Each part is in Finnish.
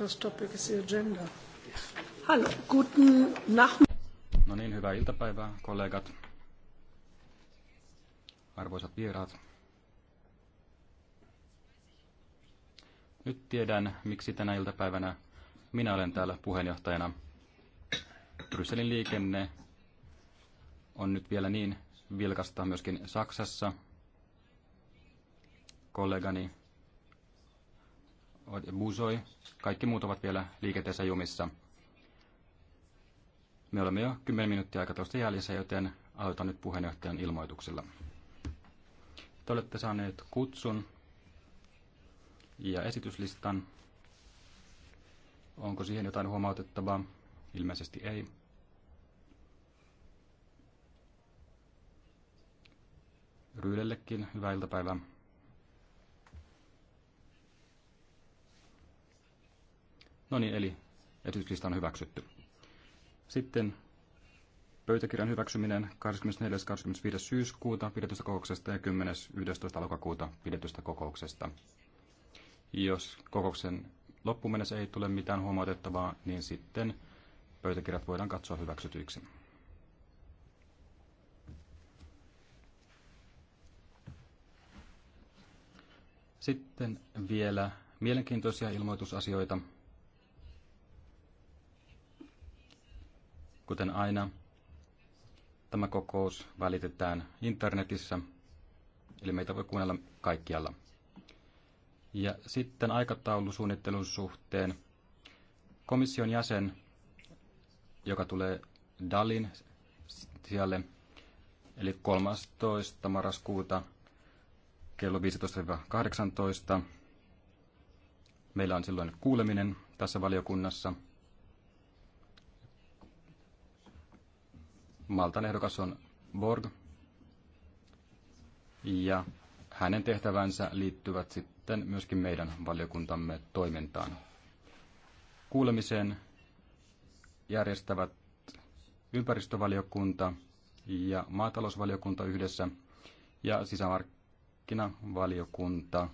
first topic is the agenda. Hallo, guten Nachmittag. No niin, hyvää iltapäivää, kollegat. Arvoisat vieraat. Nyt tiedän, miksi tänä iltapäivänä minä olen täällä puheenjohtajana. Brysselin liikenne on nyt vielä niin vilkasta myöskin Saksassa. Kollegani Musoi, kaikki muut ovat vielä liikenteessä jumissa. Me olemme jo 10 minuuttia aikataulusta jäljessä, joten aloitan nyt puheenjohtajan ilmoituksilla. Te olette saaneet kutsun ja esityslistan. Onko siihen jotain huomautettavaa? Ilmeisesti ei. Ryydellekin hyvää iltapäivää. No niin, eli esityslista on hyväksytty. Sitten pöytäkirjan hyväksyminen 24. 25. syyskuuta pidetystä kokouksesta ja 10. 11. lokakuuta pidetystä kokouksesta. Jos kokouksen loppuun ei tule mitään huomautettavaa, niin sitten pöytäkirjat voidaan katsoa hyväksytyiksi. Sitten vielä mielenkiintoisia ilmoitusasioita. Kuten aina, tämä kokous välitetään internetissä, eli meitä voi kuunnella kaikkialla. Ja sitten aikataulusuunnittelun suhteen komission jäsen, joka tulee Dalin sijalle, eli 13. marraskuuta kello 15-18. Meillä on silloin kuuleminen tässä valiokunnassa – Maltan ehdokas on Borg, ja hänen tehtävänsä liittyvät sitten myöskin meidän valiokuntamme toimintaan. Kuulemisen järjestävät ympäristövaliokunta ja maatalousvaliokunta yhdessä ja sisämarkkinavaliokunta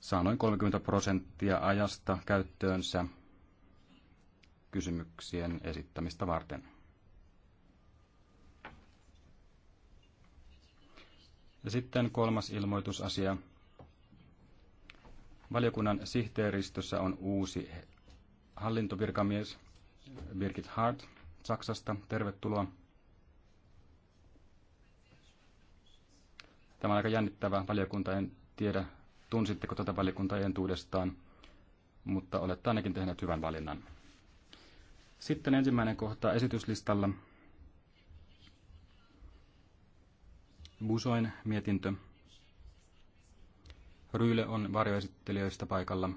saa noin 30 prosenttia ajasta käyttöönsä kysymyksien esittämistä varten. Ja sitten kolmas ilmoitusasia. Valiokunnan sihteeristössä on uusi hallintovirkamies Birgit Hart Saksasta. Tervetuloa. Tämä on aika jännittävä valiokunta. En tiedä, tunsitteko tätä valiokuntaa entuudestaan, mutta olette ainakin tehneet hyvän valinnan. Sitten ensimmäinen kohta esityslistalla. Busoin mietintö. Ryyle on varjoesittelijöistä paikalla.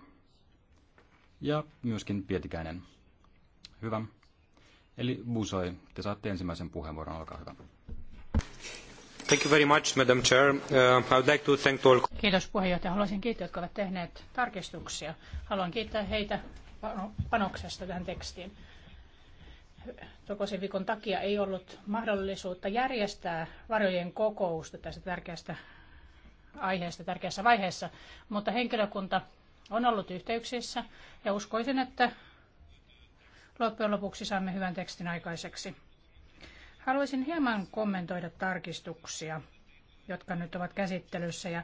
Ja myöskin Pietikäinen. Hyvä. Eli Busoi, te saatte ensimmäisen puheenvuoron, olkaa hyvä. Thank you very much, Madam Chair. Uh, I would like to thank all... Kiitos puheenjohtaja. Haluaisin kiittää, jotka ovat tehneet tarkistuksia. Haluan kiittää heitä panoksesta tähän tekstiin. Tokosen takia ei ollut mahdollisuutta järjestää varojen kokousta tästä tärkeästä aiheesta tärkeässä vaiheessa, mutta henkilökunta on ollut yhteyksissä ja uskoisin, että loppujen lopuksi saamme hyvän tekstin aikaiseksi. Haluaisin hieman kommentoida tarkistuksia, jotka nyt ovat käsittelyssä ja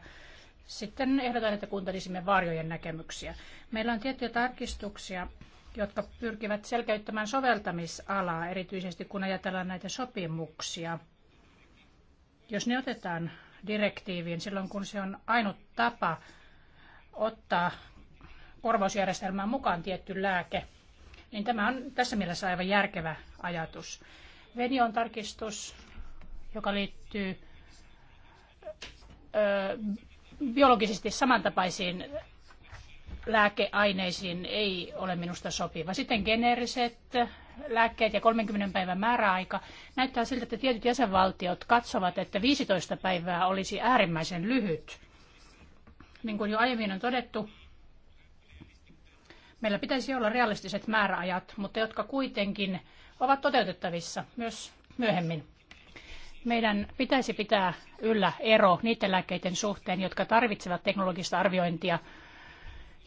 sitten ehdotan, että kuuntelisimme varjojen näkemyksiä. Meillä on tiettyjä tarkistuksia, jotka pyrkivät selkeyttämään soveltamisalaa, erityisesti kun ajatellaan näitä sopimuksia. Jos ne otetaan direktiiviin silloin, kun se on ainut tapa ottaa korvausjärjestelmään mukaan tietty lääke, niin tämä on tässä mielessä aivan järkevä ajatus. Veni on tarkistus, joka liittyy ö, biologisesti samantapaisiin lääkeaineisiin ei ole minusta sopiva. Sitten geneeriset lääkkeet ja 30 päivän määräaika. Näyttää siltä, että tietyt jäsenvaltiot katsovat, että 15 päivää olisi äärimmäisen lyhyt. Niin kuin jo aiemmin on todettu, meillä pitäisi olla realistiset määräajat, mutta jotka kuitenkin ovat toteutettavissa myös myöhemmin. Meidän pitäisi pitää yllä ero niiden lääkkeiden suhteen, jotka tarvitsevat teknologista arviointia –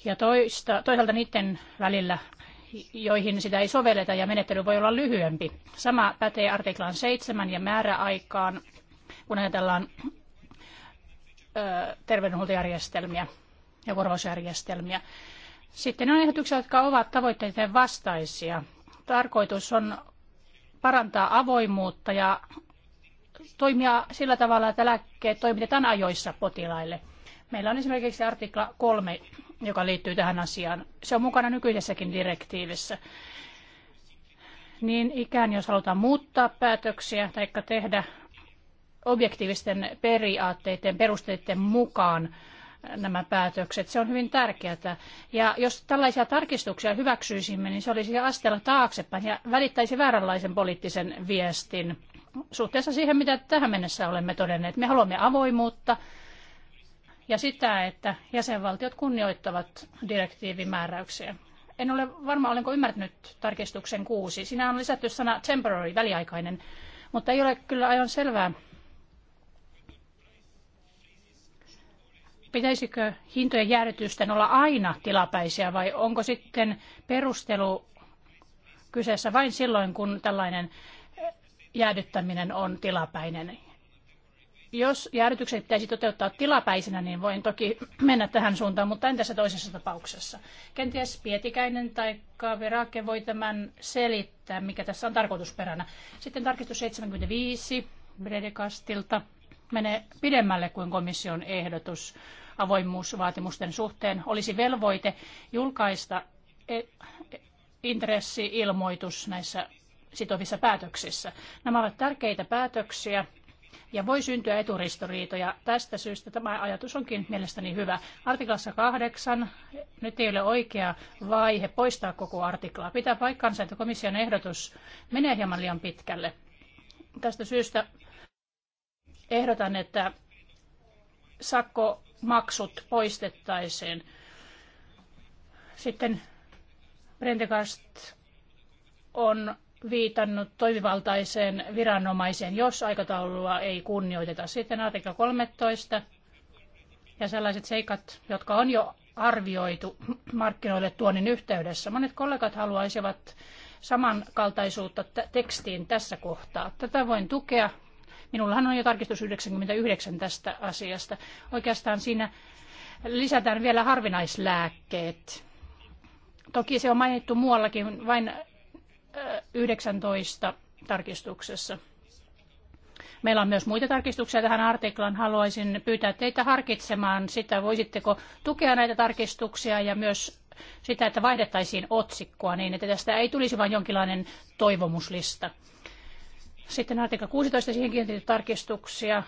ja toista, toisaalta niiden välillä, joihin sitä ei sovelleta ja menettely voi olla lyhyempi. Sama pätee artiklaan 7 ja määräaikaan, kun ajatellaan ö, terveydenhuoltojärjestelmiä ja korvausjärjestelmiä. Sitten on ehdotuksia, jotka ovat tavoitteiden vastaisia. Tarkoitus on parantaa avoimuutta ja toimia sillä tavalla, että lääkkeet toimitetaan ajoissa potilaille. Meillä on esimerkiksi artikla 3 joka liittyy tähän asiaan. Se on mukana nykyisessäkin direktiivissä. Niin ikään, jos halutaan muuttaa päätöksiä tai tehdä objektiivisten periaatteiden, perusteiden mukaan nämä päätökset. Se on hyvin tärkeää. Ja jos tällaisia tarkistuksia hyväksyisimme, niin se olisi astella taaksepäin ja välittäisi vääränlaisen poliittisen viestin suhteessa siihen, mitä tähän mennessä olemme todenneet. Me haluamme avoimuutta, ja sitä, että jäsenvaltiot kunnioittavat direktiivin määräyksiä. En ole varma, olenko ymmärtänyt tarkistuksen kuusi. Siinä on lisätty sana temporary, väliaikainen, mutta ei ole kyllä aivan selvää, pitäisikö hintojen jäädytysten olla aina tilapäisiä vai onko sitten perustelu kyseessä vain silloin, kun tällainen jäädyttäminen on tilapäinen. Jos jäädytykset pitäisi toteuttaa tilapäisenä, niin voin toki mennä tähän suuntaan, mutta en tässä toisessa tapauksessa. Kenties Pietikäinen tai kaverake voi tämän selittää, mikä tässä on tarkoitusperänä. Sitten tarkistus 75 Bredekastilta menee pidemmälle kuin komission ehdotus avoimuusvaatimusten suhteen. Olisi velvoite julkaista e- e- intressi-ilmoitus näissä sitovissa päätöksissä. Nämä ovat tärkeitä päätöksiä ja voi syntyä eturistoriitoja. Tästä syystä tämä ajatus onkin mielestäni hyvä. Artiklassa 8 nyt ei ole oikea vaihe poistaa koko artiklaa. Pitää paikkansa, että komission ehdotus menee hieman liian pitkälle. Tästä syystä ehdotan, että sakkomaksut poistettaisiin. Sitten Prendegast on viitannut toimivaltaiseen viranomaiseen, jos aikataulua ei kunnioiteta. Sitten artikla 13 ja sellaiset seikat, jotka on jo arvioitu markkinoille tuonnin yhteydessä. Monet kollegat haluaisivat samankaltaisuutta tekstiin tässä kohtaa. Tätä voin tukea. Minullahan on jo tarkistus 99 tästä asiasta. Oikeastaan siinä lisätään vielä harvinaislääkkeet. Toki se on mainittu muuallakin, vain 19 tarkistuksessa. Meillä on myös muita tarkistuksia tähän artiklaan. Haluaisin pyytää teitä harkitsemaan sitä, voisitteko tukea näitä tarkistuksia ja myös sitä, että vaihdettaisiin otsikkoa niin, että tästä ei tulisi vain jonkinlainen toivomuslista. Sitten artikla 16, siihen kiinnitetty tarkistuksia.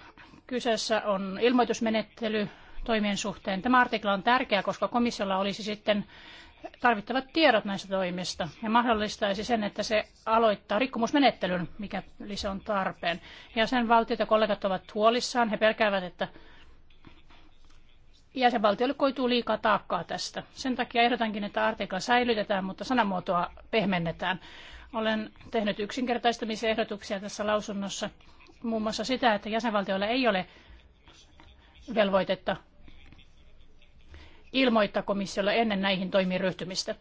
Kyseessä on ilmoitusmenettely toimien suhteen. Tämä artikla on tärkeä, koska komissiolla olisi sitten tarvittavat tiedot näistä toimista ja mahdollistaisi sen, että se aloittaa rikkomusmenettelyn, mikä se on tarpeen. Ja sen valtiot ja kollegat ovat huolissaan. He pelkäävät, että jäsenvaltiolle koituu liikaa taakkaa tästä. Sen takia ehdotankin, että artikla säilytetään, mutta sanamuotoa pehmennetään. Olen tehnyt yksinkertaistamisehdotuksia tässä lausunnossa, muun muassa sitä, että jäsenvaltioilla ei ole velvoitetta ilmoittaa komissiolle ennen näihin toimiin ryhtymistä.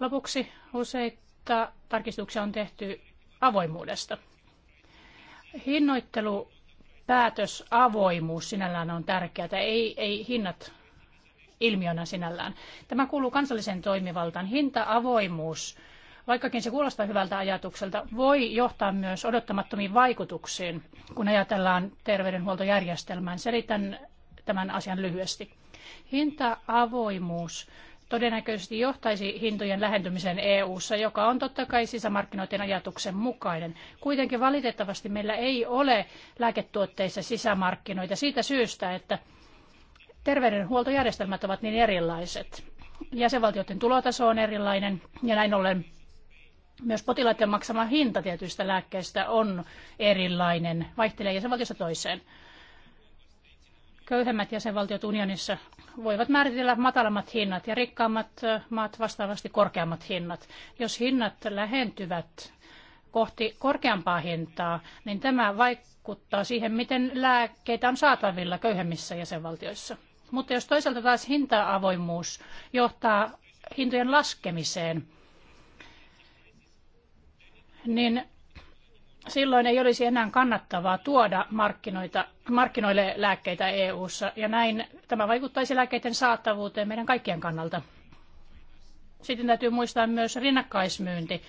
Lopuksi useita tarkistuksia on tehty avoimuudesta. Hinnoittelu päätös, avoimuus sinällään on tärkeää, ei, ei hinnat ilmiönä sinällään. Tämä kuuluu kansalliseen toimivaltaan. Hinta, avoimuus, vaikkakin se kuulostaa hyvältä ajatukselta, voi johtaa myös odottamattomiin vaikutuksiin, kun ajatellaan terveydenhuoltojärjestelmään. Selitän tämän asian lyhyesti. Hinta-avoimuus todennäköisesti johtaisi hintojen lähentymiseen EU:ssa, joka on totta kai sisämarkkinoiden ajatuksen mukainen. Kuitenkin valitettavasti meillä ei ole lääketuotteissa sisämarkkinoita siitä syystä, että terveydenhuoltojärjestelmät ovat niin erilaiset. Jäsenvaltioiden tulotaso on erilainen ja näin ollen myös potilaiden maksama hinta tietyistä lääkkeistä on erilainen, vaihtelee jäsenvaltiosta toiseen. Köyhemmät jäsenvaltiot unionissa voivat määritellä matalammat hinnat ja rikkaammat maat vastaavasti korkeammat hinnat. Jos hinnat lähentyvät kohti korkeampaa hintaa, niin tämä vaikuttaa siihen, miten lääkkeitä on saatavilla köyhemmissä jäsenvaltioissa. Mutta jos toisaalta taas hinta-avoimuus johtaa hintojen laskemiseen, niin silloin ei olisi enää kannattavaa tuoda markkinoita, markkinoille lääkkeitä EU-ssa, ja näin tämä vaikuttaisi lääkkeiden saatavuuteen meidän kaikkien kannalta. Sitten täytyy muistaa myös rinnakkaismyynti.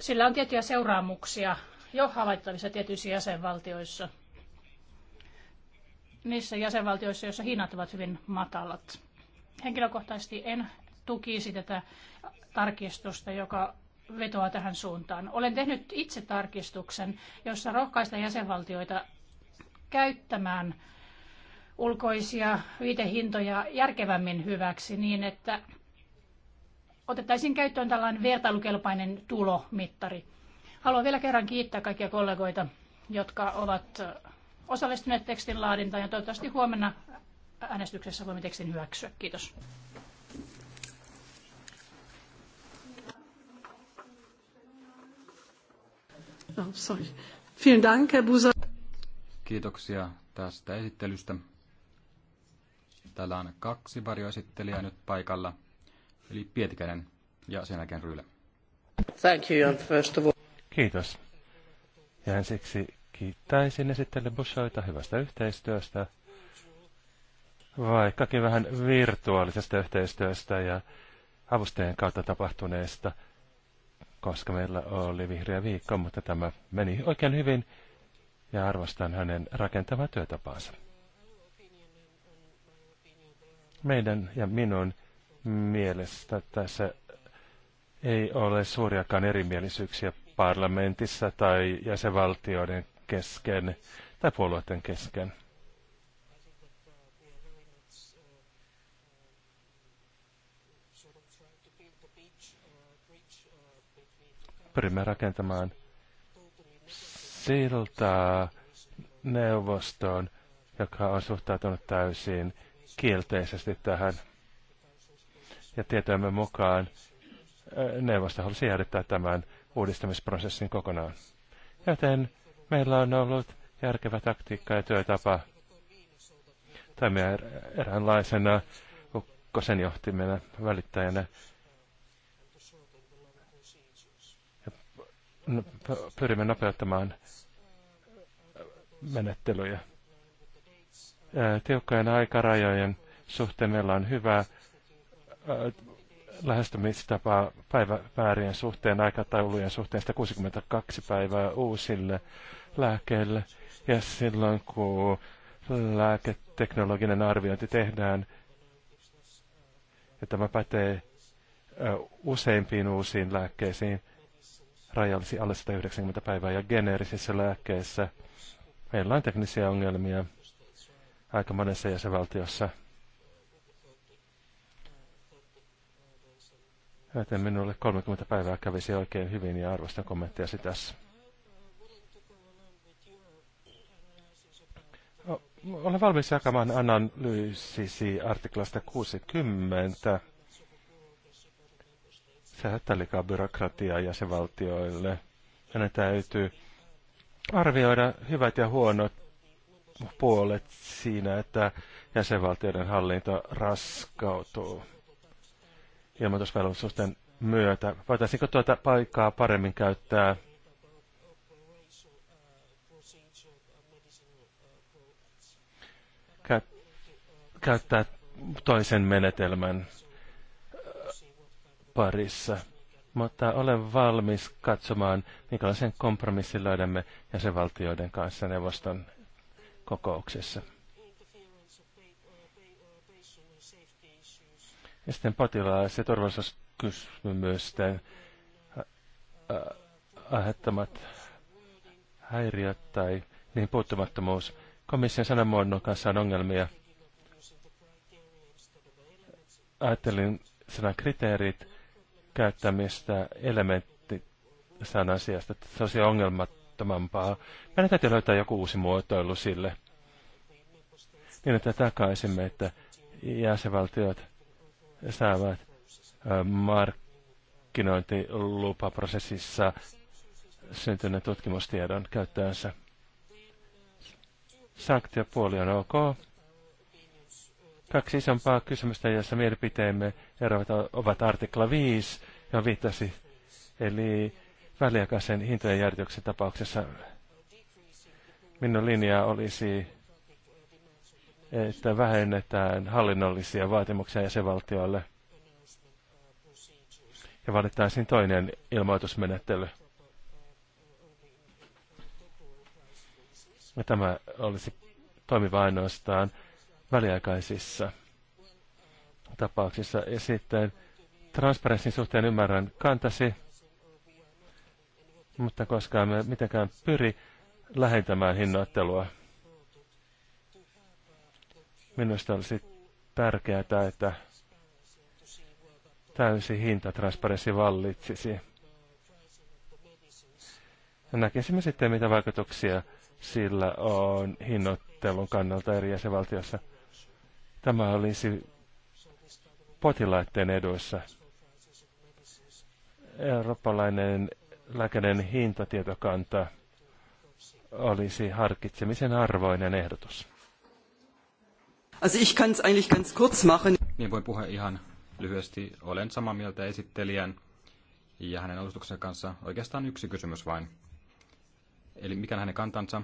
Sillä on tiettyjä seuraamuksia jo havaittavissa tietyissä jäsenvaltioissa. Niissä jäsenvaltioissa, joissa hinnat ovat hyvin matalat. Henkilökohtaisesti en tukisi tätä tarkistusta, joka vetoaa tähän suuntaan. Olen tehnyt itse tarkistuksen, jossa rohkaista jäsenvaltioita käyttämään ulkoisia viitehintoja järkevämmin hyväksi niin, että otettaisiin käyttöön tällainen vertailukelpainen tulomittari. Haluan vielä kerran kiittää kaikkia kollegoita, jotka ovat osallistuneet tekstin laadintaan ja toivottavasti huomenna äänestyksessä voimme tekstin hyväksyä. Kiitos. Oh, sorry. Vielen Dank, Herr Busa. Kiitoksia tästä esittelystä. Täällä on kaksi varjoesittelijää nyt paikalla, eli Pietikäinen ja sen jälkeen Ryyle. Thank you, and first of all. Kiitos. Ja ensiksi kiittäisin esittelijä Bushoita hyvästä yhteistyöstä, vaikkakin vähän virtuaalisesta yhteistyöstä ja avustajien kautta tapahtuneesta – koska meillä oli vihreä viikko, mutta tämä meni oikein hyvin ja arvostan hänen rakentamaa työtapaansa. Meidän ja minun mielestä tässä ei ole suuriakaan erimielisyyksiä parlamentissa tai jäsenvaltioiden kesken tai puolueiden kesken. pyrimme rakentamaan siltaa neuvostoon, joka on suhtautunut täysin kielteisesti tähän. Ja tietojemme mukaan neuvosto halusi jäädyttää tämän uudistamisprosessin kokonaan. Joten meillä on ollut järkevä taktiikka ja työtapa toimia er-, eräänlaisena ukkosen johtimena välittäjänä pyrimme nopeuttamaan menettelyjä. Tiukkojen aikarajojen suhteen meillä on hyvä lähestymistapa päivämäärien suhteen, aikataulujen suhteen, 162 päivää uusille lääkeille. Ja silloin kun lääketeknologinen arviointi tehdään, ja tämä pätee useimpiin uusiin lääkkeisiin, raja alle 190 päivää ja geneerisissä lääkkeissä meillä on teknisiä ongelmia aika monessa jäsenvaltiossa. Joten minulle 30 päivää kävisi oikein hyvin ja arvostan kommenttiasi tässä. Olen valmis jakamaan analyysisi artiklasta 60 se hätää liikaa byrokratiaa jäsenvaltioille. Hänen täytyy arvioida hyvät ja huonot puolet siinä, että jäsenvaltioiden hallinto raskautuu ilmoitusvelvollisuusten myötä. Voitaisiinko tuota paikkaa paremmin käyttää käyttää toisen menetelmän parissa, mutta olen valmis katsomaan, minkälaisen kompromissin löydämme jäsenvaltioiden kanssa neuvoston kokouksessa. Ja sitten potilaas- ja turvallisuuskysymysten äh, äh, aiheuttamat häiriöt tai niin puuttumattomuus. Komission sanamuodon kanssa on ongelmia. Ajattelin sanan kriteerit käyttämistä elementtisanan sijasta, se olisi ongelmattomampaa. Meidän täytyy löytää joku uusi muotoilu sille, niin että takaisimme, että jäsenvaltiot saavat markkinointilupaprosessissa syntyneen tutkimustiedon käyttöönsä. Sanktiopuoli on ok, kaksi isompaa kysymystä, joissa mielipiteemme eroavat ovat artikla 5, johon viittasi, eli väliaikaisen hintojen järjityksen tapauksessa minun linja olisi, että vähennetään hallinnollisia vaatimuksia jäsenvaltioille ja valittaisiin toinen ilmoitusmenettely. Ja tämä olisi toimiva ainoastaan väliaikaisissa tapauksissa. Ja sitten transparenssin suhteen ymmärrän kantasi, mutta koska me mitenkään pyri lähentämään hinnoittelua. Minusta olisi tärkeää, että täysi hintatransparenssi vallitsisi. näkisimme sitten, mitä vaikutuksia sillä on hinnoittelun kannalta eri jäsenvaltiossa. Tämä olisi potilaiden edoissa. Eurooppalainen lääkärin hintatietokanta olisi harkitsemisen arvoinen ehdotus. Also ich kann es eigentlich ganz kurz machen. Niin voin puhua ihan lyhyesti. Olen samaa mieltä esittelijän ja hänen alustuksensa kanssa. Oikeastaan yksi kysymys vain. Eli mikä on hänen kantansa?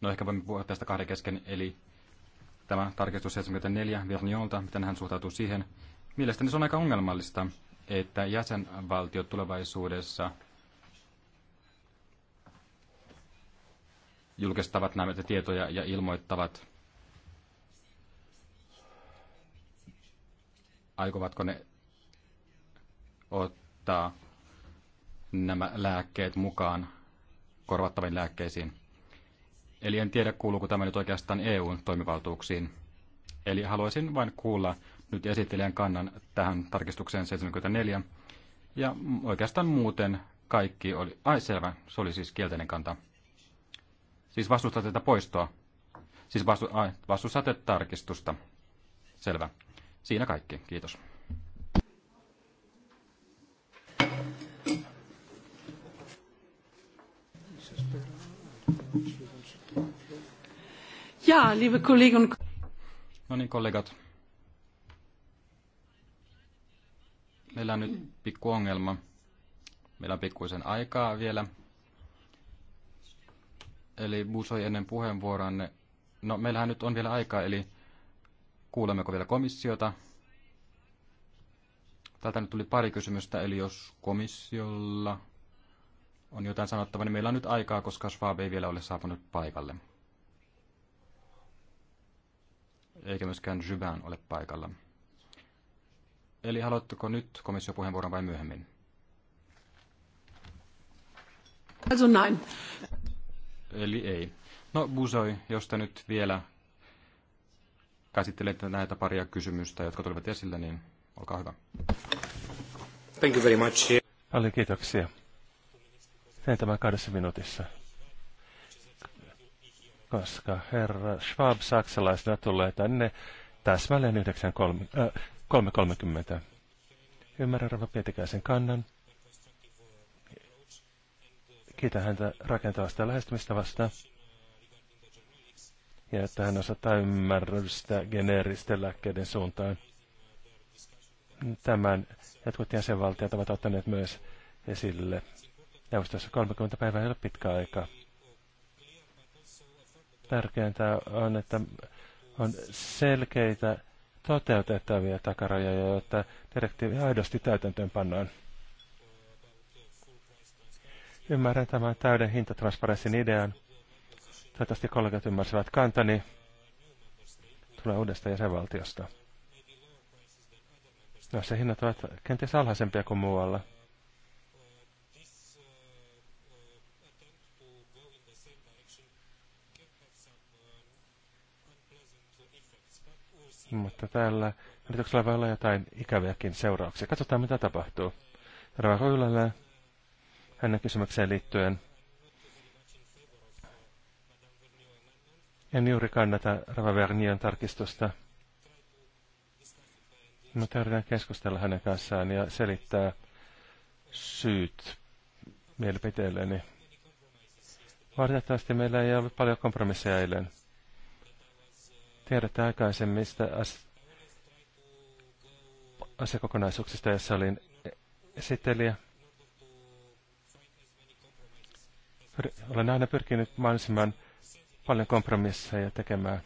No ehkä voimme puhua tästä kahden kesken. Eli tämä tarkistus 74 Verniolta, miten hän suhtautuu siihen. Mielestäni se on aika ongelmallista, että jäsenvaltiot tulevaisuudessa julkistavat näitä tietoja ja ilmoittavat, aikovatko ne ottaa nämä lääkkeet mukaan korvattaviin lääkkeisiin. Eli en tiedä, kuuluuko tämä nyt oikeastaan EUn toimivaltuuksiin. Eli haluaisin vain kuulla nyt esittelijän kannan tähän tarkistukseen 74. Ja oikeastaan muuten kaikki oli... Ai selvä, se oli siis kielteinen kanta. Siis vastustat tätä poistoa. Siis vastu... Ai, tätä tarkistusta. Selvä. Siinä kaikki. Kiitos. Ja, liebe Kollegen. No niin, kollegat. Meillä on nyt pikku ongelma. Meillä on pikkuisen aikaa vielä. Eli Busoi ennen puheenvuoranne. No, meillähän nyt on vielä aikaa, eli kuulemmeko vielä komissiota? Täältä nyt tuli pari kysymystä, eli jos komissiolla on jotain sanottavaa, niin meillä on nyt aikaa, koska Schwab ei vielä ole saapunut paikalle eikä myöskään Jyvän ole paikalla. Eli haluatteko nyt puheenvuoron vai myöhemmin? Also nein. Eli ei. No Busoi, jos te nyt vielä käsittelette näitä paria kysymystä, jotka tulivat esille, niin olkaa hyvä. Thank you very much. Paljon kiitoksia. Teen tämän kahdessa minuutissa koska herra Schwab saksalaisena tulee tänne täsmälleen 9.30. Äh, Ymmärrän Rava Pietikäisen kannan. Kiitän häntä rakentavasta lähestymistavasta. Ja että hän osaa ymmärrystä geneeristen lääkkeiden suuntaan. Tämän jotkut jäsenvaltiot ovat ottaneet myös esille. Neuvostossa 30 päivää ei ole pitkä aika. Tärkeintä on, että on selkeitä toteutettavia takarajoja, jotta direktiivi aidosti täytäntöön pannaan. Ymmärrän tämän täyden hintatransparenssin idean. Toivottavasti kollegat ymmärsivät kantani. Tulee uudesta jäsenvaltiosta. No, se hinnat ovat kenties alhaisempia kuin muualla. mutta täällä yrityksellä voi olla jotain ikäviäkin seurauksia. Katsotaan, mitä tapahtuu. Rava Ylällä hänen kysymykseen liittyen. En juuri kannata Vernion tarkistusta, mutta yritän keskustella hänen kanssaan ja selittää syyt mielipiteelleni. Valitettavasti meillä ei ollut paljon kompromisseja eilen tiedätte aikaisemmista as- asiakokonaisuuksista, joissa olin esittelijä. Olen aina pyrkinyt mahdollisimman paljon kompromisseja tekemään.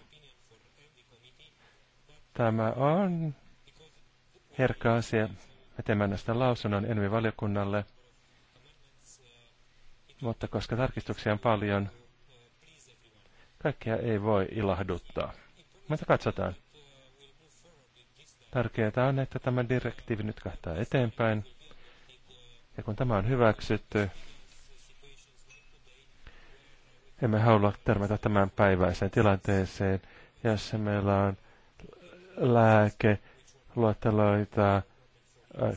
Tämä on herkka asia. Me teemme näistä lausunnon Envi-valiokunnalle, mutta koska tarkistuksia on paljon, kaikkea ei voi ilahduttaa. Mutta katsotaan. Tärkeää on, että tämä direktiivi nyt kahtaa eteenpäin. Ja kun tämä on hyväksytty, emme halua törmätä tämän päiväiseen tilanteeseen, jossa meillä on lääke, luotteloita,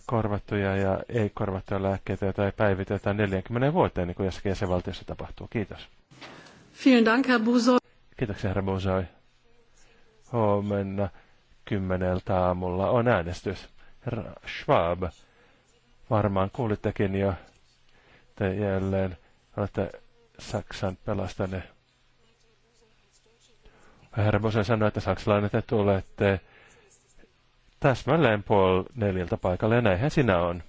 korvattuja ja ei-korvattuja lääkkeitä, joita ei päivitetä 40 vuoteen, niin kuin jossakin jäsenvaltiossa tapahtuu. Kiitos. Vielen Dank, Herr Kiitoksia, herra Buzoi huomenna kymmeneltä aamulla on äänestys. Herra Schwab, varmaan kuulittekin jo, te jälleen olette Saksan pelastaneet. Herra Bosen sanoi, että saksalainen te tulette täsmälleen puol neljältä paikalle, ja näinhän sinä on.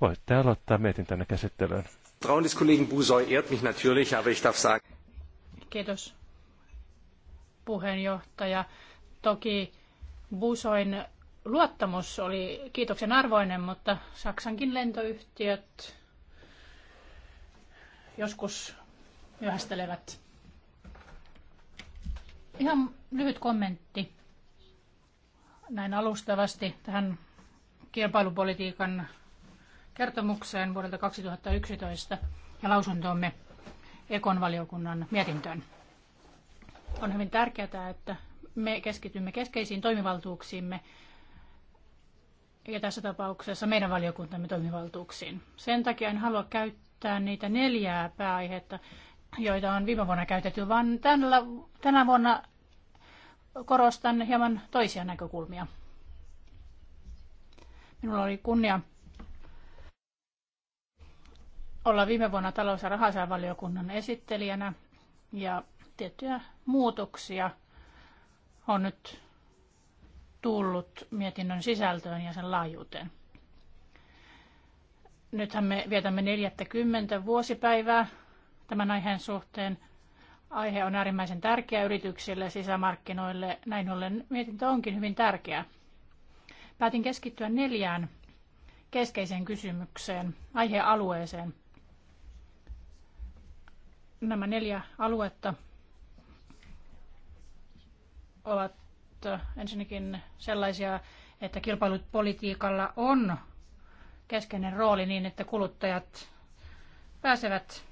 Voitte aloittaa tänne käsittelyyn. Traun des Kollegen Busoi ehrt mich natürlich, aber ich darf sagen. Kiitos puheenjohtaja. Toki Busoin luottamus oli kiitoksen arvoinen, mutta Saksankin lentoyhtiöt joskus myöhästelevät. Ihan lyhyt kommentti näin alustavasti tähän kilpailupolitiikan kertomukseen vuodelta 2011 ja lausuntoomme Ekon valiokunnan mietintöön. On hyvin tärkeää, että me keskitymme keskeisiin toimivaltuuksiimme ja tässä tapauksessa meidän valiokuntamme toimivaltuuksiin. Sen takia en halua käyttää niitä neljää pääaihetta, joita on viime vuonna käytetty, vaan tällä, tänä vuonna korostan hieman toisia näkökulmia. Minulla oli kunnia olla viime vuonna talous- ja rahasäävaliokunnan esittelijänä ja tiettyjä muutoksia on nyt tullut mietinnön sisältöön ja sen laajuuteen. Nythän me vietämme 40 vuosipäivää tämän aiheen suhteen. Aihe on äärimmäisen tärkeä yrityksille, sisämarkkinoille. Näin ollen mietintö onkin hyvin tärkeä. Päätin keskittyä neljään keskeiseen kysymykseen, aihealueeseen. Nämä neljä aluetta ovat ensinnäkin sellaisia, että kilpailupolitiikalla on keskeinen rooli niin, että kuluttajat pääsevät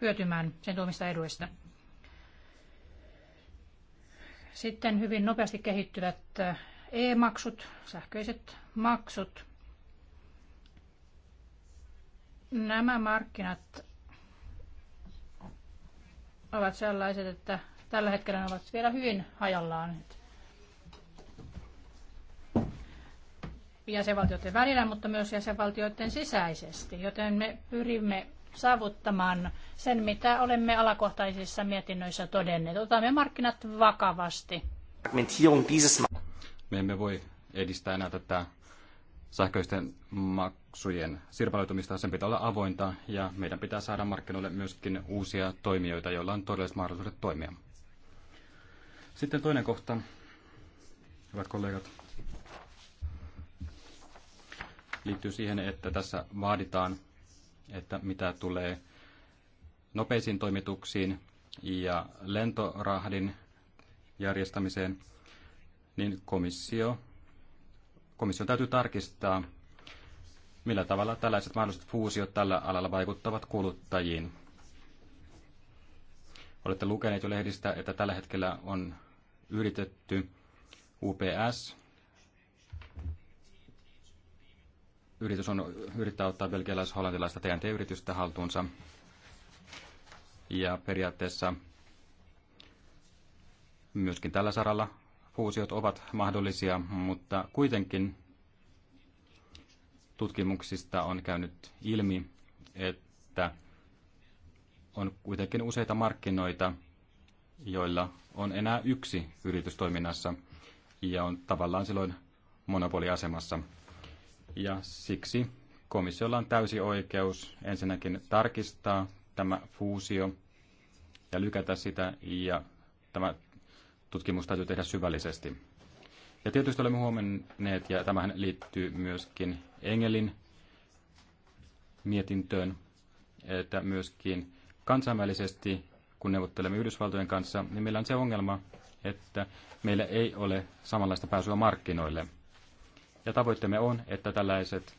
hyötymään sen tuomista eduista. Sitten hyvin nopeasti kehittyvät e-maksut, sähköiset maksut. Nämä markkinat ovat sellaiset, että Tällä hetkellä ne ovat vielä hyvin hajallaan jäsenvaltioiden välillä, mutta myös jäsenvaltioiden sisäisesti, joten me pyrimme saavuttamaan sen, mitä olemme alakohtaisissa mietinnöissä todenneet. Otamme markkinat vakavasti. Me emme voi edistää enää tätä sähköisten maksujen sirpaloitumista. Sen pitää olla avointa ja meidän pitää saada markkinoille myöskin uusia toimijoita, joilla on todelliset mahdollisuudet toimia. Sitten toinen kohta, hyvät kollegat, liittyy siihen, että tässä vaaditaan, että mitä tulee nopeisiin toimituksiin ja lentorahdin järjestämiseen, niin komissio, komissio täytyy tarkistaa, millä tavalla tällaiset mahdolliset fuusiot tällä alalla vaikuttavat kuluttajiin. Olette lukeneet jo lehdistä, että tällä hetkellä on yritetty. UPS, yritys on, yrittää ottaa belgialais-hollantilaista TNT-yritystä haltuunsa. Ja periaatteessa myöskin tällä saralla fuusiot ovat mahdollisia, mutta kuitenkin tutkimuksista on käynyt ilmi, että on kuitenkin useita markkinoita, joilla on enää yksi yritys toiminnassa ja on tavallaan silloin monopoliasemassa. Ja siksi komissiolla on täysi oikeus ensinnäkin tarkistaa tämä fuusio ja lykätä sitä ja tämä tutkimus täytyy tehdä syvällisesti. Ja tietysti olemme huomanneet, ja tämähän liittyy myöskin Engelin mietintöön, että myöskin kansainvälisesti kun neuvottelemme Yhdysvaltojen kanssa, niin meillä on se ongelma, että meillä ei ole samanlaista pääsyä markkinoille. Ja tavoitteemme on, että tällaiset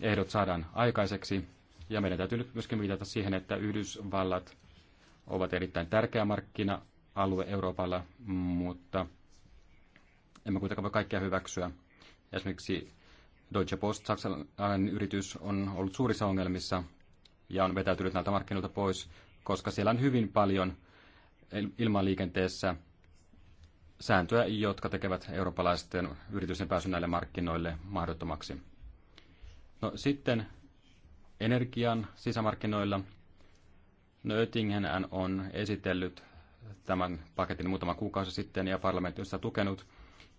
ehdot saadaan aikaiseksi. Ja meidän täytyy nyt myöskin viitata siihen, että Yhdysvallat ovat erittäin tärkeä markkina-alue Euroopalla, mutta emme kuitenkaan voi kaikkea hyväksyä. Esimerkiksi Deutsche Post, saksalainen yritys, on ollut suurissa ongelmissa ja on vetäytynyt näiltä markkinoilta pois, koska siellä on hyvin paljon ilmaliikenteessä sääntöjä, jotka tekevät eurooppalaisten yritysten pääsyn näille markkinoille mahdottomaksi. No sitten energian sisämarkkinoilla. No Oettingen on esitellyt tämän paketin muutama kuukausi sitten ja parlamentti on sitä tukenut.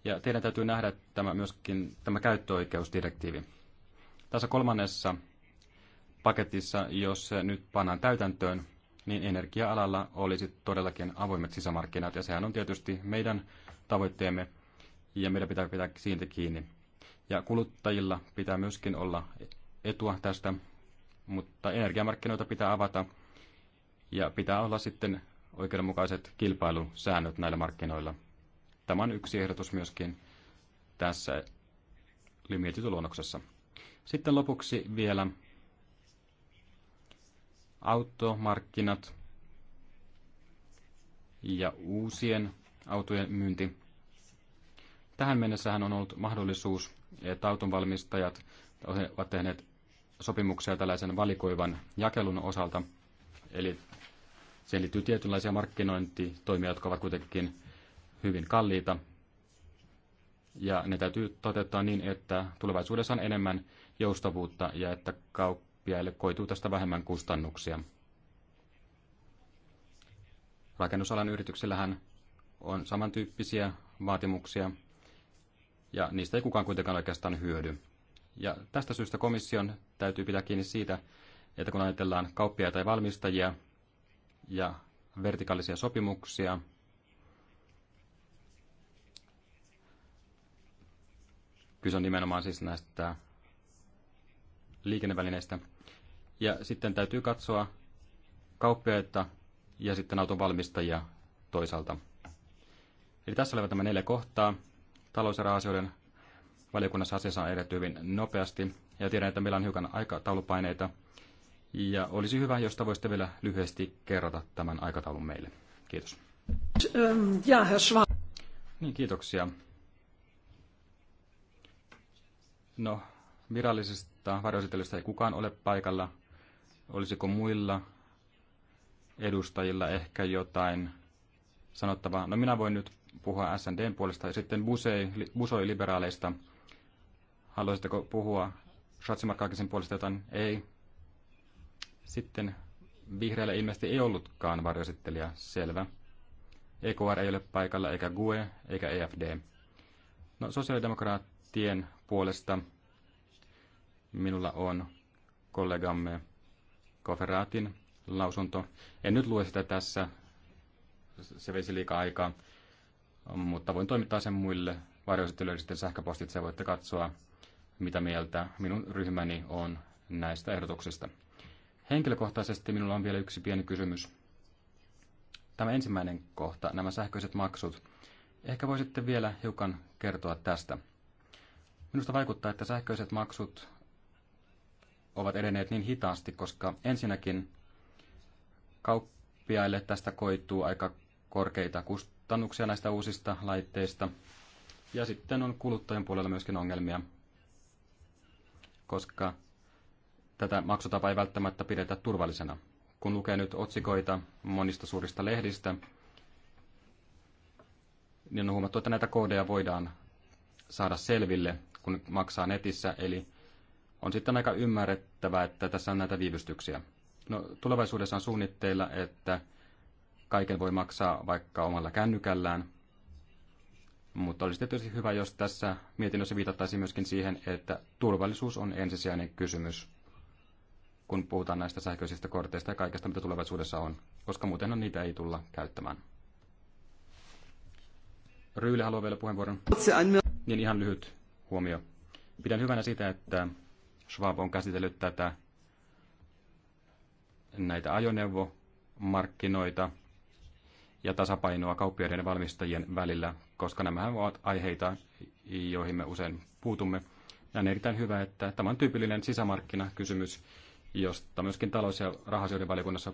Ja teidän täytyy nähdä tämä myöskin tämä käyttöoikeusdirektiivi. Tässä kolmannessa paketissa, jos se nyt pannaan täytäntöön, niin energia-alalla olisi todellakin avoimet sisämarkkinat, ja sehän on tietysti meidän tavoitteemme, ja meidän pitää pitää siitä kiinni. Ja kuluttajilla pitää myöskin olla etua tästä, mutta energiamarkkinoita pitää avata, ja pitää olla sitten oikeudenmukaiset kilpailusäännöt näillä markkinoilla. Tämä on yksi ehdotus myöskin tässä mietityluonnoksessa. Sitten lopuksi vielä automarkkinat ja uusien autojen myynti. Tähän mennessähän on ollut mahdollisuus, että autonvalmistajat ovat tehneet sopimuksia tällaisen valikoivan jakelun osalta. Eli siihen liittyy tietynlaisia markkinointitoimia, jotka ovat kuitenkin hyvin kalliita. Ja ne täytyy toteuttaa niin, että tulevaisuudessa on enemmän joustavuutta ja että kauppa kauppiaille koituu tästä vähemmän kustannuksia. Rakennusalan yrityksillähän on samantyyppisiä vaatimuksia, ja niistä ei kukaan kuitenkaan oikeastaan hyödy. Ja tästä syystä komission täytyy pitää kiinni siitä, että kun ajatellaan kauppia tai valmistajia ja vertikaalisia sopimuksia, kyse on nimenomaan siis näistä liikennevälineistä, ja sitten täytyy katsoa kauppiaita ja sitten auton valmistajia toisaalta. Eli tässä olivat nämä neljä kohtaa. Talous- ja asioiden valiokunnassa asiassa on edetty hyvin nopeasti ja tiedän, että meillä on hiukan aikataulupaineita. Ja olisi hyvä, jos voisitte vielä lyhyesti kerrata tämän aikataulun meille. Kiitos. Ähm, ja, Herr Niin, kiitoksia. No, virallisesta varjoesittelystä ei kukaan ole paikalla, Olisiko muilla edustajilla ehkä jotain sanottavaa? No minä voin nyt puhua SNDn puolesta. Ja sitten Busoi liberaaleista. Haluaisitteko puhua Schatzimarkaakisen puolesta jotain? Ei. Sitten vihreällä ilmeisesti ei ollutkaan varjosittelijä, selvä. EKR ei ole paikalla, eikä GUE, eikä EFD. No, sosiaalidemokraattien puolesta minulla on kollegamme Koferaatin lausunto. En nyt lue sitä tässä, se veisi liikaa aikaa, mutta voin toimittaa sen muille varjoesittelijöiden sähköpostitse. Voitte katsoa, mitä mieltä minun ryhmäni on näistä ehdotuksista. Henkilökohtaisesti minulla on vielä yksi pieni kysymys. Tämä ensimmäinen kohta, nämä sähköiset maksut. Ehkä voisitte vielä hiukan kertoa tästä. Minusta vaikuttaa, että sähköiset maksut ovat edenneet niin hitaasti, koska ensinnäkin kauppiaille tästä koituu aika korkeita kustannuksia näistä uusista laitteista. Ja sitten on kuluttajien puolella myöskin ongelmia, koska tätä maksutapaa ei välttämättä pidetä turvallisena. Kun lukee nyt otsikoita monista suurista lehdistä, niin on huomattu, että näitä koodeja voidaan saada selville, kun maksaa netissä, eli on sitten aika ymmärrettävää, että tässä on näitä viivystyksiä. No, tulevaisuudessa on suunnitteilla, että kaiken voi maksaa vaikka omalla kännykällään, mutta olisi tietysti hyvä, jos tässä mietinnössä viitattaisiin myöskin siihen, että turvallisuus on ensisijainen kysymys, kun puhutaan näistä sähköisistä korteista ja kaikesta, mitä tulevaisuudessa on, koska muuten on no, niitä ei tulla käyttämään. Ryyli haluaa vielä puheenvuoron. Niin ihan lyhyt huomio. Pidän hyvänä sitä, että Schwab on käsitellyt tätä, näitä ajoneuvomarkkinoita ja tasapainoa kauppiaiden ja valmistajien välillä, koska nämä ovat aiheita, joihin me usein puutumme. Ja on erittäin hyvä, että tämä on tyypillinen sisämarkkinakysymys, josta myöskin talous- ja rahasioiden valikunnassa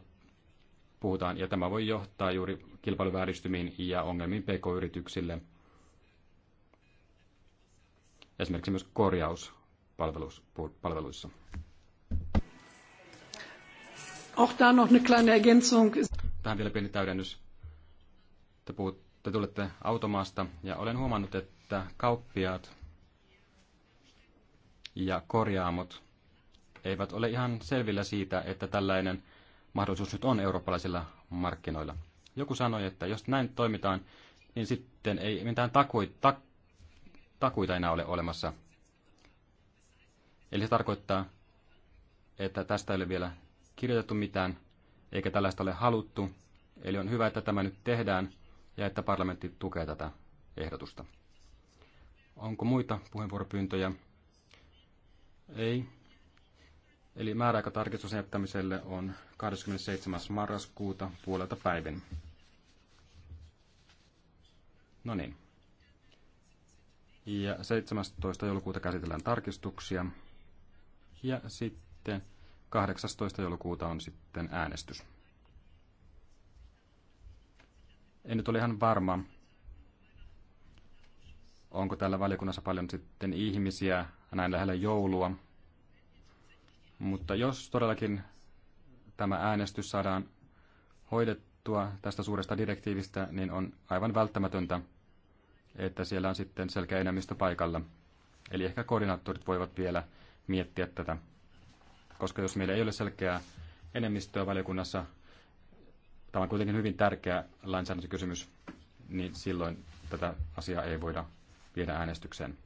puhutaan, ja tämä voi johtaa juuri kilpailuvääristymiin ja ongelmiin pk-yrityksille. Esimerkiksi myös korjaus palveluissa. Auch da noch eine kleine Ergänzung. Tähän vielä pieni täydennys. Te, puhut, te tulette automaasta ja olen huomannut, että kauppiaat ja korjaamot eivät ole ihan selvillä siitä, että tällainen mahdollisuus nyt on eurooppalaisilla markkinoilla. Joku sanoi, että jos näin toimitaan, niin sitten ei mitään takuita, takuita enää ole olemassa. Eli se tarkoittaa, että tästä ei ole vielä kirjoitettu mitään, eikä tällaista ole haluttu. Eli on hyvä, että tämä nyt tehdään ja että parlamentti tukee tätä ehdotusta. Onko muita puheenvuoropyyntöjä? Ei. Eli määräaikatarkistus jättämiselle on 27. marraskuuta puolelta päivin. No niin. Ja 17. joulukuuta käsitellään tarkistuksia. Ja sitten 18. joulukuuta on sitten äänestys. En nyt ole ihan varma, onko täällä valiokunnassa paljon sitten ihmisiä näin lähellä joulua. Mutta jos todellakin tämä äänestys saadaan hoidettua tästä suuresta direktiivistä, niin on aivan välttämätöntä, että siellä on sitten selkeä enemmistö paikalla. Eli ehkä koordinaattorit voivat vielä miettiä tätä. Koska jos meillä ei ole selkeää enemmistöä valiokunnassa, tämä on kuitenkin hyvin tärkeä lainsäädäntökysymys, niin silloin tätä asiaa ei voida viedä äänestykseen.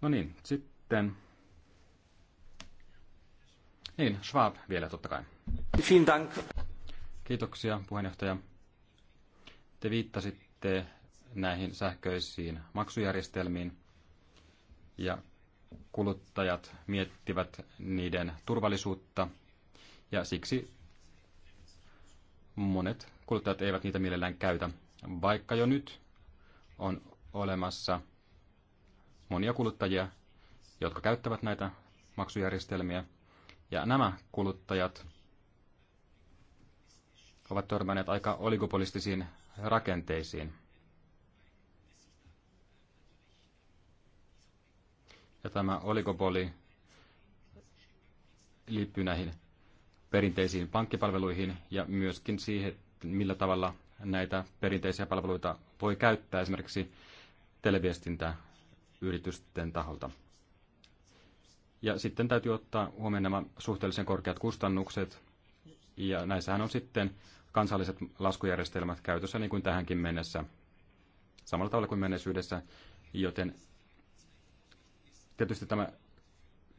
No niin, sitten... Niin, Schwab vielä totta kai. Kiitoksia puheenjohtaja. Te viittasitte näihin sähköisiin maksujärjestelmiin ja kuluttajat miettivät niiden turvallisuutta ja siksi monet kuluttajat eivät niitä mielellään käytä, vaikka jo nyt on olemassa monia kuluttajia, jotka käyttävät näitä maksujärjestelmiä. Ja nämä kuluttajat ovat törmänneet aika oligopolistisiin rakenteisiin. Ja tämä oligopoli liittyy näihin perinteisiin pankkipalveluihin ja myöskin siihen, millä tavalla näitä perinteisiä palveluita voi käyttää esimerkiksi televiestintäyritysten taholta. Ja sitten täytyy ottaa huomioon nämä suhteellisen korkeat kustannukset, ja näissähän on sitten kansalliset laskujärjestelmät käytössä niin kuin tähänkin mennessä, samalla tavalla kuin menneisyydessä, joten Tietysti tämä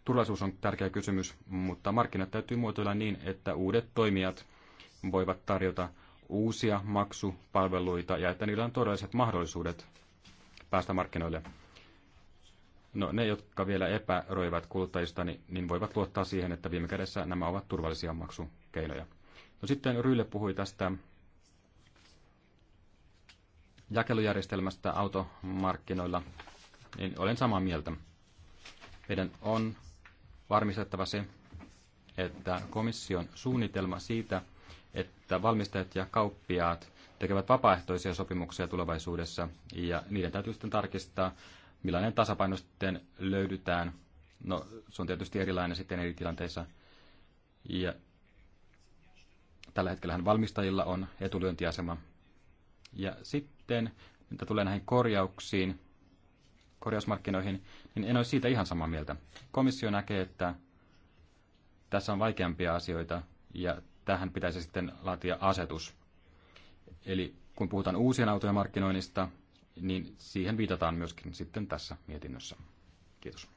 turvallisuus on tärkeä kysymys, mutta markkinat täytyy muotoilla niin, että uudet toimijat voivat tarjota uusia maksupalveluita ja että niillä on todelliset mahdollisuudet päästä markkinoille. No ne, jotka vielä epäröivät kuluttajista, niin, niin voivat luottaa siihen, että viime kädessä nämä ovat turvallisia maksukeinoja. No sitten Ryle puhui tästä jakelujärjestelmästä automarkkinoilla, niin olen samaa mieltä. Meidän on varmistettava se, että komission suunnitelma siitä, että valmistajat ja kauppiaat tekevät vapaaehtoisia sopimuksia tulevaisuudessa ja niiden täytyy sitten tarkistaa, millainen tasapaino sitten löydetään. No, se on tietysti erilainen sitten eri tilanteissa. Ja tällä hetkellä valmistajilla on etulyöntiasema. Ja sitten, mitä tulee näihin korjauksiin, korjausmarkkinoihin, niin en ole siitä ihan samaa mieltä. Komissio näkee, että tässä on vaikeampia asioita ja tähän pitäisi sitten laatia asetus. Eli kun puhutaan uusien autojen markkinoinnista, niin siihen viitataan myöskin sitten tässä mietinnössä. Kiitos.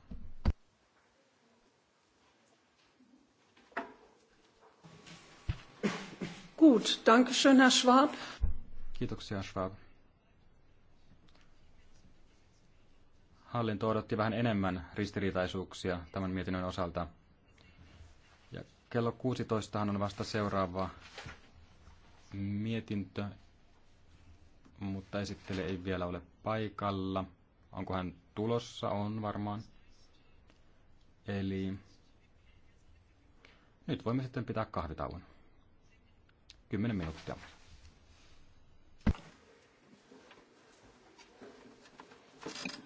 Gut, danke schön, Herr Schwab. Kiitoksia, Schwab. hallinto odotti vähän enemmän ristiriitaisuuksia tämän mietinnön osalta. Ja kello 16 on vasta seuraava mietintö, mutta esittele ei vielä ole paikalla. Onko hän tulossa? On varmaan. Eli nyt voimme sitten pitää kahvitauon. 10 minuuttia. Thank you.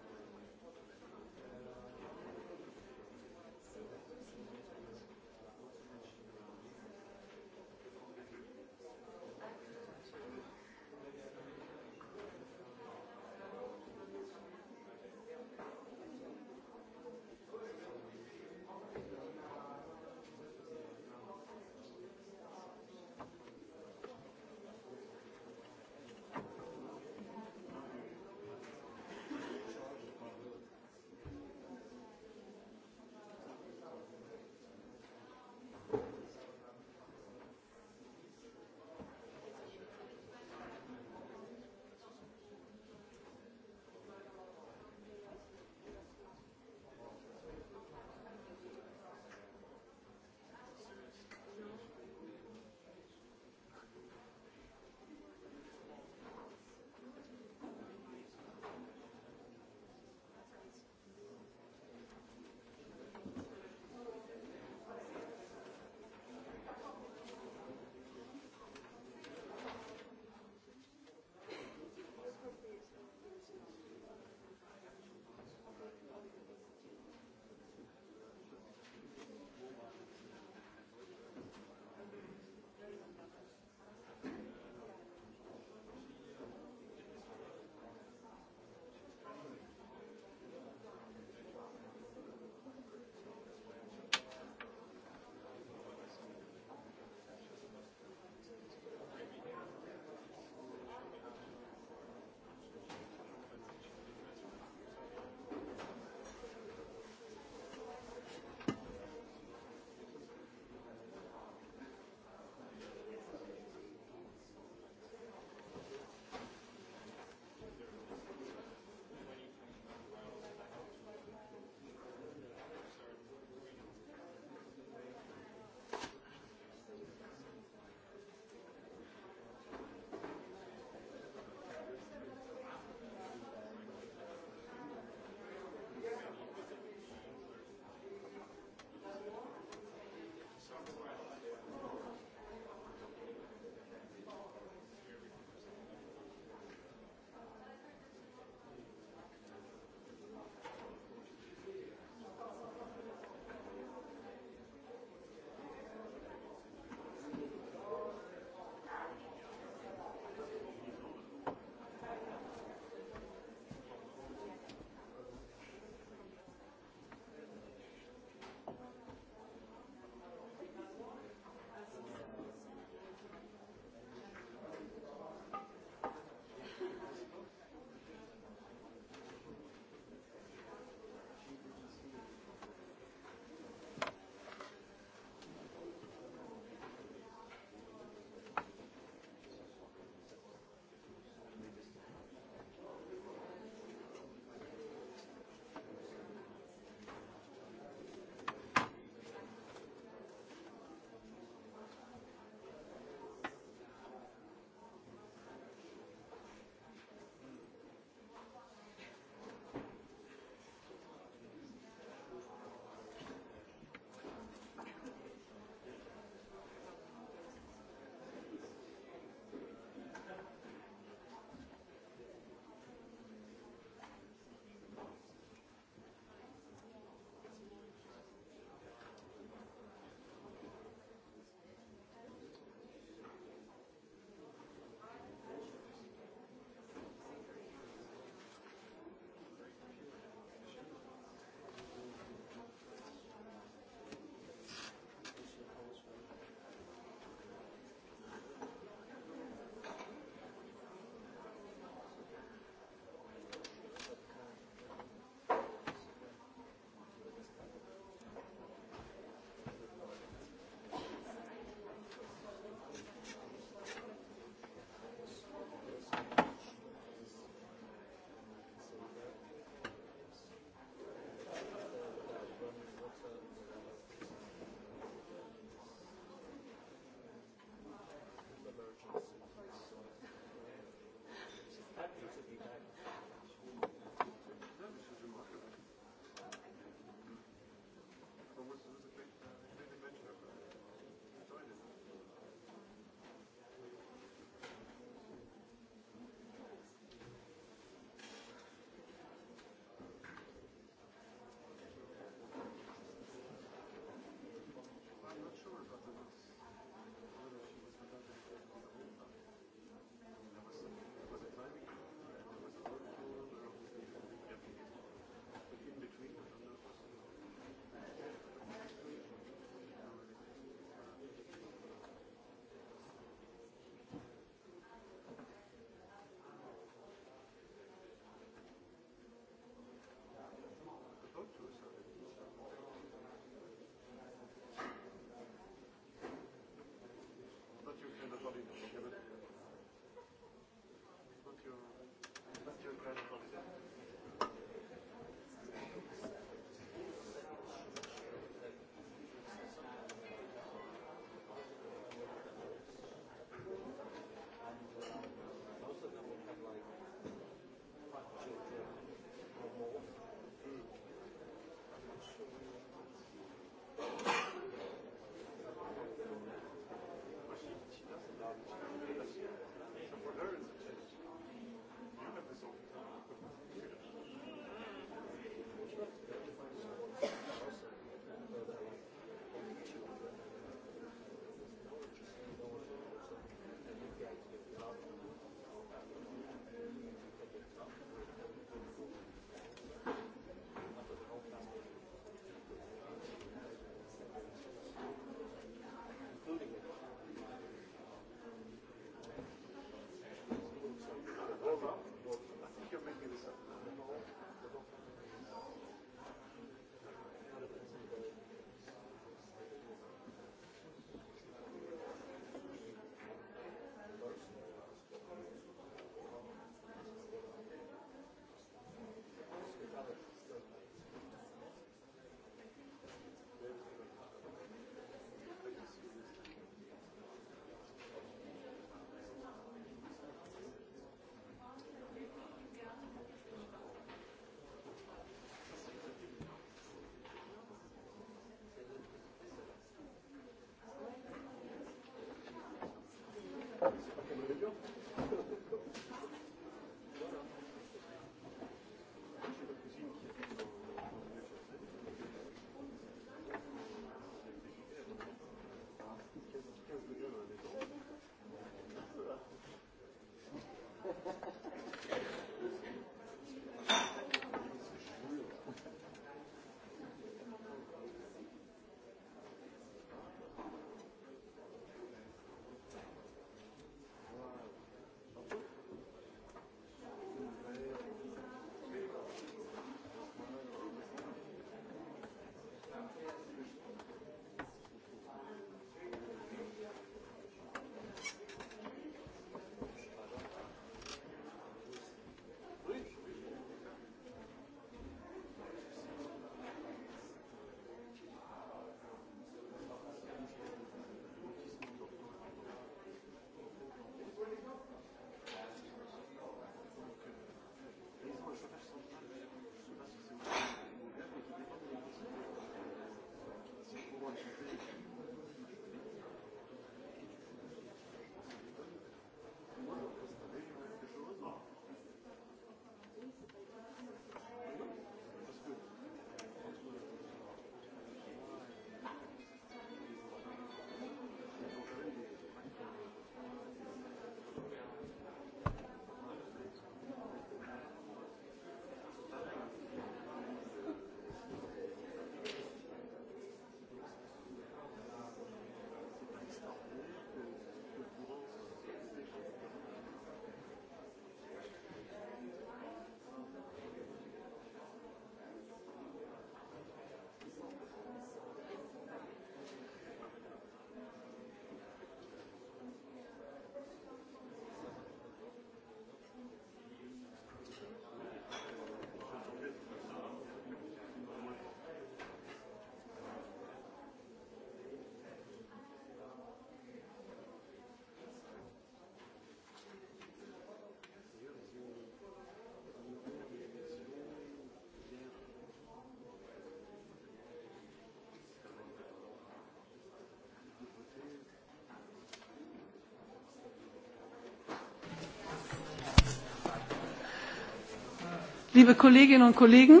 liebe Kolleginnen und Kollegen,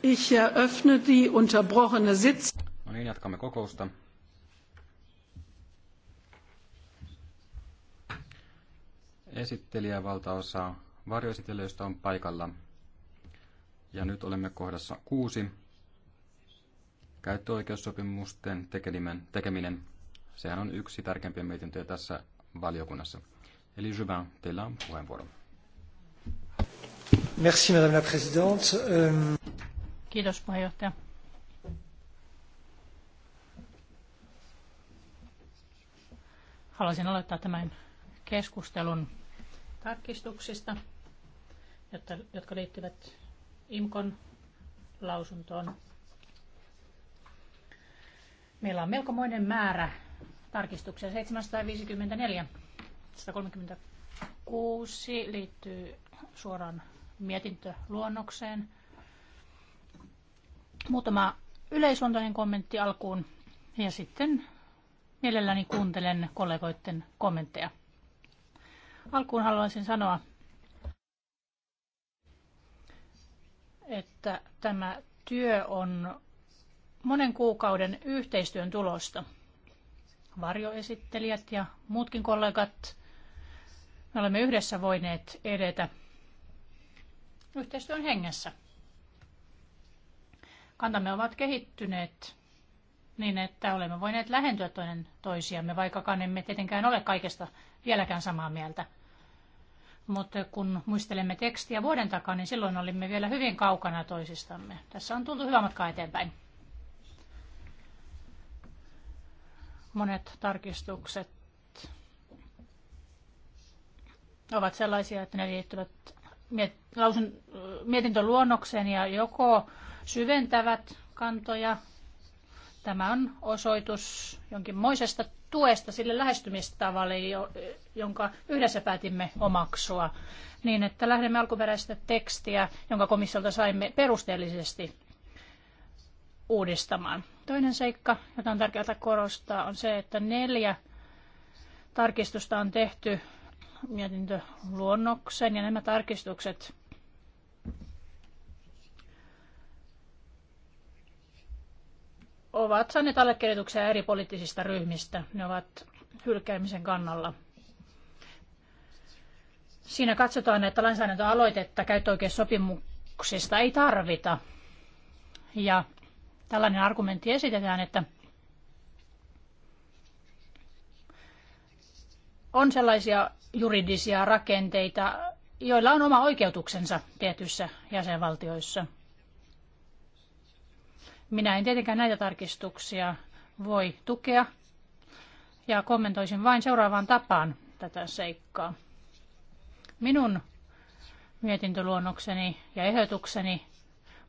Ich eröffne die unterbrochene Sitzung. No niin, jatkamme kokousta. esittelijä valtaosa varjoesittelijöistä on paikalla. Ja nyt olemme kohdassa kuusi. Käyttöoikeussopimusten tekeminen, tekeminen. Sehän on yksi tärkeimpiä mietintöjä tässä valiokunnassa. Eli Jyvän, teillä on puheenvuoro. Merci, Madame la Présidente. Euh, Kiitos puheenjohtaja. Haluaisin aloittaa tämän keskustelun tarkistuksista, jotta, jotka liittyvät IMKON lausuntoon. Meillä on melkomoinen määrä tarkistuksia. 754, 136 liittyy suoraan mietintöluonnokseen. Muutama yleisluontoinen kommentti alkuun ja sitten mielelläni kuuntelen kollegoiden kommentteja. Alkuun haluaisin sanoa, että tämä työ on monen kuukauden yhteistyön tulosta. Varjoesittelijät ja muutkin kollegat, me olemme yhdessä voineet edetä yhteistyön hengessä. Kantamme ovat kehittyneet niin, että olemme voineet lähentyä toinen toisiamme, vaikkakaan emme tietenkään ole kaikesta vieläkään samaa mieltä. Mutta kun muistelemme tekstiä vuoden takaa, niin silloin olimme vielä hyvin kaukana toisistamme. Tässä on tultu hyvä matka eteenpäin. Monet tarkistukset ovat sellaisia, että ne liittyvät mietintöluonnokseen ja joko syventävät kantoja Tämä on osoitus jonkinmoisesta tuesta sille lähestymistavalle, jonka yhdessä päätimme omaksua, niin että lähdemme alkuperäistä tekstiä, jonka komissiolta saimme perusteellisesti uudistamaan. Toinen seikka, jota on tärkeää korostaa, on se, että neljä tarkistusta on tehty mietintöluonnoksen ja nämä tarkistukset ovat saaneet allekirjoituksia eri poliittisista ryhmistä. Ne ovat hylkäämisen kannalla. Siinä katsotaan, että lainsäädäntöaloitetta käyttöoikeussopimuksista ei tarvita. Ja tällainen argumentti esitetään, että on sellaisia juridisia rakenteita, joilla on oma oikeutuksensa tietyissä jäsenvaltioissa – minä en tietenkään näitä tarkistuksia voi tukea ja kommentoisin vain seuraavaan tapaan tätä seikkaa. Minun mietintöluonnokseni ja ehdotukseni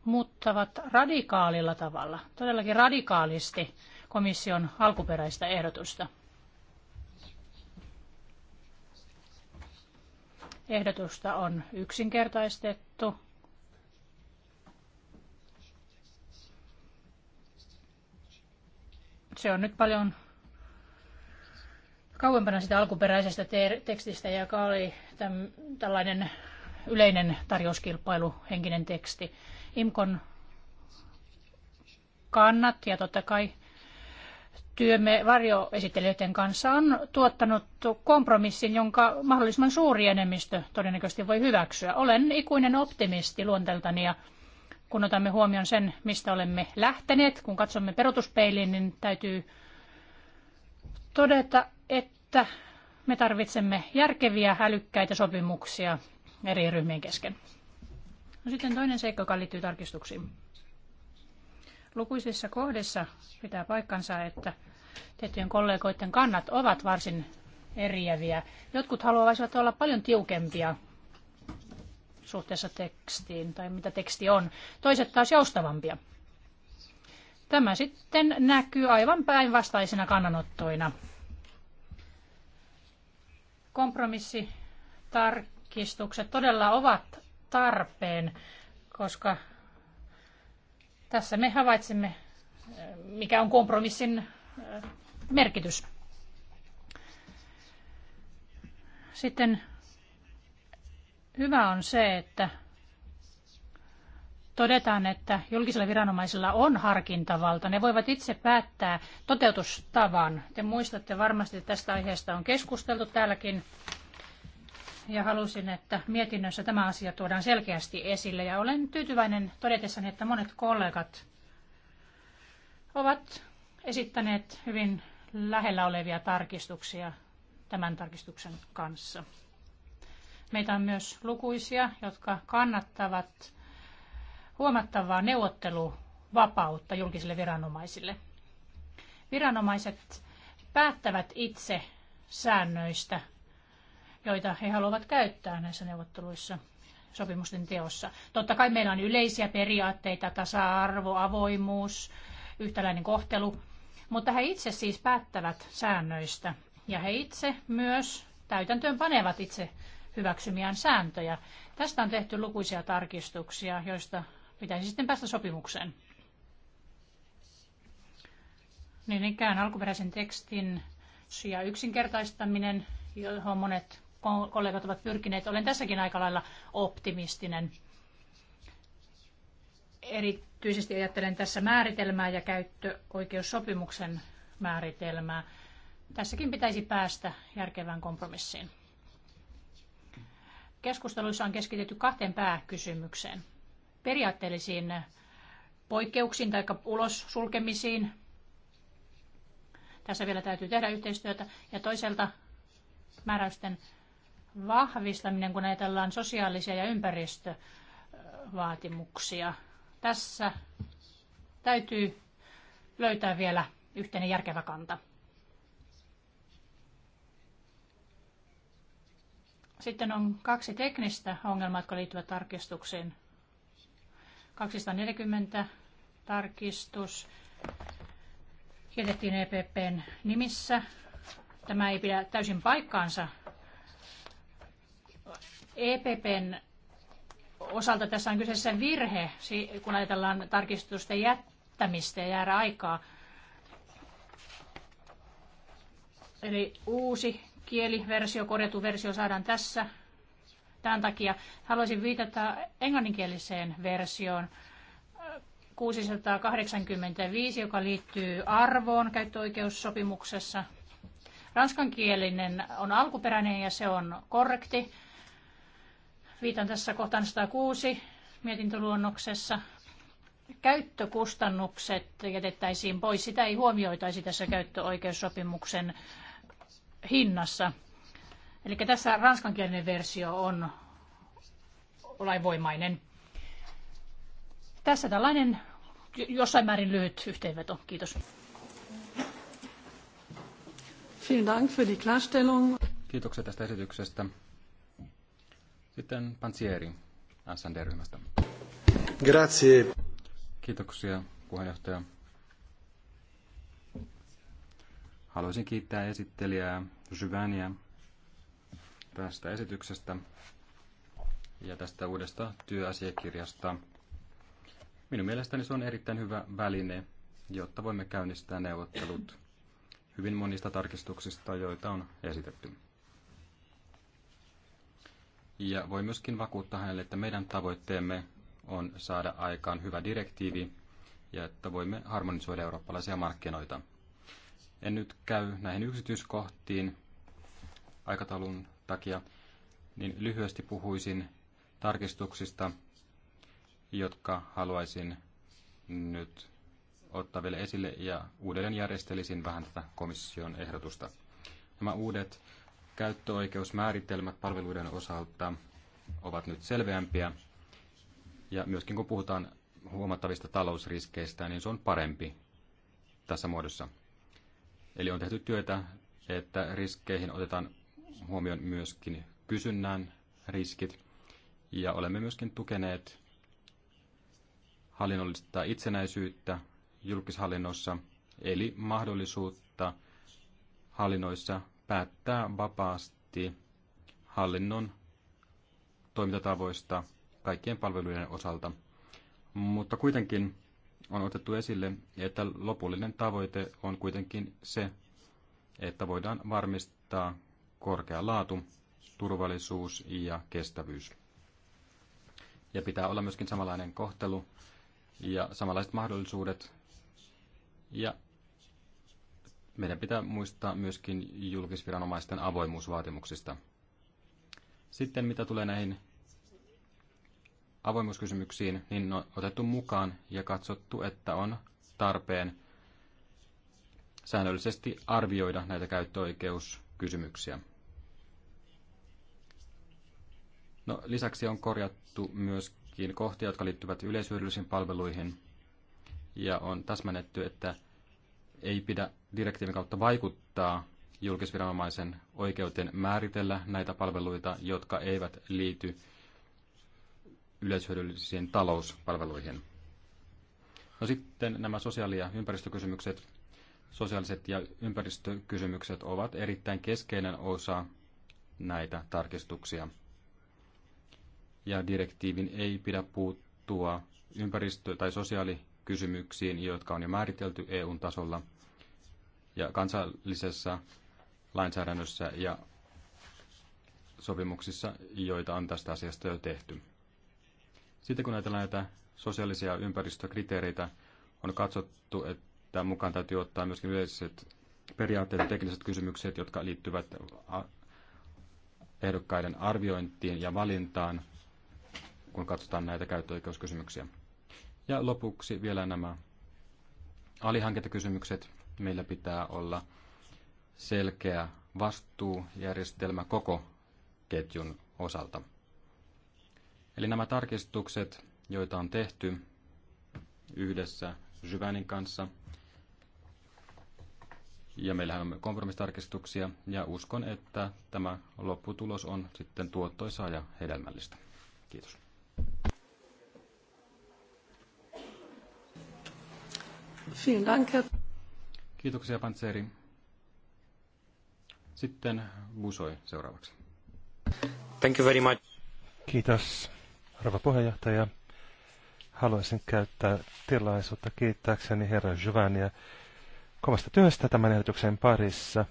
muuttavat radikaalilla tavalla, todellakin radikaalisti komission alkuperäistä ehdotusta. Ehdotusta on yksinkertaistettu Se on nyt paljon kauempana sitä alkuperäisestä tekstistä, joka oli täm, tällainen yleinen tarjouskilpailuhenkinen teksti. IMKON kannat ja totta kai työmme varjoesittelijöiden kanssa on tuottanut kompromissin, jonka mahdollisimman suuri enemmistö todennäköisesti voi hyväksyä. Olen ikuinen optimisti luonteeltani ja kun otamme huomioon sen, mistä olemme lähteneet, kun katsomme perutuspeiliin, niin täytyy todeta, että me tarvitsemme järkeviä, älykkäitä sopimuksia eri ryhmien kesken. No sitten toinen seikka, joka liittyy tarkistuksiin. Lukuisissa kohdissa pitää paikkansa, että tiettyjen kollegoiden kannat ovat varsin eriäviä. Jotkut haluaisivat olla paljon tiukempia suhteessa tekstiin tai mitä teksti on. Toiset taas joustavampia. Tämä sitten näkyy aivan päinvastaisina kannanottoina. Kompromissitarkistukset todella ovat tarpeen, koska tässä me havaitsemme, mikä on kompromissin merkitys. Sitten Hyvä on se, että todetaan, että julkisilla viranomaisilla on harkintavalta. Ne voivat itse päättää toteutustavan. Te muistatte varmasti, että tästä aiheesta on keskusteltu täälläkin. Ja halusin, että mietinnössä tämä asia tuodaan selkeästi esille. Ja olen tyytyväinen todetessani, että monet kollegat ovat esittäneet hyvin lähellä olevia tarkistuksia tämän tarkistuksen kanssa. Meitä on myös lukuisia, jotka kannattavat huomattavaa neuvotteluvapautta julkisille viranomaisille. Viranomaiset päättävät itse säännöistä, joita he haluavat käyttää näissä neuvotteluissa sopimusten teossa. Totta kai meillä on yleisiä periaatteita, tasa-arvo, avoimuus, yhtäläinen kohtelu, mutta he itse siis päättävät säännöistä ja he itse myös täytäntöön panevat itse hyväksymiään sääntöjä. Tästä on tehty lukuisia tarkistuksia, joista pitäisi sitten päästä sopimukseen. Niin ikään alkuperäisen tekstin ja yksinkertaistaminen, johon monet kollegat ovat pyrkineet. Olen tässäkin aika lailla optimistinen. Erityisesti ajattelen tässä määritelmää ja käyttöoikeussopimuksen määritelmää. Tässäkin pitäisi päästä järkevään kompromissiin keskusteluissa on keskitytty kahteen pääkysymykseen. Periaatteellisiin poikkeuksiin tai ulos sulkemisiin. Tässä vielä täytyy tehdä yhteistyötä. Ja toiselta määräysten vahvistaminen, kun ajatellaan sosiaalisia ja ympäristövaatimuksia. Tässä täytyy löytää vielä yhteinen järkevä kanta. Sitten on kaksi teknistä ongelmaa, jotka liittyvät tarkistuksiin. 240 tarkistus jätettiin EPPn nimissä. Tämä ei pidä täysin paikkaansa. EPPn osalta tässä on kyseessä virhe, kun ajatellaan tarkistusten jättämistä ja jäädä aikaa. Eli uusi kieliversio, korjattu versio saadaan tässä. Tämän takia haluaisin viitata englanninkieliseen versioon 685, joka liittyy arvoon käyttöoikeussopimuksessa. Ranskankielinen on alkuperäinen ja se on korrekti. Viitan tässä kohtaan 106 mietintöluonnoksessa käyttökustannukset jätettäisiin pois. Sitä ei huomioitaisi tässä käyttöoikeussopimuksen hinnassa. Eli tässä ranskankielinen versio on lainvoimainen. Tässä tällainen jossain määrin lyhyt yhteenveto. Kiitos. Vielen Dank für die Klarstellung. Kiitoksia tästä esityksestä. Sitten Pansieri SND-ryhmästä. Grazie. Kiitoksia puheenjohtaja. Haluaisin kiittää esittelijää Syväniä tästä esityksestä ja tästä uudesta työasiakirjasta. Minun mielestäni se on erittäin hyvä väline, jotta voimme käynnistää neuvottelut hyvin monista tarkistuksista, joita on esitetty. Ja voi myöskin vakuuttaa hänelle, että meidän tavoitteemme on saada aikaan hyvä direktiivi ja että voimme harmonisoida eurooppalaisia markkinoita. En nyt käy näihin yksityiskohtiin aikataulun takia, niin lyhyesti puhuisin tarkistuksista, jotka haluaisin nyt ottaa vielä esille ja uudelleen järjestelisin vähän tätä komission ehdotusta. Nämä uudet käyttöoikeusmääritelmät palveluiden osalta ovat nyt selveämpiä ja myöskin kun puhutaan huomattavista talousriskeistä, niin se on parempi tässä muodossa. Eli on tehty työtä, että riskeihin otetaan huomioon myöskin kysynnän riskit. Ja olemme myöskin tukeneet hallinnollista itsenäisyyttä julkishallinnossa, eli mahdollisuutta hallinnoissa päättää vapaasti hallinnon toimintatavoista kaikkien palveluiden osalta. Mutta kuitenkin on otettu esille, että lopullinen tavoite on kuitenkin se, että voidaan varmistaa korkea laatu, turvallisuus ja kestävyys. Ja pitää olla myöskin samanlainen kohtelu ja samanlaiset mahdollisuudet. Ja meidän pitää muistaa myöskin julkisviranomaisten avoimuusvaatimuksista. Sitten mitä tulee näihin avoimuuskysymyksiin, niin on otettu mukaan ja katsottu, että on tarpeen säännöllisesti arvioida näitä käyttöoikeuskysymyksiä. No, lisäksi on korjattu myöskin kohtia, jotka liittyvät yleisyydellisiin palveluihin, ja on täsmännetty, että ei pidä direktiivin kautta vaikuttaa julkisviranomaisen oikeuteen määritellä näitä palveluita, jotka eivät liity yleishyödyllisiin talouspalveluihin. No sitten nämä sosiaali- ja ympäristökysymykset. Sosiaaliset ja ympäristökysymykset ovat erittäin keskeinen osa näitä tarkistuksia. Ja direktiivin ei pidä puuttua ympäristö- tai sosiaalikysymyksiin, jotka on jo määritelty eu tasolla ja kansallisessa lainsäädännössä ja sopimuksissa, joita on tästä asiasta jo tehty. Sitten kun ajatellaan näitä sosiaalisia ympäristökriteereitä, on katsottu, että mukaan täytyy ottaa myöskin yleiset periaatteet ja tekniset kysymykset, jotka liittyvät ehdokkaiden arviointiin ja valintaan, kun katsotaan näitä käyttöoikeuskysymyksiä. Ja lopuksi vielä nämä alihankintakysymykset. Meillä pitää olla selkeä vastuujärjestelmä koko ketjun osalta. Eli nämä tarkistukset, joita on tehty yhdessä Syvänin kanssa, ja meillähän on kompromistarkistuksia, ja uskon, että tämä lopputulos on sitten tuottoisaa ja hedelmällistä. Kiitos. Kiitoksia, Pantseri. Sitten Busoi seuraavaksi. Thank you very much. Kiitos rouva puheenjohtaja. Haluaisin käyttää tilaisuutta kiittääkseni herra Giovannia kovasta työstä tämän ehdotuksen parissa.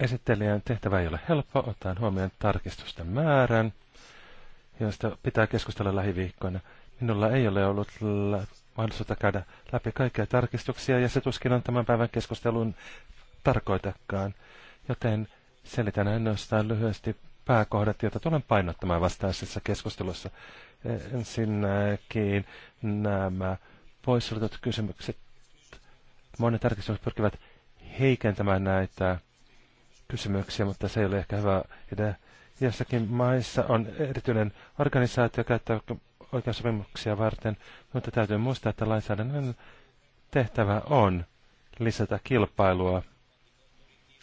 Esittelijän tehtävä ei ole helppo, ottaen huomioon tarkistusten määrän, josta pitää keskustella lähiviikkoina. Minulla ei ole ollut mahdollisuutta käydä läpi kaikkia tarkistuksia, ja se tuskin on tämän päivän keskustelun tarkoitakaan, joten selitän ainoastaan lyhyesti pääkohdat, joita tulen painottamaan vastaisessa keskustelussa. Ensinnäkin nämä poissuljetut kysymykset. Monet tarkistukset pyrkivät heikentämään näitä kysymyksiä, mutta se ei ole ehkä hyvä idea. Jossakin maissa on erityinen organisaatio käyttää oikeussopimuksia varten, mutta täytyy muistaa, että lainsäädännön tehtävä on lisätä kilpailua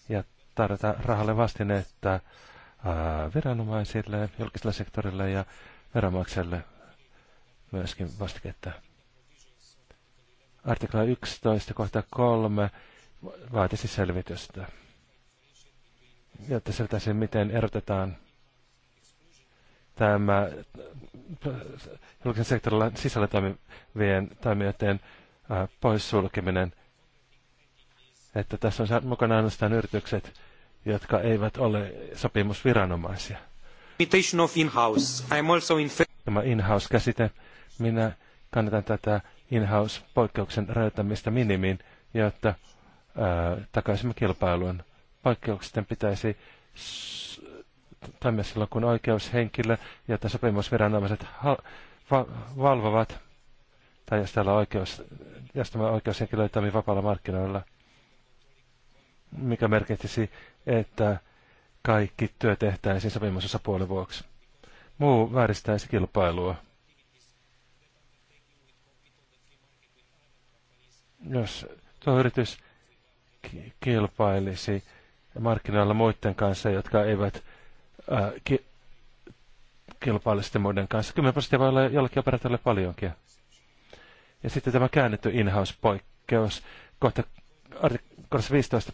ja tarjota rahalle vastinetta viranomaisille, julkiselle sektorille ja veronmaksajille myöskin vastiketta. Artikla 11, kohta 3 vaatisi selvitystä, jotta selvitäisiin, miten erotetaan tämä julkisen sektorilla sisällä toimivien toimijoiden poissulkeminen, että tässä on mukana ainoastaan yritykset, jotka eivät ole sopimusviranomaisia. of in-house. I'm also in Tämä in-house-käsite, minä kannatan tätä in-house-poikkeuksen rajoittamista minimiin, jotta ää, takaisimme kilpailun. Poikkeuksen pitäisi toimia silloin, kun oikeushenkilö ja sopimusviranomaiset va- valvovat, tai jos, täällä oikeus, jos tämä oikeushenkilö toimii vapaalla markkinoilla, mikä merkitsisi että kaikki työ tehtäisiin puolen vuoksi. Muu vääristäisi kilpailua. Jos tuo yritys kilpailisi markkinoilla muiden kanssa, jotka eivät ää, ki- kilpaile sitten muiden kanssa. 10 prosenttia voi olla jollekin operaattorille paljonkin. Ja sitten tämä käännetty in-house-poikkeus. Kohta 15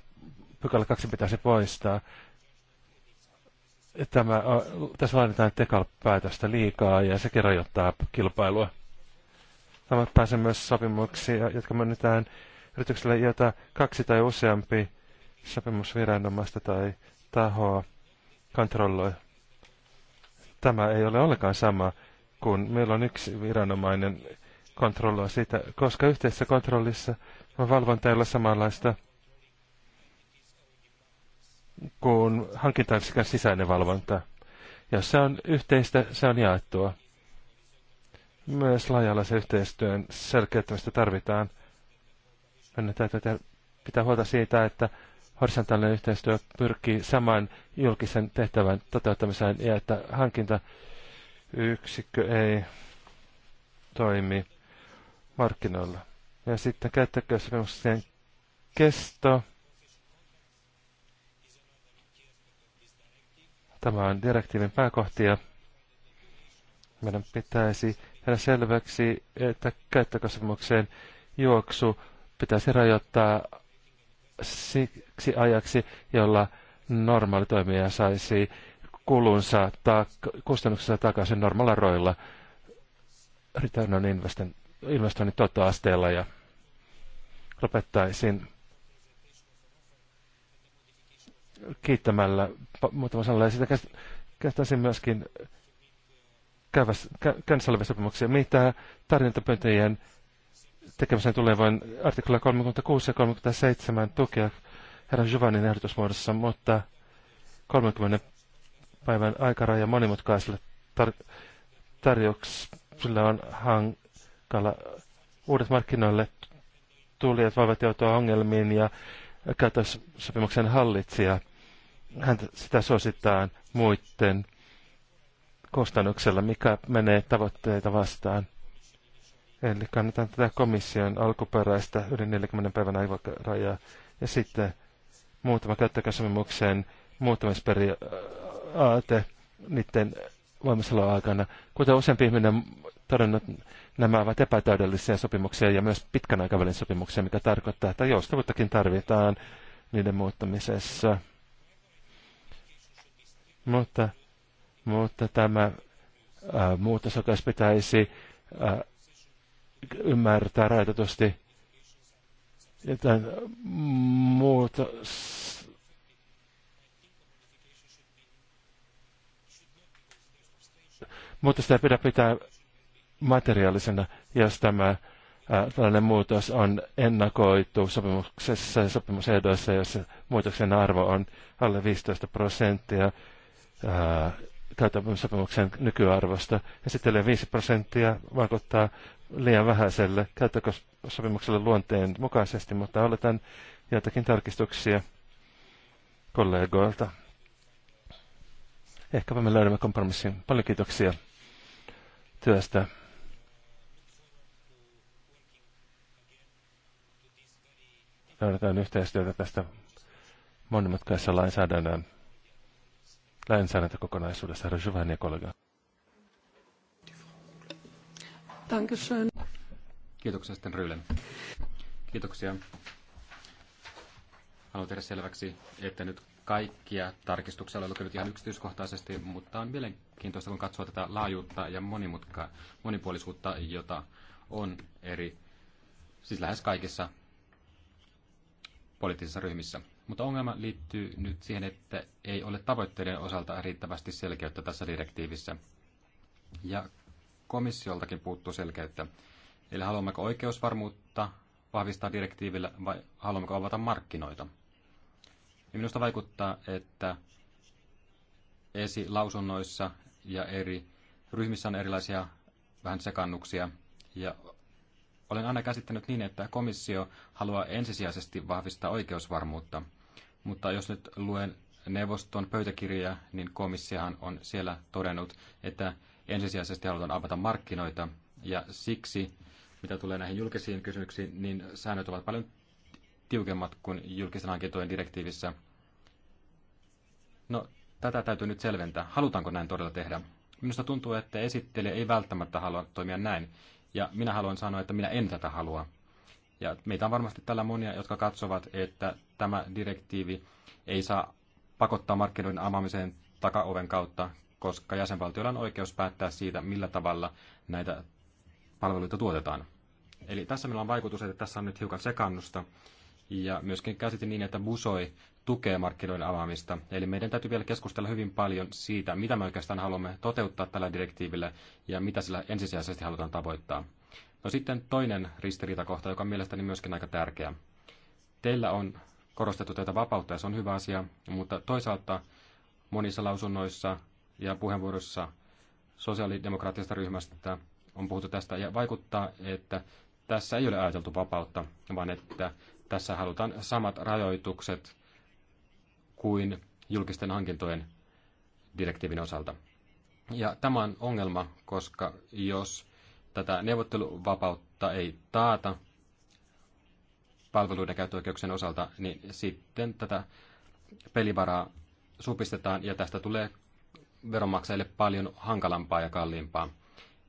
pykälä kaksi pitäisi poistaa. Tämä, tässä laaditaan tekal-päätöstä liikaa ja sekin rajoittaa kilpailua. Tämä pääsee myös sopimuksia, jotka myönnetään yritykselle, joita kaksi tai useampi sopimusviranomaista tai tahoa kontrolloi. Tämä ei ole ollenkaan sama kuin meillä on yksi viranomainen kontrolloi sitä, koska yhteisessä kontrollissa valvonta ei ole samanlaista – kuin hankintayksikön sisäinen valvonta. Jos se on yhteistä, se on jaettua. Myös se yhteistyön selkeyttämistä tarvitaan. Meidän täytyy pitää huolta siitä, että horisontaalinen yhteistyö pyrkii saman julkisen tehtävän toteuttamiseen ja että hankintayksikkö ei toimi markkinoilla. Ja sitten käyttäkösopimuksen kesto. Tämä on direktiivin pääkohtia. Meidän pitäisi tehdä selväksi, että käyttökasvamukseen juoksu pitäisi rajoittaa siksi ajaksi, jolla normaali toimija saisi kulunsa ta- kustannuksensa takaisin normaalilla roilla return on investoinnin tuottoasteella ja lopettaisin kiittämällä muutama sanalla. Ja sitä käsittäisin myöskin käynnissä sopimuksia. Mitä tarjontapöntöjen tekemiseen tulee vain artikla 36 ja 37 tukea herra Juvanin ehdotusmuodossa, mutta 30 päivän aikaraja monimutkaiselle tar- tarjouksille on hankala. Uudet markkinoille tulijat voivat joutua ongelmiin ja käytössopimuksen hallitsijat häntä, sitä suositaan muiden kustannuksella, mikä menee tavoitteita vastaan. Eli kannatan tätä komission alkuperäistä yli 40 päivän aivorajaa ja sitten muutama käyttäjäsopimuksen muuttamisperiaate niiden voimassaoloaikana. Kuten useampi ihminen todennut, nämä ovat epätäydellisiä sopimuksia ja myös pitkän aikavälin sopimuksia, mikä tarkoittaa, että joustavuuttakin tarvitaan niiden muuttamisessa. Mutta, mutta tämä ää, joka pitäisi ää, ymmärtää rajoitetusti. Jotain muutos mutta sitä ei pidä pitää materiaalisena, jos tämä ää, tällainen muutos on ennakoitu sopimuksessa ja sopimusehdoissa, jossa muutoksen arvo on alle 15 prosenttia käyttösopimuksen nykyarvosta ja sitten 5 prosenttia vaikuttaa liian vähäiselle käyttösopimukselle luonteen mukaisesti, mutta oletan joitakin tarkistuksia kollegoilta. Ehkä me löydämme kompromissin. Paljon kiitoksia työstä. Löydetään yhteistyötä tästä monimutkaisessa lainsäädännön lainsäädäntökokonaisuudessa. Herra Giovanni ja kollega. Kiitoksia sitten Ryle. Kiitoksia. Haluan tehdä selväksi, että nyt kaikkia tarkistuksia on lukenut ihan yksityiskohtaisesti, mutta on mielenkiintoista, kun katsoo tätä laajuutta ja monimutka, monipuolisuutta, jota on eri, siis lähes kaikissa poliittisissa ryhmissä. Mutta ongelma liittyy nyt siihen, että ei ole tavoitteiden osalta riittävästi selkeyttä tässä direktiivissä. Ja komissioltakin puuttuu selkeyttä. Eli haluammeko oikeusvarmuutta vahvistaa direktiivillä vai haluammeko avata markkinoita? Ja minusta vaikuttaa, että esilausunnoissa ja eri ryhmissä on erilaisia vähän sekannuksia. Ja olen aina käsittänyt niin, että komissio haluaa ensisijaisesti vahvistaa oikeusvarmuutta – mutta jos nyt luen neuvoston pöytäkirjaa, niin komissiahan on siellä todennut, että ensisijaisesti halutaan avata markkinoita ja siksi, mitä tulee näihin julkisiin kysymyksiin, niin säännöt ovat paljon tiukemmat kuin julkisten hankintojen direktiivissä. No, tätä täytyy nyt selventää. Halutaanko näin todella tehdä? Minusta tuntuu, että esittelijä ei välttämättä halua toimia näin. Ja minä haluan sanoa, että minä en tätä halua. Ja meitä on varmasti tällä monia, jotka katsovat, että tämä direktiivi ei saa pakottaa markkinoiden avaamiseen takaoven kautta, koska jäsenvaltioilla on oikeus päättää siitä, millä tavalla näitä palveluita tuotetaan. Eli tässä meillä on vaikutus, että tässä on nyt hiukan sekannusta. Ja myöskin käsitin niin, että Busoi tukee markkinoiden avaamista. Eli meidän täytyy vielä keskustella hyvin paljon siitä, mitä me oikeastaan haluamme toteuttaa tällä direktiivillä ja mitä sillä ensisijaisesti halutaan tavoittaa. No sitten toinen ristiriitakohta, joka on mielestäni myöskin aika tärkeä. Teillä on korostettu tätä vapautta ja se on hyvä asia, mutta toisaalta monissa lausunnoissa ja puheenvuoroissa sosiaalidemokraattisesta ryhmästä on puhuttu tästä ja vaikuttaa, että tässä ei ole ajateltu vapautta, vaan että tässä halutaan samat rajoitukset kuin julkisten hankintojen direktiivin osalta. Ja tämä on ongelma, koska jos tätä neuvotteluvapautta ei taata palveluiden käyttöoikeuksien osalta, niin sitten tätä pelivaraa supistetaan ja tästä tulee veronmaksajille paljon hankalampaa ja kalliimpaa.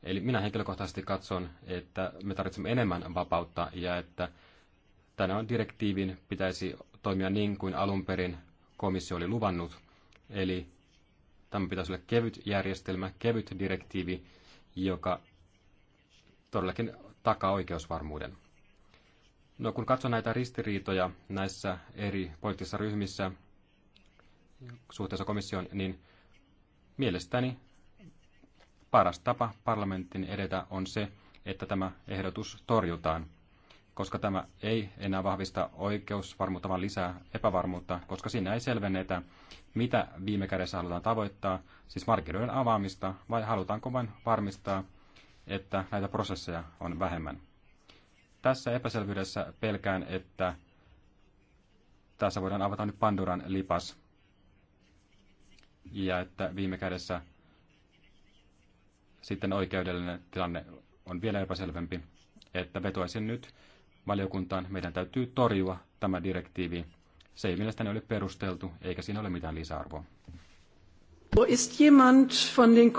Eli minä henkilökohtaisesti katson, että me tarvitsemme enemmän vapautta ja että on direktiivin pitäisi toimia niin kuin alun perin komissio oli luvannut. Eli tämä pitäisi olla kevyt järjestelmä, kevyt direktiivi, joka todellakin takaa oikeusvarmuuden. No kun katson näitä ristiriitoja näissä eri poliittisissa ryhmissä suhteessa komissioon, niin mielestäni paras tapa parlamentin edetä on se, että tämä ehdotus torjutaan, koska tämä ei enää vahvista oikeusvarmuutta, vaan lisää epävarmuutta, koska siinä ei selvennetä, mitä viime kädessä halutaan tavoittaa, siis markkinoiden avaamista, vai halutaanko vain varmistaa, että näitä prosesseja on vähemmän. Tässä epäselvyydessä pelkään, että tässä voidaan avata nyt Panduran lipas ja että viime kädessä sitten oikeudellinen tilanne on vielä epäselvempi, että vetoaisin nyt valiokuntaan, meidän täytyy torjua tämä direktiivi. Se ei mielestäni ole perusteltu, eikä siinä ole mitään lisäarvoa. Wo ist jemand von den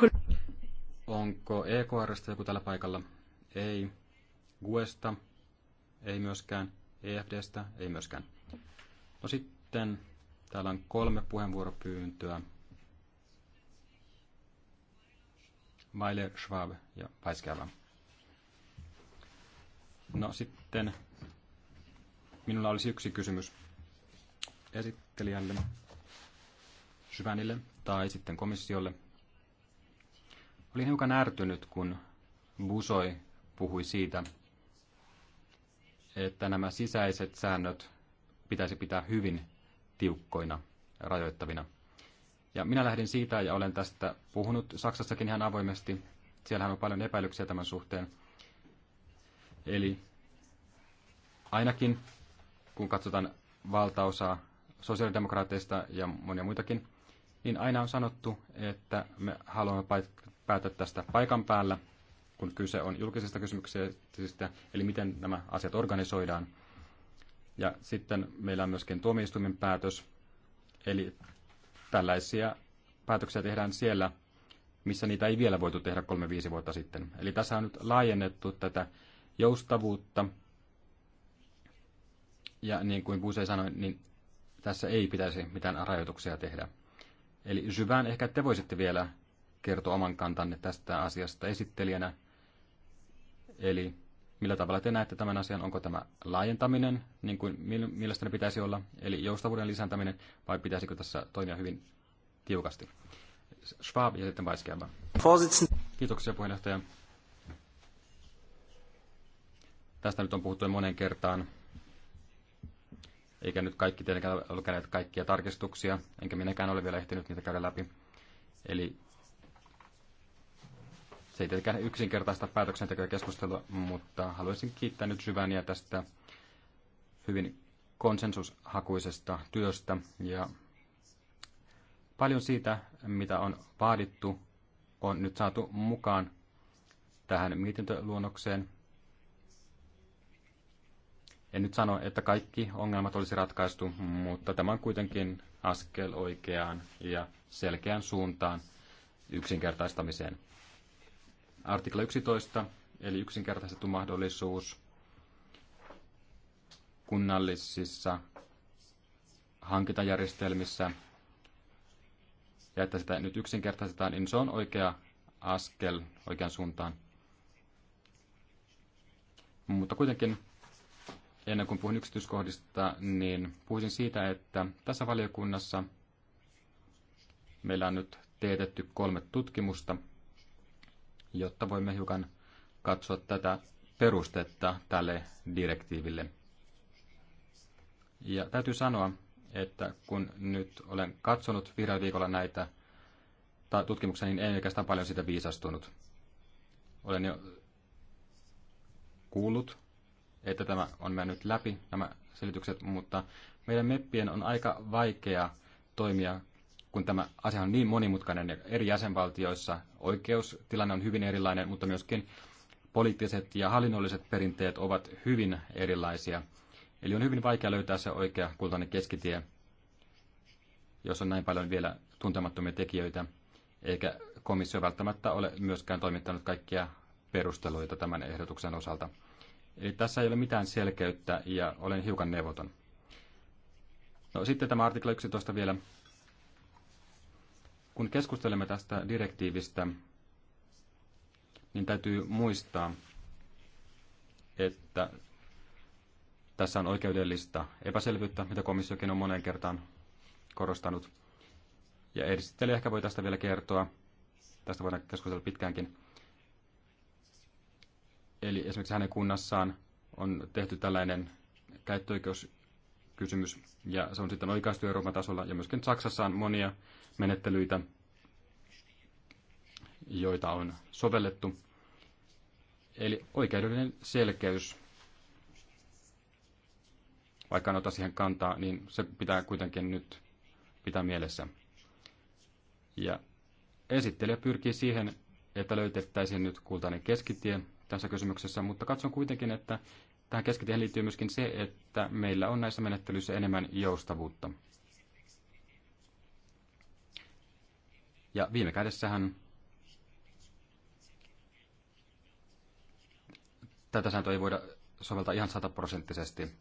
Onko EKRstä joku tällä paikalla? Ei. GUEsta? Ei myöskään. EFDstä? Ei myöskään. No sitten täällä on kolme puheenvuoropyyntöä. Maile, Schwab ja Paiskeava. No sitten minulla olisi yksi kysymys esittelijälle, Syvänille tai sitten komissiolle Olin hiukan ärtynyt, kun Busoi puhui siitä, että nämä sisäiset säännöt pitäisi pitää hyvin tiukkoina ja rajoittavina. Ja minä lähdin siitä ja olen tästä puhunut Saksassakin ihan avoimesti. Siellähän on paljon epäilyksiä tämän suhteen. Eli ainakin kun katsotaan valtaosaa sosiaalidemokraateista ja monia muitakin, niin aina on sanottu, että me haluamme päätä tästä paikan päällä, kun kyse on julkisista kysymyksistä, eli miten nämä asiat organisoidaan. Ja sitten meillä on myöskin tuomioistuimen päätös, eli tällaisia päätöksiä tehdään siellä, missä niitä ei vielä voitu tehdä kolme viisi vuotta sitten. Eli tässä on nyt laajennettu tätä joustavuutta, ja niin kuin Buse sanoi, niin tässä ei pitäisi mitään rajoituksia tehdä. Eli Syvään ehkä te voisitte vielä kertoi oman kantanne tästä asiasta esittelijänä. Eli millä tavalla te näette tämän asian? Onko tämä laajentaminen, niin kuin mielestäni pitäisi olla, eli joustavuuden lisääntäminen, vai pitäisikö tässä toimia hyvin tiukasti? Schwab ja sitten Weisgerber. Kiitoksia puheenjohtaja. Tästä nyt on puhuttu jo monen kertaan. Eikä nyt kaikki tietenkään ole käyneet kaikkia tarkistuksia, enkä minäkään ole vielä ehtinyt niitä käydä läpi. Eli se ei tietenkään yksinkertaista keskustelua, mutta haluaisin kiittää nyt Syväniä tästä hyvin konsensushakuisesta työstä ja paljon siitä, mitä on vaadittu, on nyt saatu mukaan tähän mietintöluonnokseen. En nyt sano, että kaikki ongelmat olisi ratkaistu, mutta tämä on kuitenkin askel oikeaan ja selkeään suuntaan yksinkertaistamiseen. Artikla 11, eli yksinkertaistettu mahdollisuus kunnallisissa hankintajärjestelmissä, ja että sitä nyt yksinkertaistetaan, niin se on oikea askel oikean suuntaan. Mutta kuitenkin ennen kuin puhun yksityiskohdista, niin puhuisin siitä, että tässä valiokunnassa meillä on nyt teetetty kolme tutkimusta – jotta voimme hiukan katsoa tätä perustetta tälle direktiiville. Ja täytyy sanoa, että kun nyt olen katsonut viidellä viikolla näitä tutkimuksia, niin en oikeastaan paljon sitä viisastunut. Olen jo kuullut, että tämä on mennyt läpi, nämä selitykset, mutta meidän meppien on aika vaikea toimia, kun tämä asia on niin monimutkainen ja eri jäsenvaltioissa oikeustilanne on hyvin erilainen, mutta myöskin poliittiset ja hallinnolliset perinteet ovat hyvin erilaisia. Eli on hyvin vaikea löytää se oikea kultainen keskitie, jos on näin paljon vielä tuntemattomia tekijöitä, eikä komissio välttämättä ole myöskään toimittanut kaikkia perusteluita tämän ehdotuksen osalta. Eli tässä ei ole mitään selkeyttä ja olen hiukan neuvoton. No sitten tämä artikla 11 vielä. Kun keskustelemme tästä direktiivistä, niin täytyy muistaa, että tässä on oikeudellista epäselvyyttä, mitä komissiokin on moneen kertaan korostanut. Ja edistelee ehkä voi tästä vielä kertoa. Tästä voidaan keskustella pitkäänkin. Eli esimerkiksi hänen kunnassaan on tehty tällainen käyttöoikeuskysymys, ja se on sitten oikaistu Euroopan tasolla, ja myöskin Saksassa on monia menettelyitä, joita on sovellettu. Eli oikeudellinen selkeys, vaikka en ota siihen kantaa, niin se pitää kuitenkin nyt pitää mielessä. Ja esittelijä pyrkii siihen, että löytettäisiin nyt kultainen keskitie tässä kysymyksessä, mutta katson kuitenkin, että tähän keskitiehen liittyy myöskin se, että meillä on näissä menettelyissä enemmän joustavuutta. Ja viime kädessähän tätä sääntöä ei voida soveltaa ihan sataprosenttisesti.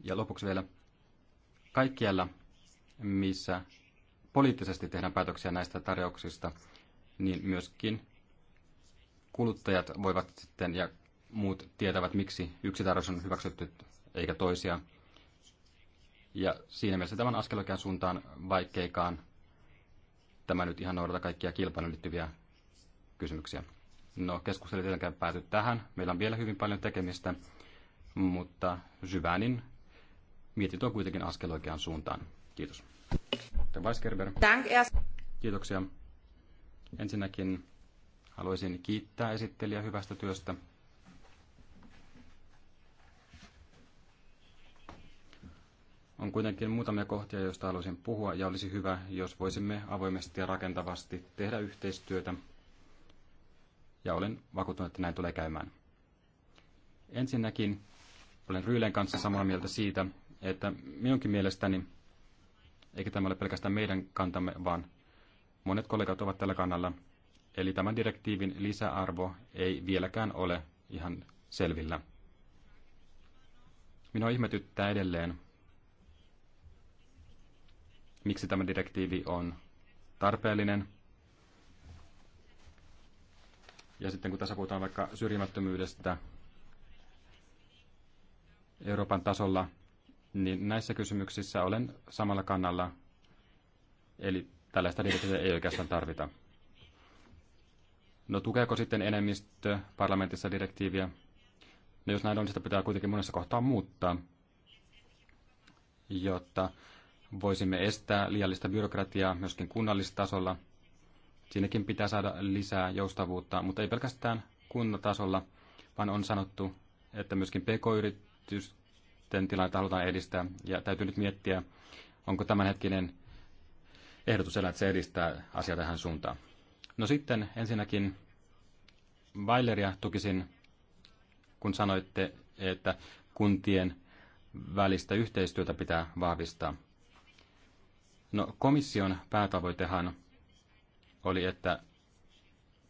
Ja lopuksi vielä kaikkialla, missä poliittisesti tehdään päätöksiä näistä tarjouksista, niin myöskin kuluttajat voivat sitten ja muut tietävät, miksi yksi tarjous on hyväksytty eikä toisia. Ja siinä mielessä tämän askel oikeaan suuntaan, vaikkeikaan tämä nyt ihan noudata kaikkia kilpailuun liittyviä kysymyksiä. No, keskustelu ei tietenkään pääty tähän. Meillä on vielä hyvin paljon tekemistä, mutta Syvänin mietintö on kuitenkin askel oikeaan suuntaan. Kiitos. Kiitoksia. Ensinnäkin haluaisin kiittää esittelijä hyvästä työstä. On kuitenkin muutamia kohtia, joista haluaisin puhua, ja olisi hyvä, jos voisimme avoimesti ja rakentavasti tehdä yhteistyötä, ja olen vakuuttunut, että näin tulee käymään. Ensinnäkin olen Ryylen kanssa samaa mieltä siitä, että minunkin mielestäni, eikä tämä ole pelkästään meidän kantamme, vaan monet kollegat ovat tällä kannalla, eli tämän direktiivin lisäarvo ei vieläkään ole ihan selvillä. Minua ihmetyttää edelleen, miksi tämä direktiivi on tarpeellinen. Ja sitten kun tässä puhutaan vaikka syrjimättömyydestä Euroopan tasolla, niin näissä kysymyksissä olen samalla kannalla. Eli tällaista direktiiviä ei oikeastaan tarvita. No tukeeko sitten enemmistö parlamentissa direktiiviä? No jos näin on, sitä pitää kuitenkin monessa kohtaa muuttaa, jotta Voisimme estää liiallista byrokratiaa myöskin kunnallistasolla. Siinäkin pitää saada lisää joustavuutta, mutta ei pelkästään kunnatasolla, vaan on sanottu, että myöskin pk-yritysten tilannetta halutaan edistää. Ja täytyy nyt miettiä, onko tämänhetkinen ehdotus elää, että se edistää asiaa tähän suuntaan. No sitten ensinnäkin Weileria tukisin, kun sanoitte, että kuntien välistä yhteistyötä pitää vahvistaa. No komission päätavoitehan oli, että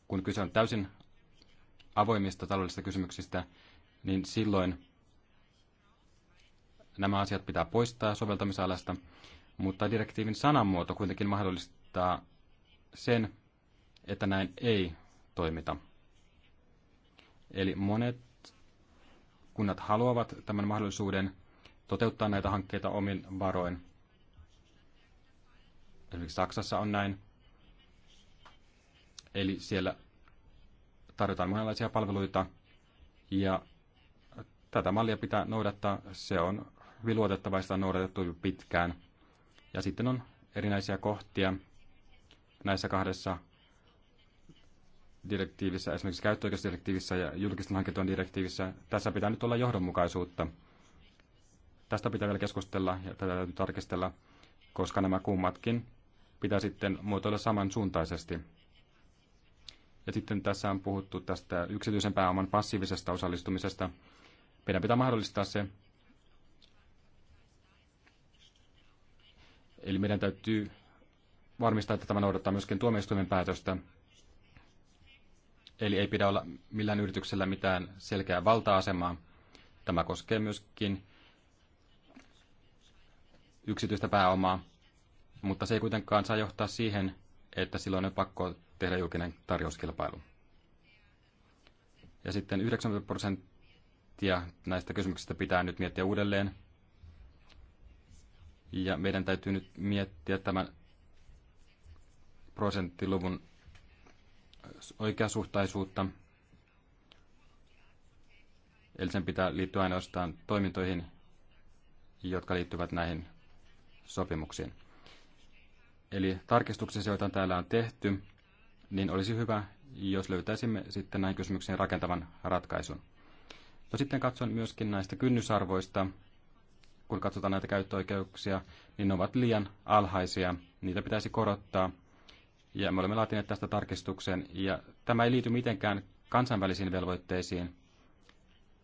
kun kyse on täysin avoimista taloudellisista kysymyksistä, niin silloin nämä asiat pitää poistaa soveltamisalasta, mutta direktiivin sanamuoto kuitenkin mahdollistaa sen, että näin ei toimita. Eli monet kunnat haluavat tämän mahdollisuuden toteuttaa näitä hankkeita omin varoin, Esimerkiksi Saksassa on näin. Eli siellä tarjotaan monenlaisia palveluita ja tätä mallia pitää noudattaa. Se on hyvin luotettava sitä on noudatettu pitkään. Ja sitten on erinäisiä kohtia näissä kahdessa direktiivissä, esimerkiksi käyttöoikeusdirektiivissä ja julkisten hankintojen direktiivissä. Tässä pitää nyt olla johdonmukaisuutta. Tästä pitää vielä keskustella ja tätä täytyy tarkistella, koska nämä kummatkin pitää sitten muotoilla samansuuntaisesti. Ja sitten tässä on puhuttu tästä yksityisen pääoman passiivisesta osallistumisesta. Meidän pitää mahdollistaa se. Eli meidän täytyy varmistaa, että tämä noudattaa myöskin tuomioistuimen päätöstä. Eli ei pidä olla millään yrityksellä mitään selkeää valta-asemaa. Tämä koskee myöskin yksityistä pääomaa mutta se ei kuitenkaan saa johtaa siihen, että silloin on pakko tehdä julkinen tarjouskilpailu. Ja sitten 90 prosenttia näistä kysymyksistä pitää nyt miettiä uudelleen. Ja meidän täytyy nyt miettiä tämän prosenttiluvun oikeasuhtaisuutta. Eli sen pitää liittyä ainoastaan toimintoihin, jotka liittyvät näihin sopimuksiin. Eli tarkistuksessa, joita täällä on tehty, niin olisi hyvä, jos löytäisimme sitten näihin kysymyksiin rakentavan ratkaisun. No sitten katson myöskin näistä kynnysarvoista. Kun katsotaan näitä käyttöoikeuksia, niin ne ovat liian alhaisia. Niitä pitäisi korottaa. Ja me olemme laatineet tästä tarkistuksen. Ja tämä ei liity mitenkään kansainvälisiin velvoitteisiin.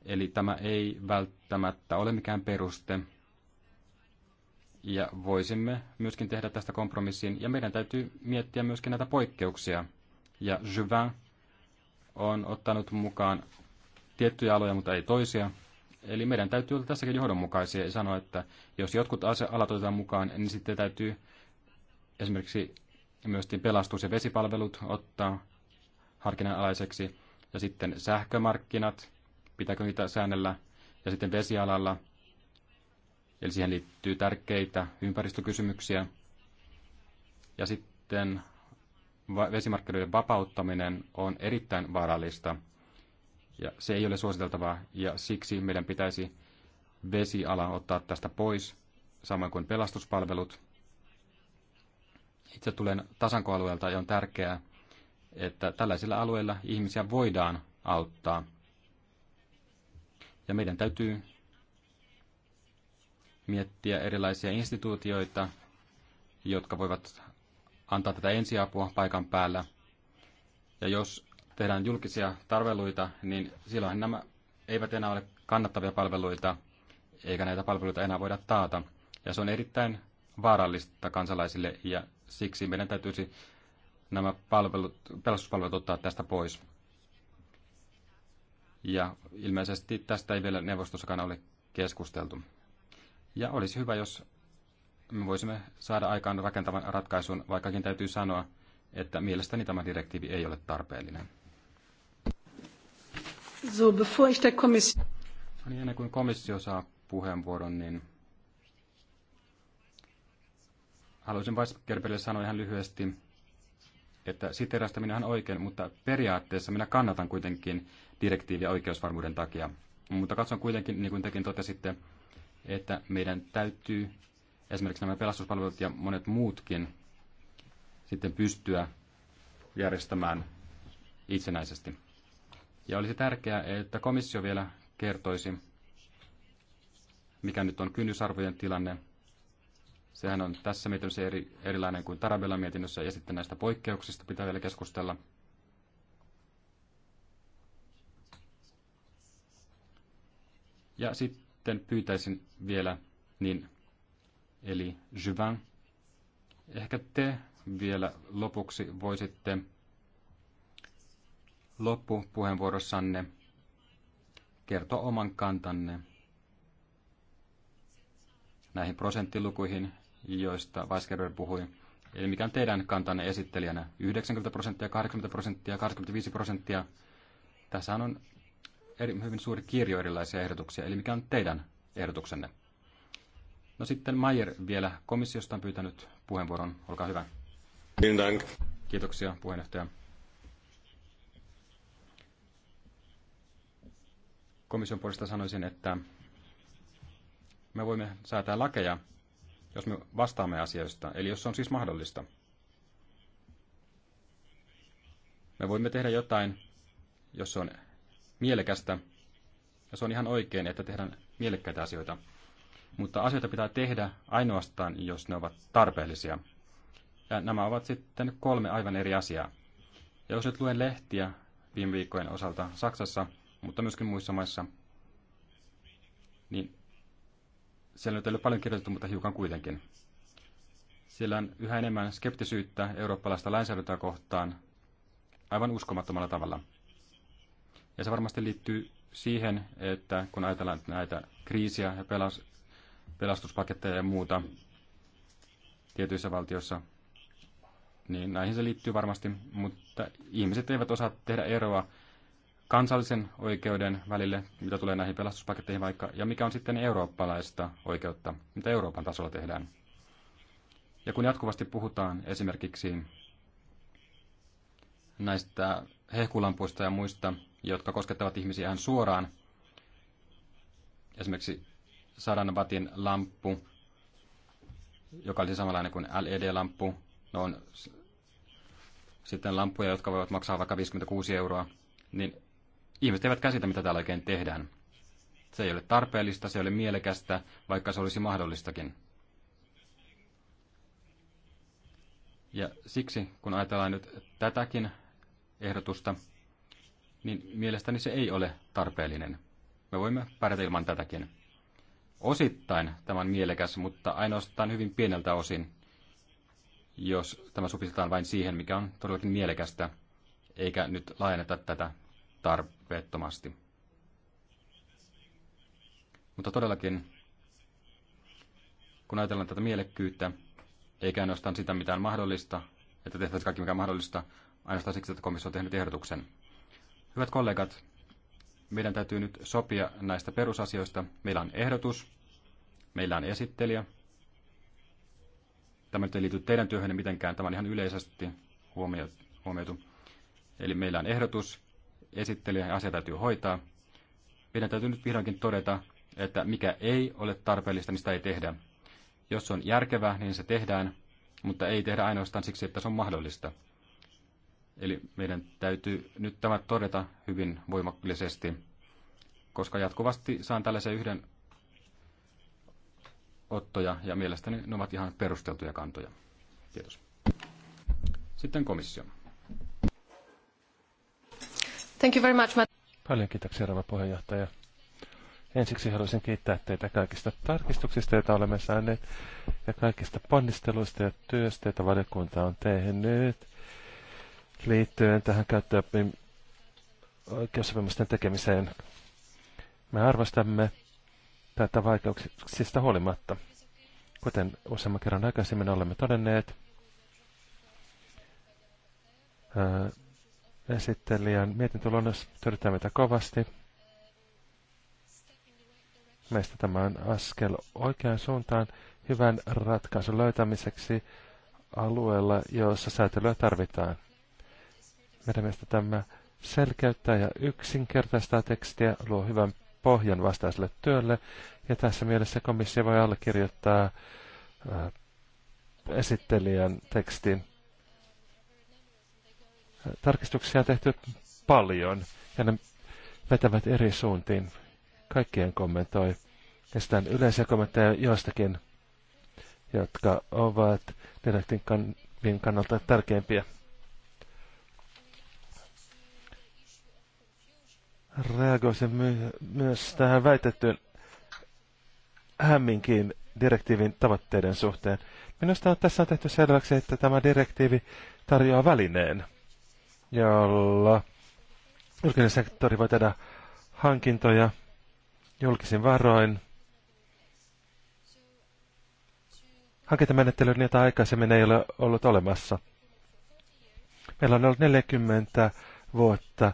Eli tämä ei välttämättä ole mikään peruste ja voisimme myöskin tehdä tästä kompromissin. Ja meidän täytyy miettiä myöskin näitä poikkeuksia. Ja Juvin on ottanut mukaan tiettyjä aloja, mutta ei toisia. Eli meidän täytyy olla tässäkin johdonmukaisia ja sanoa, että jos jotkut alat otetaan mukaan, niin sitten täytyy esimerkiksi myös pelastus- ja vesipalvelut ottaa harkinnanalaiseksi. Ja sitten sähkömarkkinat, pitääkö niitä säännellä. Ja sitten vesialalla Eli siihen liittyy tärkeitä ympäristökysymyksiä. Ja sitten vesimarkkinoiden vapauttaminen on erittäin vaarallista. Ja se ei ole suositeltavaa ja siksi meidän pitäisi vesiala ottaa tästä pois, samoin kuin pelastuspalvelut. Itse tulen tasankoalueelta ja on tärkeää, että tällaisilla alueilla ihmisiä voidaan auttaa. Ja meidän täytyy miettiä erilaisia instituutioita, jotka voivat antaa tätä ensiapua paikan päällä. Ja jos tehdään julkisia tarveluita, niin silloin nämä eivät enää ole kannattavia palveluita, eikä näitä palveluita enää voida taata. Ja se on erittäin vaarallista kansalaisille, ja siksi meidän täytyisi nämä palvelut, pelastuspalvelut ottaa tästä pois. Ja ilmeisesti tästä ei vielä neuvostossakaan ole keskusteltu. Ja olisi hyvä, jos me voisimme saada aikaan rakentavan ratkaisun, vaikkakin täytyy sanoa, että mielestäni tämä direktiivi ei ole tarpeellinen. So, bevor ich der Kommission... No niin ennen kuin komissio saa puheenvuoron, niin haluaisin Weisgerberille sanoa ihan lyhyesti, että siteerasta minä oikein, mutta periaatteessa minä kannatan kuitenkin direktiiviä oikeusvarmuuden takia. Mutta katson kuitenkin, niin kuin tekin totesitte, että meidän täytyy esimerkiksi nämä pelastuspalvelut ja monet muutkin sitten pystyä järjestämään itsenäisesti. Ja olisi tärkeää, että komissio vielä kertoisi, mikä nyt on kynnysarvojen tilanne. Sehän on tässä mietinnössä eri, erilainen kuin Tarabella mietinnössä, ja sitten näistä poikkeuksista pitää vielä keskustella. Ja sitten sitten pyytäisin vielä, niin, eli Juvan, ehkä te vielä lopuksi voisitte loppupuheenvuorossanne kertoa oman kantanne näihin prosenttilukuihin, joista Weisgerber puhui. Eli mikä on teidän kantanne esittelijänä? 90 prosenttia, 80 prosenttia, 25 prosenttia. Tässä on eri, hyvin suuri kirjo erilaisia ehdotuksia, eli mikä on teidän ehdotuksenne? No sitten Mayer vielä komissiosta on pyytänyt puheenvuoron. Olkaa hyvä. Kiitoksia puheenjohtaja. Komission puolesta sanoisin, että me voimme säätää lakeja, jos me vastaamme asioista, eli jos se on siis mahdollista. Me voimme tehdä jotain, jos se on mielekästä, ja se on ihan oikein, että tehdään mielekkäitä asioita. Mutta asioita pitää tehdä ainoastaan, jos ne ovat tarpeellisia. Ja nämä ovat sitten kolme aivan eri asiaa. Ja jos nyt luen lehtiä viime viikkojen osalta Saksassa, mutta myöskin muissa maissa, niin siellä nyt ei ole paljon kirjoitettu, mutta hiukan kuitenkin. Siellä on yhä enemmän skeptisyyttä eurooppalaista lainsäädäntöä kohtaan aivan uskomattomalla tavalla. Ja se varmasti liittyy siihen, että kun ajatellaan näitä kriisiä ja pelas, pelastuspaketteja ja muuta tietyissä valtioissa, niin näihin se liittyy varmasti, mutta ihmiset eivät osaa tehdä eroa kansallisen oikeuden välille, mitä tulee näihin pelastuspaketteihin vaikka, ja mikä on sitten eurooppalaista oikeutta, mitä Euroopan tasolla tehdään. Ja kun jatkuvasti puhutaan esimerkiksi näistä hehkulampuista ja muista, jotka koskettavat ihmisiä ihan suoraan. Esimerkiksi sadan vatin lamppu, joka olisi samanlainen kuin LED-lamppu. No on sitten lamppuja, jotka voivat maksaa vaikka 56 euroa. Niin ihmiset eivät käsitä, mitä täällä oikein tehdään. Se ei ole tarpeellista, se ei ole mielekästä, vaikka se olisi mahdollistakin. Ja siksi, kun ajatellaan nyt tätäkin ehdotusta, niin mielestäni se ei ole tarpeellinen. Me voimme pärjätä ilman tätäkin. Osittain tämä on mielekäs, mutta ainoastaan hyvin pieneltä osin, jos tämä supistetaan vain siihen, mikä on todellakin mielekästä, eikä nyt laajenneta tätä tarpeettomasti. Mutta todellakin, kun ajatellaan tätä mielekkyyttä, eikä ainoastaan sitä mitään mahdollista, että tehtäisiin kaikki mikä mahdollista, ainoastaan siksi, että komissio on tehnyt ehdotuksen – Hyvät kollegat, meidän täytyy nyt sopia näistä perusasioista. Meillä on ehdotus, meillä on esittelijä. Tämä nyt ei liity teidän työhönne mitenkään, tämä on ihan yleisesti huomioitu. Eli meillä on ehdotus, esittelijä ja asia täytyy hoitaa. Meidän täytyy nyt vihdoinkin todeta, että mikä ei ole tarpeellista, niin sitä ei tehdä. Jos se on järkevää, niin se tehdään, mutta ei tehdä ainoastaan siksi, että se on mahdollista. Eli meidän täytyy nyt tämä todeta hyvin voimakkaisesti, koska jatkuvasti saan tällaisia yhden ottoja ja mielestäni ne ovat ihan perusteltuja kantoja. Kiitos. Sitten komissio. Thank you very much, Matt. Paljon kiitoksia, rouva puheenjohtaja. Ensiksi haluaisin kiittää teitä kaikista tarkistuksista, joita olemme saaneet, ja kaikista ponnisteluista ja työstä, joita valiokunta on tehnyt liittyen tähän käyttöoppiin oikeussopimusten tekemiseen. Me arvostamme tätä vaikeuksista huolimatta. Kuten useamman kerran aikaisemmin olemme todenneet, ää, esittelijän mietintöluonnos työdyttää meitä kovasti. Meistä tämä on askel oikeaan suuntaan hyvän ratkaisun löytämiseksi alueella, jossa säätelyä tarvitaan. Meidän mielestä tämä selkeyttää ja yksinkertaistaa tekstiä, luo hyvän pohjan vastaiselle työlle, ja tässä mielessä komissio voi allekirjoittaa esittelijän tekstin. Tarkistuksia on tehty paljon, ja ne vetävät eri suuntiin. Kaikkien kommentoi. Esitän yleisiä kommentteja joistakin, jotka ovat direktin kannalta tärkeimpiä. reagoisin my- myös tähän väitettyyn hämminkin direktiivin tavoitteiden suhteen. Minusta on, tässä on tehty selväksi, että tämä direktiivi tarjoaa välineen, jolla julkinen sektori voi tehdä hankintoja julkisin varoin. Hankintamenettely, jota aikaisemmin ei ole ollut olemassa. Meillä on ollut 40 vuotta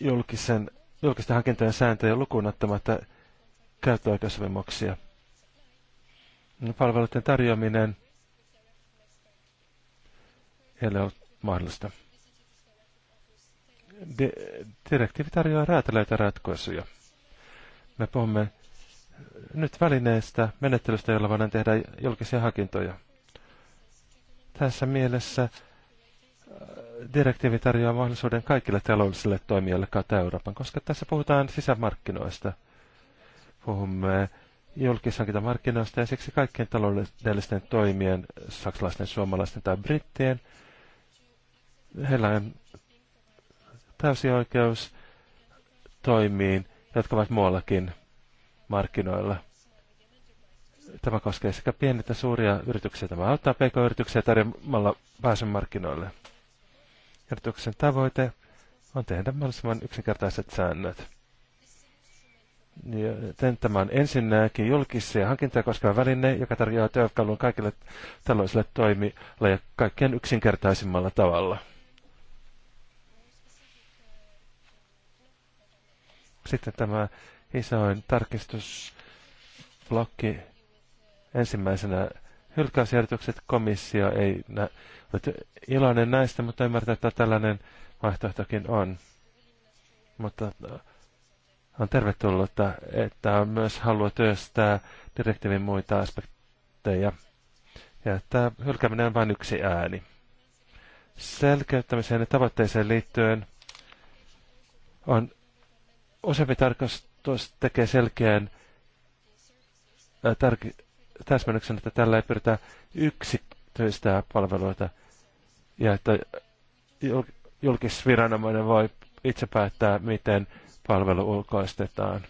julkisen, julkisten hankintojen sääntöjä lukuun ottamatta käyttöoikeusvimoksia. Palveluiden tarjoaminen ei ole mahdollista. Di- direktiivi tarjoaa räätälöitä ratkaisuja. Me puhumme nyt välineestä, menettelystä, jolla voidaan tehdä julkisia hakintoja. Tässä mielessä direktiivi tarjoaa mahdollisuuden kaikille taloudellisille toimijoille kautta Euroopan, koska tässä puhutaan sisämarkkinoista. Puhumme markkinoista ja siksi kaikkien taloudellisten toimien, saksalaisten, suomalaisten tai brittien, heillä on täysi oikeus toimiin, jotka ovat muuallakin markkinoilla. Tämä koskee sekä pieniä että suuria yrityksiä. Tämä auttaa pk-yrityksiä tarjoamalla pääsyn markkinoille. Ehdotuksen tavoite on tehdä mahdollisimman yksinkertaiset säännöt. tämä on ensinnäkin julkisia hankintoja koskeva väline, joka tarjoaa työkalun kaikille taloudellisille toimille ja kaikkein yksinkertaisimmalla tavalla. Sitten tämä isoin tarkistusblokki ensimmäisenä hylkäysjärjestykset komissio ei nä- ole iloinen näistä, mutta ymmärtää, että tällainen vaihtoehtokin on. Mutta äh, on tervetullutta, että on myös halua työstää direktiivin muita aspekteja. Ja että hylkääminen on vain yksi ääni. Selkeyttämiseen ja tavoitteeseen liittyen on useampi tarkastus tekee selkeän äh, tarki, täsmennyksen, että tällä ei pyritä yksityistä palveluita ja että julkisviranomainen voi itse päättää, miten palvelu ulkoistetaan.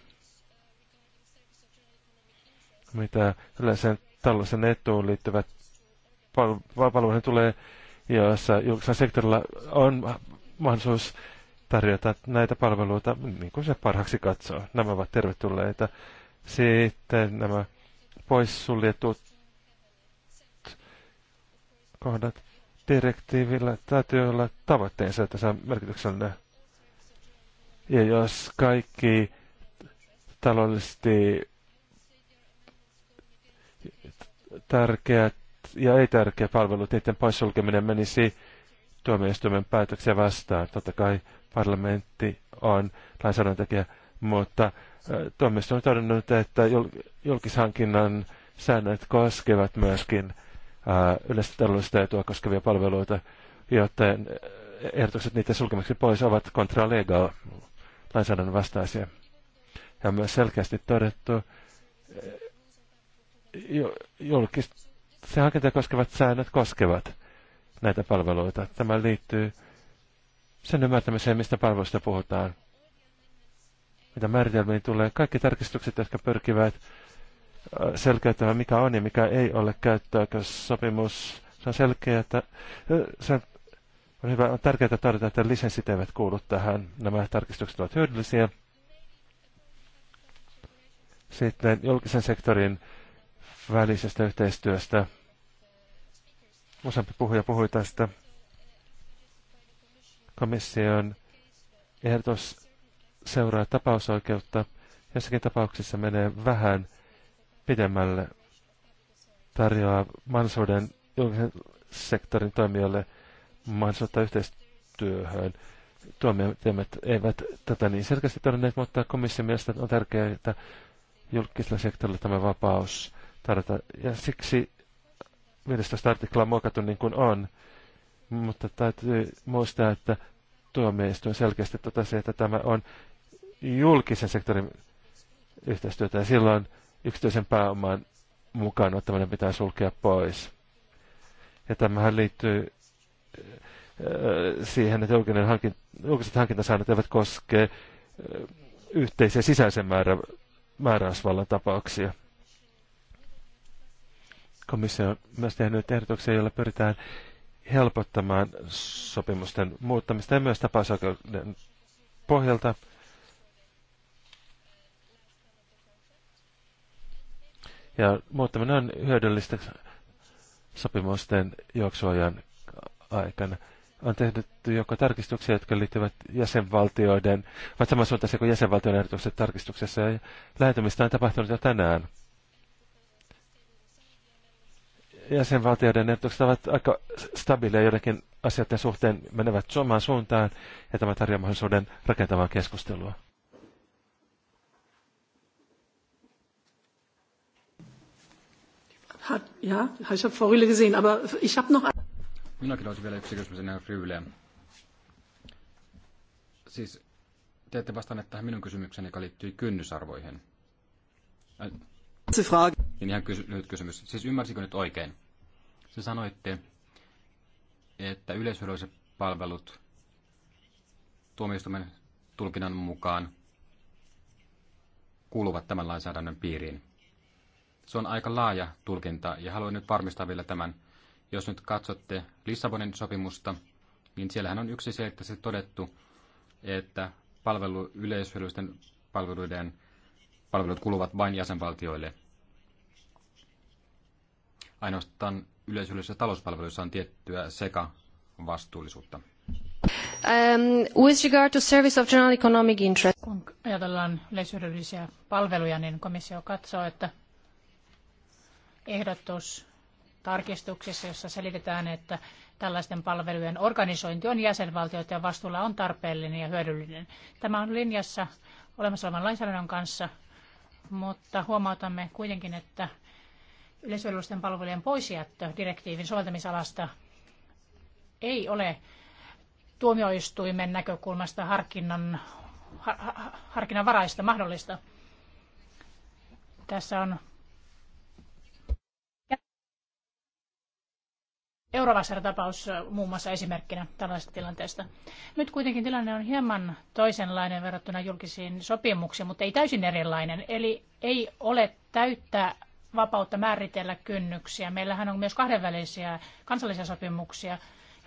Mitä yleisen tällaisen etuun liittyvät palveluihin tulee, joissa julkisella sektorilla on mahdollisuus tarjota näitä palveluita niin kuin se parhaaksi katsoo. Nämä ovat tervetulleita. Sitten nämä poissuljetut kohdat direktiivillä täytyy olla tavoitteensa, että se on merkityksellinen. Ja jos kaikki taloudellisesti tärkeät ja ei tärkeä palvelut, niiden poissulkeminen menisi tuomioistuimen päätöksiä vastaan. Totta kai parlamentti on lainsäädäntötekijä, mutta Tuomioistuin on todennut, että julkishankinnan säännöt koskevat myöskin yleistä taloudellista etua koskevia palveluita, joten ehdotukset niiden sulkemiseksi pois ovat legal lainsäädännön vastaisia. Ja on myös selkeästi todettu, julkista hankintaa koskevat säännöt koskevat näitä palveluita. Tämä liittyy sen ymmärtämiseen, mistä palveluista puhutaan mitä määritelmiin tulee. Kaikki tarkistukset, jotka pyrkivät äh, selkeyttämään, mikä on ja mikä ei ole sopimus. Se on selkeä, että äh, se on, hyvä, on tärkeää todeta, että lisenssit eivät kuulu tähän. Nämä tarkistukset ovat hyödyllisiä. Sitten julkisen sektorin välisestä yhteistyöstä. Useampi puhuja puhui tästä. Komission ehdotus seuraa tapausoikeutta. Jossakin tapauksessa menee vähän pidemmälle, tarjoaa mansuuden julkisen sektorin toimijoille mahdollisuutta yhteistyöhön. Tuomioitimet eivät tätä niin selkeästi todenneet, mutta komission mielestä on tärkeää, että julkisella sektorilla tämä vapaus tarjota. Ja siksi 15 artikla on muokattu niin kuin on, mutta täytyy muistaa, että tuomioistuin selkeästi totesi, että tämä on julkisen sektorin yhteistyötä ja silloin yksityisen pääoman mukaan ottaminen pitää sulkea pois. Ja tämähän liittyy äh, siihen, että julkinen hankin, julkiset hankintasäännöt eivät koske äh, yhteisiä sisäisen määrä, määräysvallan tapauksia. Komissio on myös tehnyt ehdotuksia, joilla pyritään helpottamaan sopimusten muuttamista ja myös tapausoikeuden pohjalta – Ja muuttaminen on hyödyllistä sopimusten juoksuajan aikana. On tehty joko tarkistuksia, jotka liittyvät jäsenvaltioiden, on samansuuntaisia kuin jäsenvaltioiden ehdotukset tarkistuksessa, ja lähentymistä on tapahtunut jo tänään. Jäsenvaltioiden ehdotukset ovat aika stabiileja joidenkin asioiden suhteen, menevät Suomaan suuntaan, ja tämä tarjoaa mahdollisuuden rakentavaa keskustelua. Hat, ja, ich habe Frau Rühle gesehen, aber ich habe noch... Minäkin olisin vielä yksi kysymys ennen Ryyleä. Siis te ette vastanneet tähän minun kysymykseen, joka liittyy kynnysarvoihin. Äh, Se frage. Niin ihan kysy- lyhyt kysymys. Siis ymmärsikö nyt oikein? Se sanoitte, että yleishyödylliset palvelut tuomioistuimen tulkinnan mukaan kuuluvat tämän lainsäädännön piiriin. Se on aika laaja tulkinta ja haluan nyt varmistaa vielä tämän. Jos nyt katsotte Lissabonin sopimusta, niin siellähän on yksi se, että se todettu, että palvelu, yleishyödyllisten palveluiden palvelut kuluvat vain jäsenvaltioille. Ainoastaan yleishyödyllisissä talouspalveluissa on tiettyä vastuullisuutta. Um, with regard to service of general economic interest. Kun ajatellaan yleishyödyllisiä palveluja, niin komissio katsoo, että ehdotus tarkistuksessa, jossa selitetään, että tällaisten palvelujen organisointi on jäsenvaltioiden vastuulla on tarpeellinen ja hyödyllinen. Tämä on linjassa olemassa olevan lainsäädännön kanssa, mutta huomautamme kuitenkin, että yleisöllisten palvelujen poisjättö direktiivin soveltamisalasta ei ole tuomioistuimen näkökulmasta harkinnan, harkinnanvaraista mahdollista. Tässä on Eurovasar-tapaus muun muassa esimerkkinä tällaisesta tilanteesta. Nyt kuitenkin tilanne on hieman toisenlainen verrattuna julkisiin sopimuksiin, mutta ei täysin erilainen. Eli ei ole täyttä vapautta määritellä kynnyksiä. Meillähän on myös kahdenvälisiä kansallisia sopimuksia,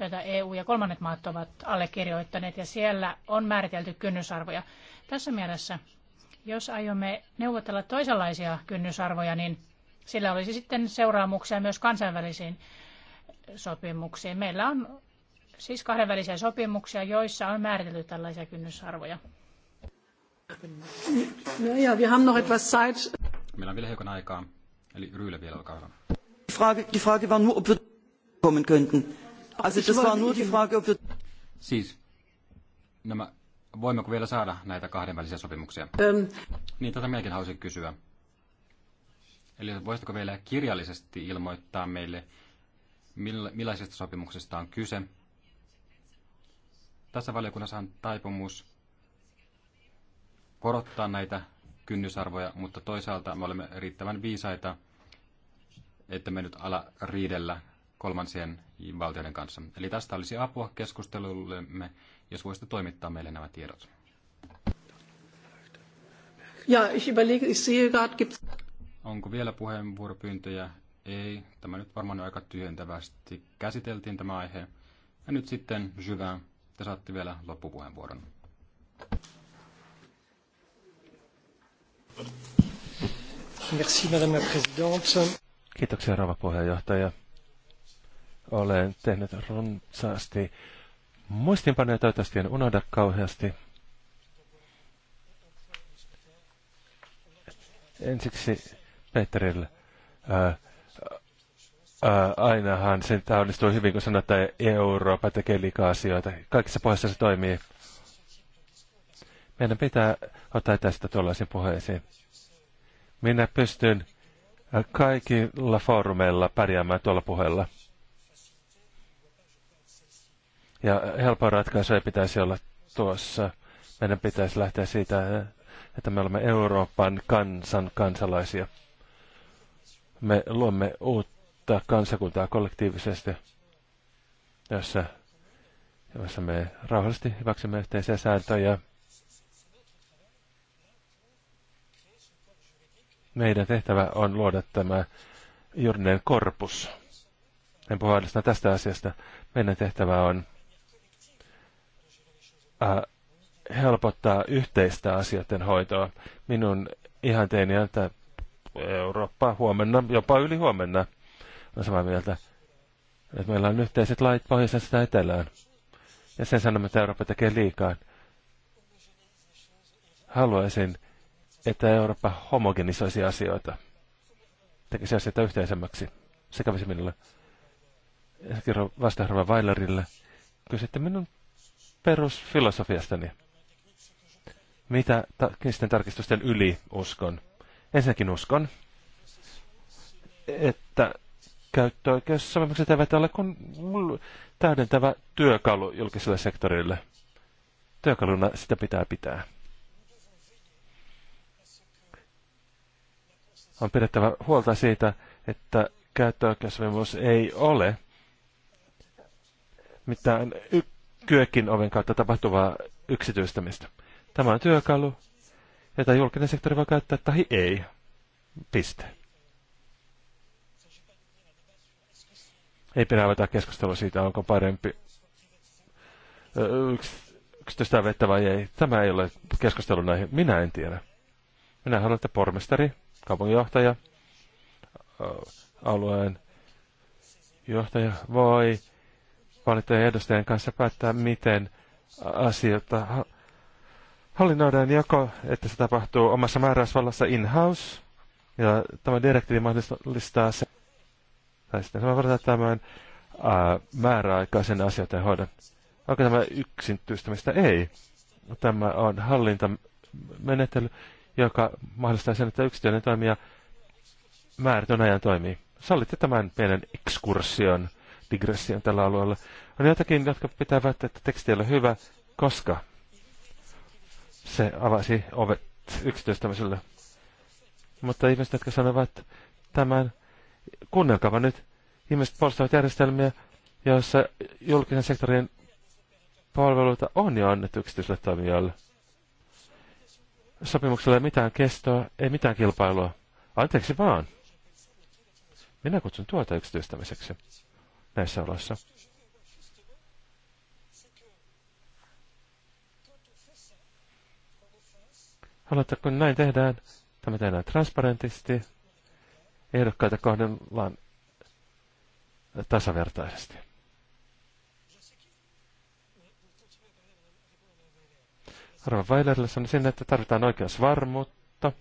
joita EU ja kolmannet maat ovat allekirjoittaneet, ja siellä on määritelty kynnysarvoja. Tässä mielessä, jos aiomme neuvotella toisenlaisia kynnysarvoja, niin sillä olisi sitten seuraamuksia myös kansainvälisiin sopimuksiin. Meillä on siis kahdenvälisiä sopimuksia, joissa on määritelty tällaisia kynnysarvoja. No ja, wir haben noch etwas Zeit. Meillä on vielä hiukan aikaa. Eli Ryyle vielä, olkaa hyvä. Die Frage, die Frage war nur, ob wir kommen könnten. Also das war nur die Frage, ob wir... Siis, nämä, voimmeko vielä saada näitä kahdenvälisiä sopimuksia? Um, Niin, tätä minäkin haluaisin kysyä. Eli voisitko vielä kirjallisesti ilmoittaa meille, millaisista sopimuksesta on kyse. Tässä valiokunnassa on taipumus korottaa näitä kynnysarvoja, mutta toisaalta me olemme riittävän viisaita, että me nyt ala riidellä kolmansien valtioiden kanssa. Eli tästä olisi apua keskustelullemme, jos voisitte toimittaa meille nämä tiedot. Ja, ich überlege, ich sehe Onko vielä puheenvuoropyyntöjä? Ei, tämä nyt varmaan aika tyhjentävästi käsiteltiin tämä aihe. Ja nyt sitten, Jyvän, te saatte vielä loppupuheenvuoron. Merci, madame la présidente. Kiitoksia, rouva puheenjohtaja. Olen tehnyt runsaasti muistinpanoja, toivottavasti en unohda kauheasti. Ensiksi Peterille. Äh, ää, äh, ainahan sen tämä onnistuu hyvin, kun sanotaan, että Eurooppa tekee liikaa asioita. Kaikissa puheissa se toimii. Meidän pitää ottaa tästä tuollaisiin puheisiin. Minä pystyn äh, kaikilla foorumeilla pärjäämään tuolla puheella. Ja helppo ratkaisu ei pitäisi olla tuossa. Meidän pitäisi lähteä siitä, että me olemme Euroopan kansan kansalaisia. Me luomme uutta auttaa kansakuntaa kollektiivisesti, jossa, jossa me rauhallisesti hyväksymme yhteisiä sääntöjä. Meidän tehtävä on luoda tämä juridinen korpus. En puhu ainoastaan tästä asiasta. Meidän tehtävä on helpottaa yhteistä asioiden hoitoa. Minun ihan teini että Eurooppa huomenna, jopa yli huomenna – on samaa mieltä, että meillä on yhteiset lait pohjoisesta etelään. Ja sen sanomme, että Eurooppa tekee liikaa. Haluaisin, että Eurooppa homogenisoisi asioita. Tekisi asioita yhteisemmäksi. Se kävisi minulle. Ja kerron vastaharva Weilerille. Kysytte minun perusfilosofiastani. Mitä ta- tarkistusten yli uskon? Ensinnäkin uskon, että käyttöoikeussopimukset eivät ole kuin täydentävä työkalu julkiselle sektorille. Työkaluna sitä pitää pitää. On pidettävä huolta siitä, että käyttöoikeussopimus ei ole mitään y- kyökin oven kautta tapahtuvaa yksityistämistä. Tämä on työkalu, jota julkinen sektori voi käyttää tai ei. Piste. Ei pidä avata keskustelua siitä, onko parempi yks, yksityistä vettä vai ei. Tämä ei ole keskustelu näihin. Minä en tiedä. Minä haluan, että pormestari, kaupunginjohtaja, alueen johtaja voi valittajien edustajien kanssa päättää, miten asioita hallinnoidaan joko, että se tapahtuu omassa määräysvallassa in-house, ja tämä direktiivi mahdollistaa se, tai sitten mä varten tämän ää, äh, määräaikaisen asioiden hoidon. Onko tämä yksintystämistä? Ei. Tämä on hallintamenettely, joka mahdollistaa sen, että yksityinen toimija määrätön ajan toimii. Sallitte tämän pienen ekskursion, digression tällä alueella. On jotakin, jotka pitävät, että teksti on hyvä, koska se avasi ovet yksityistämiselle. Mutta ihmiset, jotka sanovat tämän Kuunnelkaa nyt. Ihmiset puolustavat järjestelmiä, joissa julkisen sektorin palveluita on jo annettu yksityiselle toimijoille. Sopimuksella ei mitään kestoa, ei mitään kilpailua. Anteeksi vaan. Minä kutsun tuota yksityistämiseksi näissä oloissa. Haluatteko näin tehdään? Tämä tehdään transparentisti, ehdokkaita kohdellaan tasavertaisesti. Arvo Weilerille sinne, että tarvitaan oikeusvarmuutta.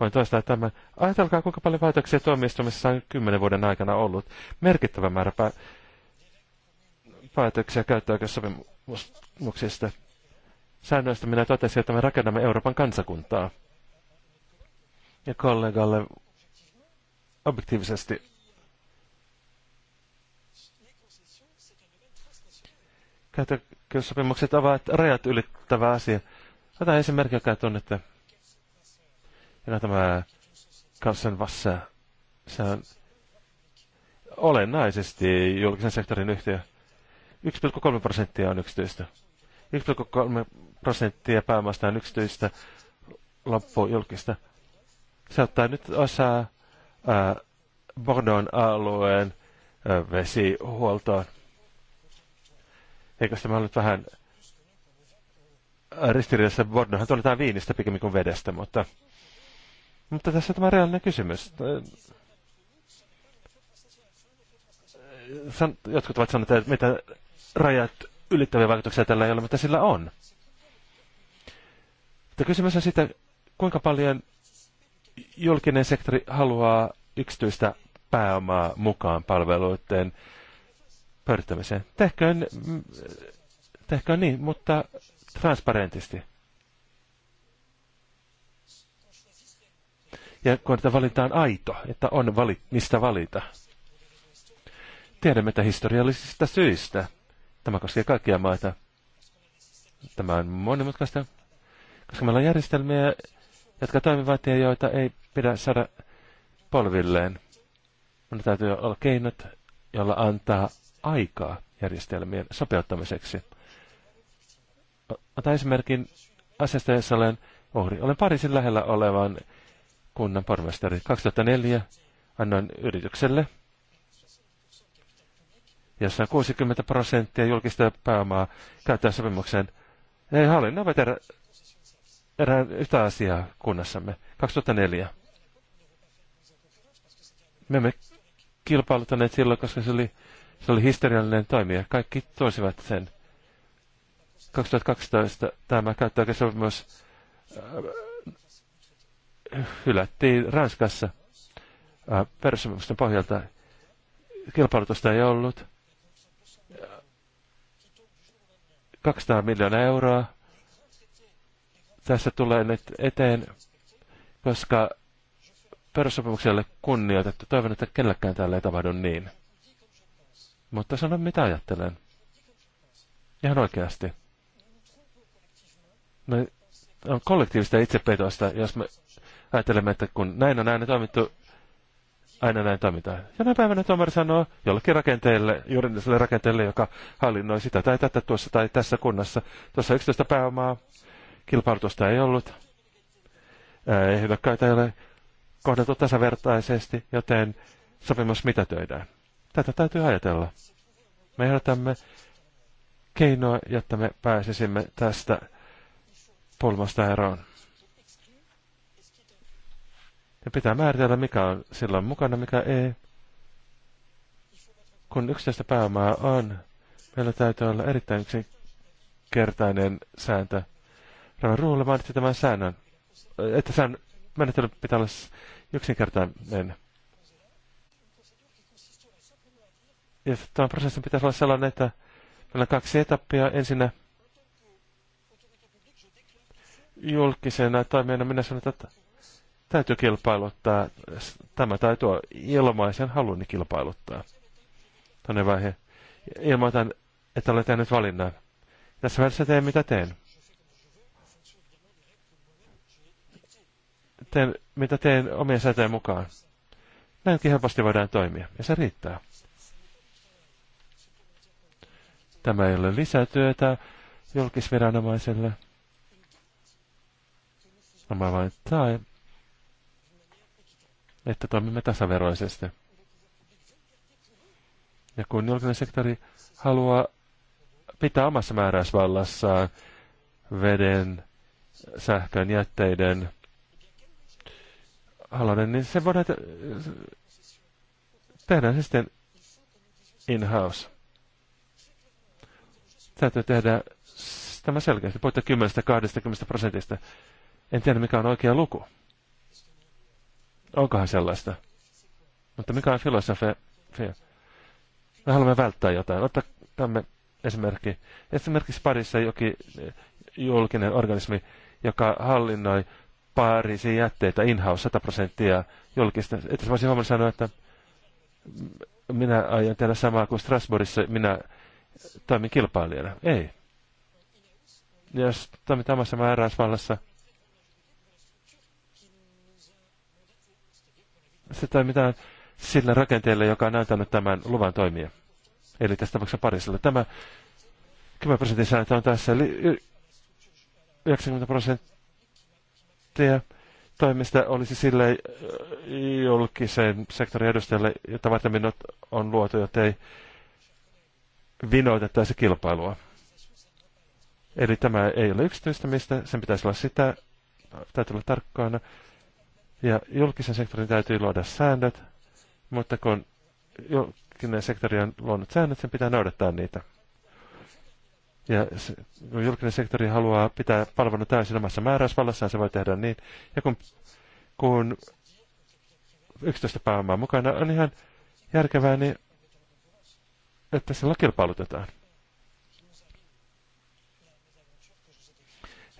Voin toistaa tämä. Ajatelkaa, kuinka paljon päätöksiä tuomioistuimessa on kymmenen vuoden aikana ollut. Merkittävä määrä pä- päätöksiä käyttöoikeussopimuksista. Säännöistä minä totesin, että me rakennamme Euroopan kansakuntaa. Ja kollegalle objektiivisesti käyttökeussopimukset ovat rajat ylittävä asia. Otetaan esimerkki, joka tunnette. Ja tämä Carlsen Vassa, se on olennaisesti julkisen sektorin yhtiö. 1,3 prosenttia on yksityistä. 1,3 prosenttia pääomasta on yksityistä, loppu julkista. Se ottaa nyt osaa Äh, Bordon alueen äh, vesihuoltoon. Eikö tämä ollut vähän ristiriidassa? Bordonhan tunnetaan viinistä pikemmin kuin vedestä, mutta, mutta tässä on tämä reaalinen kysymys. Äh, jotkut ovat sanoneet, että mitä rajat ylittäviä vaikutuksia tällä ei ole, mutta sillä on. Mutta kysymys on siitä, kuinka paljon julkinen sektori haluaa yksityistä pääomaa mukaan palveluiden pyörittämiseen. Tehköön, mm, tehköön niin, mutta transparentisti. Ja kun tätä valintaan aito, että on vali, mistä valita. Tiedämme, että historiallisista syistä tämä koskee kaikkia maita. Tämä on monimutkaista, koska meillä on järjestelmiä, jotka toimivat ja joita ei pidä saada polvilleen. Minun täytyy olla keinot, jolla antaa aikaa järjestelmien sopeuttamiseksi. Otan esimerkin asiasta, jossa olen uhri. Olen Pariisin lähellä olevan kunnan pormestari. 2004 annoin yritykselle, jossa on 60 prosenttia julkista pääomaa käyttää sopimukseen. Ei hallinnon erään yhtä asiaa kunnassamme, 2004. Me emme kilpailuttaneet silloin, koska se oli, se oli historiallinen toimija. Kaikki toisivat sen. 2012 tämä käyttöoikeusopimus äh, hylättiin Ranskassa äh, perussopimusten pohjalta. Kilpailutusta ei ollut. 200 äh, miljoonaa euroa tässä tulee nyt eteen, koska perussopimukselle kunnioitettu. Toivon, että kenellekään täällä ei tapahdu niin. Mutta sanon, mitä ajattelen. Ihan oikeasti. Me on kollektiivista itsepetosta, jos me ajattelemme, että kun näin on aina toimittu, aina näin toimitaan. Jonain päivänä tuomari sanoo jollekin rakenteelle, juridiselle rakenteelle, joka hallinnoi sitä tai tätä tuossa tai tässä kunnassa, tuossa 11 pääomaa, Kilpailutusta ei ollut. Ehdokkaita ei ole kohdeltu tasavertaisesti, joten sopimus mitätöidään. Tätä täytyy ajatella. Me ehdotamme keinoa, jotta me pääsisimme tästä pulmasta eroon. Ja pitää määritellä, mikä on silloin mukana, mikä ei. Kun yksittäistä pääomaa on, meillä täytyy olla erittäin yksinkertainen sääntö. Rava Ruulle mainitsi tämän säännön, että sään menettely pitää olla yksinkertainen. Ja tämän prosessin pitäisi olla sellainen, että meillä on kaksi etappia. Ensinnä julkisena toimijana minä sanon, että täytyy kilpailuttaa tämä tai tuo ilmaisen halunni kilpailuttaa. Toinen vaihe. Ilmoitan, että olen tehnyt valinnan. Tässä välissä teen mitä teen. teen, mitä teen omien säteen mukaan. Näinkin helposti voidaan toimia, ja se riittää. Tämä ei ole lisätyötä julkisviranomaiselle. Tämä no vain tai, että toimimme tasaveroisesti. Ja kun julkinen sektori haluaa pitää omassa määräysvallassaan veden, sähkön, jätteiden, Halonen, niin se voidaan tehdä siis sitten in-house. Täytyy tehdä tämä selkeästi. Puhutte 10-20 prosentista. En tiedä, mikä on oikea luku. Onkohan sellaista? Mutta mikä on filosofia? Me haluamme välttää jotain. Otamme esimerkki. Esimerkiksi parissa jokin julkinen organismi, joka hallinnoi Pariisin jätteitä in-house 100 prosenttia julkista. Että mä olisin huomannut sanoa, että minä aion tehdä samaa kuin Strasbourgissa, minä toimin kilpailijana. Ei. Jos toimit omassa määräysvallassa, se toimitaan sillä rakenteella, joka on antanut tämän luvan toimia. Eli tässä tapauksessa Pariisilla. Tämä 10 prosentin sääntö on tässä, eli 90 prosenttia prosenttia toimista olisi sille äh, julkisen sektorin edustajalle, jota varten minut on luotu, jotta ei vinoitettaisi kilpailua. Eli tämä ei ole yksityistämistä, sen pitäisi olla sitä, täytyy olla tarkkaana. Ja julkisen sektorin täytyy luoda säännöt, mutta kun julkinen sektori on luonut säännöt, sen pitää noudattaa niitä. Ja se, kun julkinen sektori haluaa pitää palvelun täysin omassa määräysvallassaan, se voi tehdä niin. Ja kun, kun 11 pääomaa mukana on ihan järkevää, niin että sillä kilpailutetaan.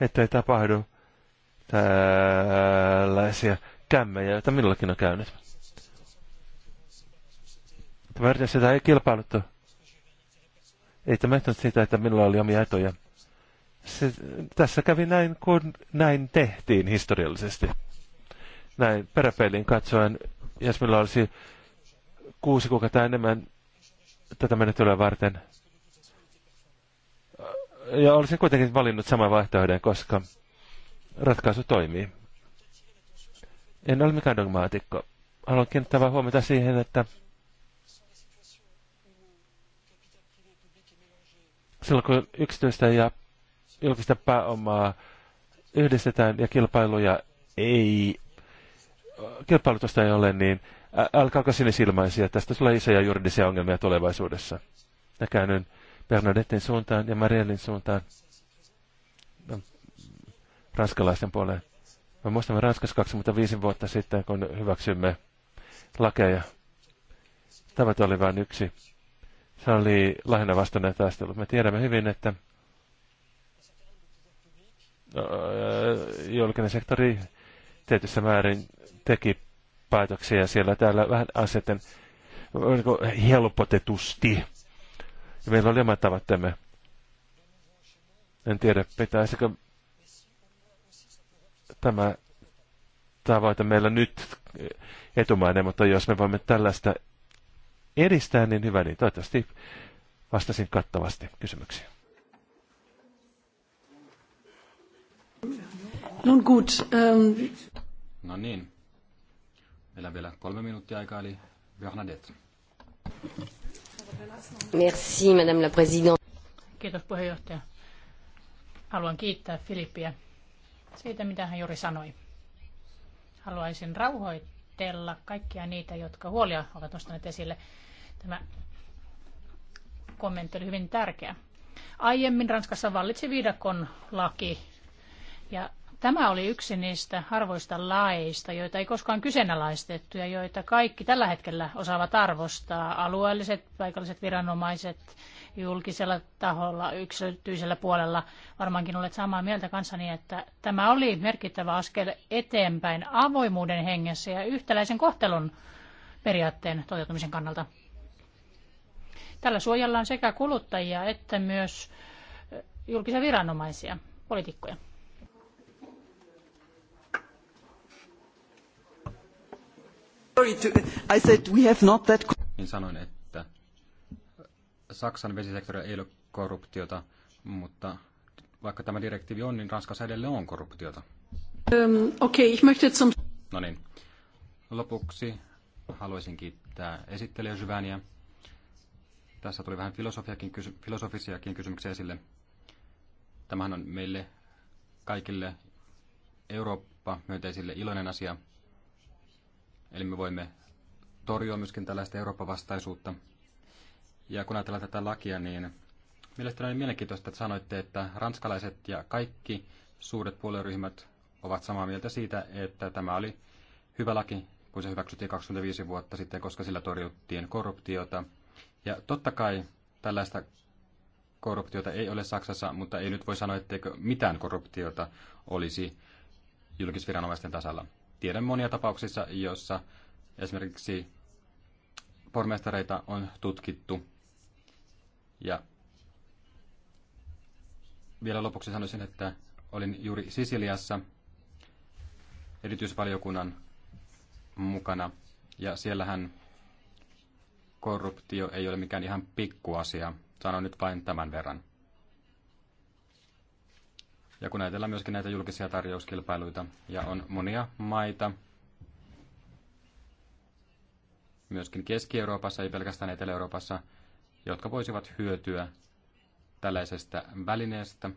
Että ei tapahdu tällaisia kämmejä, joita minullakin on käynyt. Tämä sitä ei kilpailuttu ei tämä johtunut siitä, että minulla oli omia etoja. Se, tässä kävi näin, kun näin tehtiin historiallisesti. Näin peräpeiliin katsoen, jos minulla olisi kuusi kuukautta enemmän tätä menettelyä varten. Ja olisin kuitenkin valinnut saman vaihtoehden, koska ratkaisu toimii. En ole mikään dogmaatikko. Haluan kiinnittää huomiota siihen, että silloin kun yksityistä ja julkista pääomaa yhdistetään ja kilpailuja ei, kilpailutusta ei ole, niin älkääkö sinisilmäisiä. Tästä tulee isoja juridisia ongelmia tulevaisuudessa. Ja käännyn Bernadettin suuntaan ja Marielin suuntaan no, ranskalaisten puoleen. Me muistamme Ranskassa 25 vuotta sitten, kun hyväksymme lakeja. tämä oli vain yksi. Se oli lähinnä vastainen taistelu. Me tiedämme hyvin, että no, julkinen sektori tietyssä määrin teki päätöksiä siellä täällä vähän asioiden helpotetusti. Ja meillä oli omat tavoitteemme. En tiedä, pitäisikö tämä tavoite meillä nyt etumainen, mutta jos me voimme tällaista edistää, niin hyvä, niin toivottavasti vastasin kattavasti kysymyksiin. Nun gut. Um... No niin. Meillä on vielä kolme minuuttia aikaa, eli Bernadette. Merci, madame la présidente. Kiitos puheenjohtaja. Haluan kiittää Filippiä siitä, mitä hän juuri sanoi. Haluaisin rauhoittaa kaikkia niitä, jotka huolia ovat nostaneet esille. Tämä kommentti oli hyvin tärkeä. Aiemmin Ranskassa vallitsi viidakon laki ja tämä oli yksi niistä harvoista laeista, joita ei koskaan kyseenalaistettu ja joita kaikki tällä hetkellä osaavat arvostaa. Alueelliset, paikalliset viranomaiset, julkisella taholla, yksityisellä puolella. Varmaankin olet samaa mieltä kanssani, että tämä oli merkittävä askel eteenpäin avoimuuden hengessä ja yhtäläisen kohtelun periaatteen toteutumisen kannalta. Tällä suojellaan sekä kuluttajia että myös eh, julkisia viranomaisia, poliitikkoja. I said we have not that... Niin sanoin, että Saksan vesisektorilla ei ole korruptiota, mutta vaikka tämä direktiivi on, niin Ranskassa edelleen on korruptiota. Um, okay, ich möchte zum... No niin. Lopuksi haluaisin kiittää esittelijä Syväniä. Tässä tuli vähän filosofiakin, filosofisiakin kysymyksiä esille. Tämähän on meille kaikille Eurooppa-myönteisille iloinen asia. Eli me voimme torjua myöskin tällaista Eurooppa-vastaisuutta. Ja kun ajatellaan tätä lakia, niin mielestäni on mielenkiintoista, että sanoitte, että ranskalaiset ja kaikki suuret puolueryhmät ovat samaa mieltä siitä, että tämä oli hyvä laki, kun se hyväksyttiin 25 vuotta sitten, koska sillä torjuttiin korruptiota – ja totta kai tällaista korruptiota ei ole Saksassa, mutta ei nyt voi sanoa, etteikö mitään korruptiota olisi julkisviranomaisten tasalla. Tiedän monia tapauksissa, joissa esimerkiksi pormestareita on tutkittu. Ja vielä lopuksi sanoisin, että olin juuri Sisiliassa erityisvaliokunnan mukana. Ja siellähän korruptio ei ole mikään ihan pikkuasia. Sanon nyt vain tämän verran. Ja kun ajatellaan myöskin näitä julkisia tarjouskilpailuita, ja on monia maita, myöskin Keski-Euroopassa, ei pelkästään Etelä-Euroopassa, jotka voisivat hyötyä tällaisesta välineestä.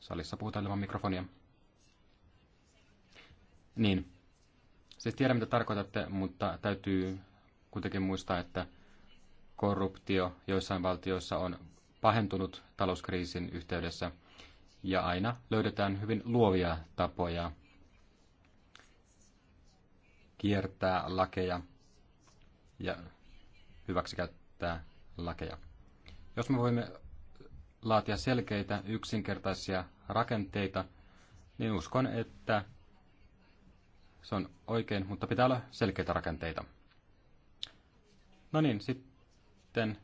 Salissa puhutaan ilman mikrofonia. Niin, Siis tiedän, mitä tarkoitatte, mutta täytyy kuitenkin muistaa, että korruptio joissain valtioissa on pahentunut talouskriisin yhteydessä ja aina löydetään hyvin luovia tapoja kiertää lakeja ja hyväksikäyttää lakeja. Jos me voimme laatia selkeitä, yksinkertaisia rakenteita, niin uskon, että se on oikein, mutta pitää olla selkeitä rakenteita. No niin, sitten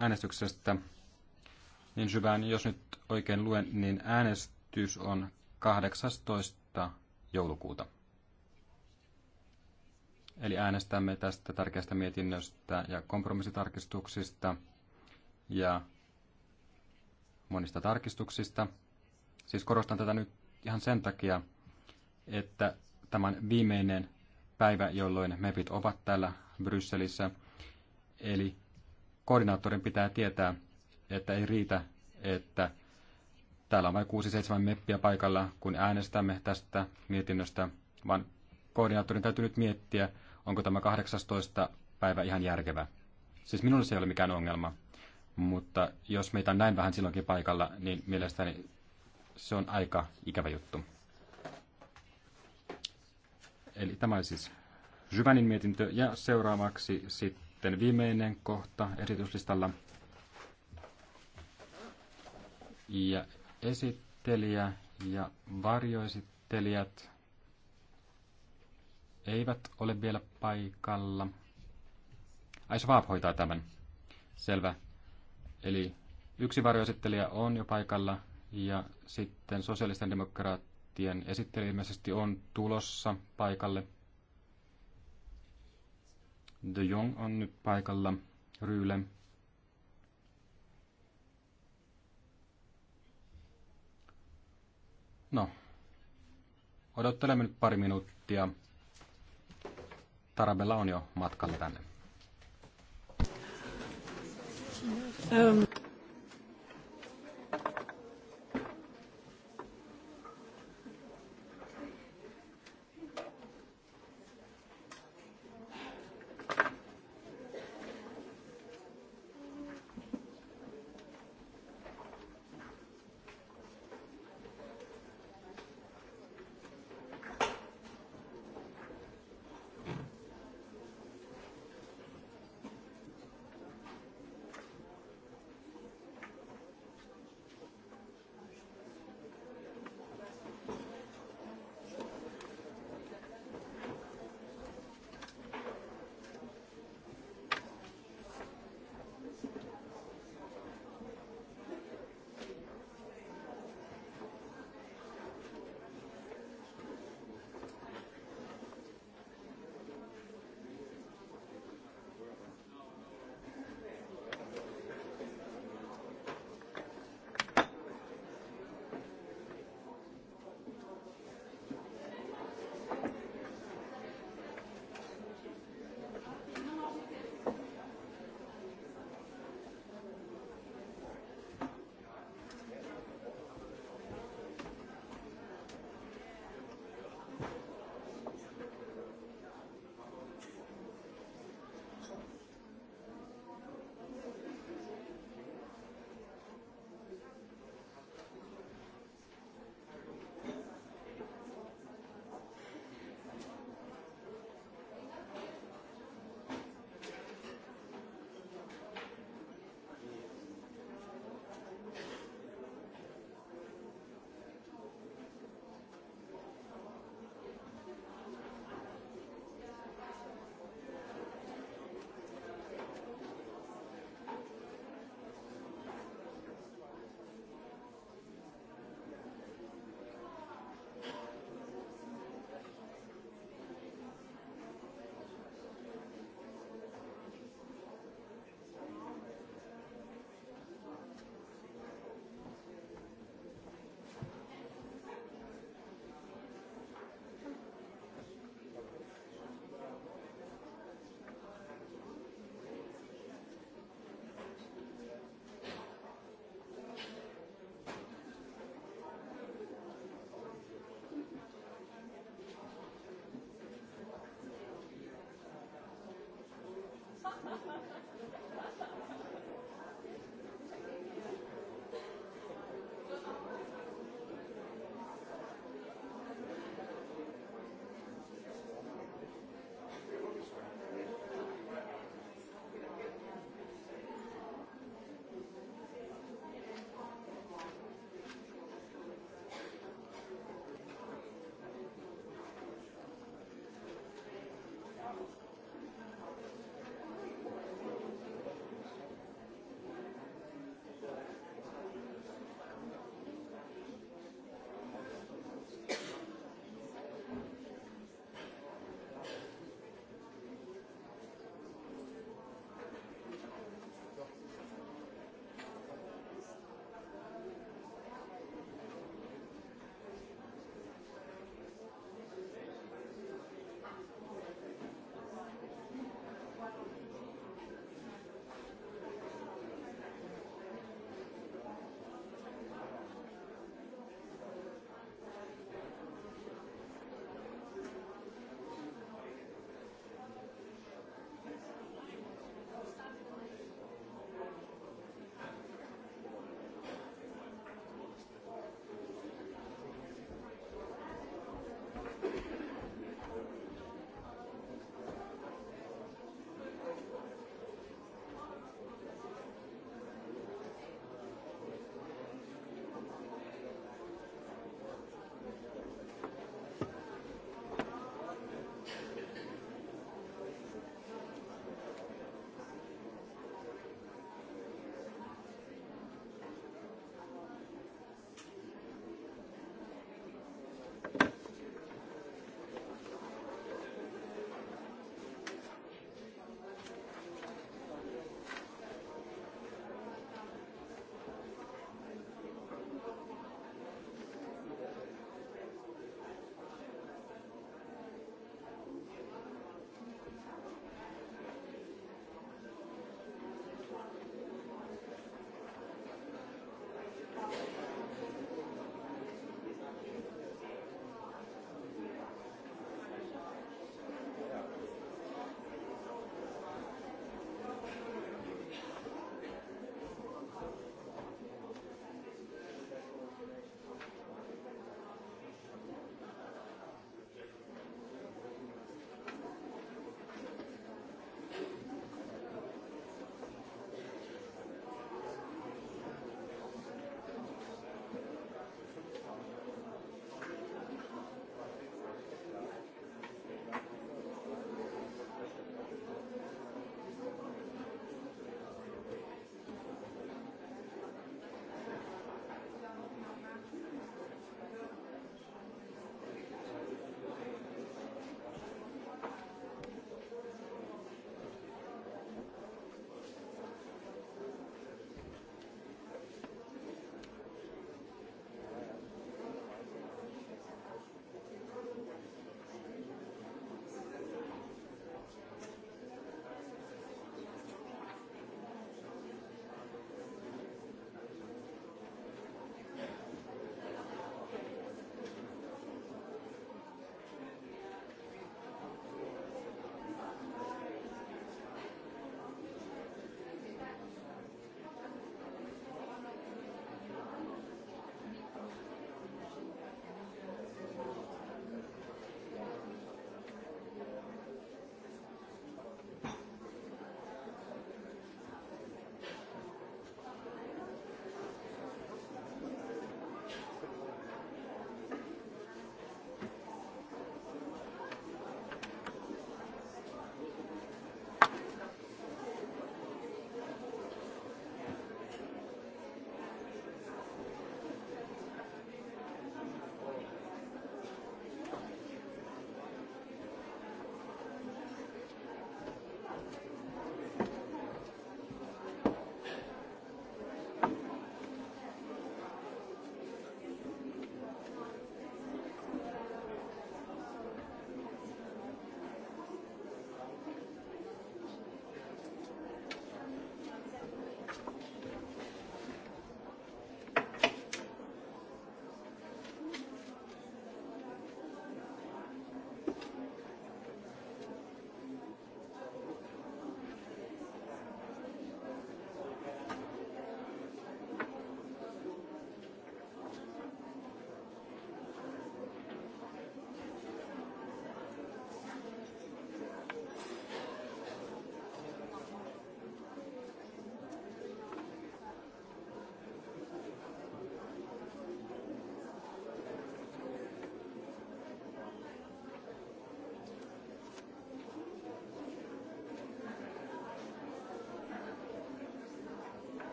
äänestyksestä. Niin syvään, jos nyt oikein luen, niin äänestys on 18. joulukuuta. Eli äänestämme tästä tärkeästä mietinnöstä ja kompromissitarkistuksista ja monista tarkistuksista. Siis korostan tätä nyt ihan sen takia, että tämän viimeinen päivä, jolloin MEPit ovat täällä Brysselissä. Eli koordinaattorin pitää tietää, että ei riitä, että täällä on vain 6-7 meppiä paikalla, kun äänestämme tästä mietinnöstä, vaan koordinaattorin täytyy nyt miettiä, onko tämä 18. päivä ihan järkevä. Siis minulle se ei ole mikään ongelma, mutta jos meitä on näin vähän silloinkin paikalla, niin mielestäni se on aika ikävä juttu. Eli tämä siis Syvänin mietintö ja seuraavaksi sitten viimeinen kohta esityslistalla. Ja esittelijä ja varjoesittelijät eivät ole vielä paikalla. Ai Schwab hoitaa tämän. Selvä. Eli yksi varjoesittelijä on jo paikalla ja sitten sosiaalisten demokraat lehtien esittely ilmeisesti on tulossa paikalle. De Jong on nyt paikalla, Ryyle. No, odottelemme nyt pari minuuttia. Tarabella on jo matkalla tänne. Um.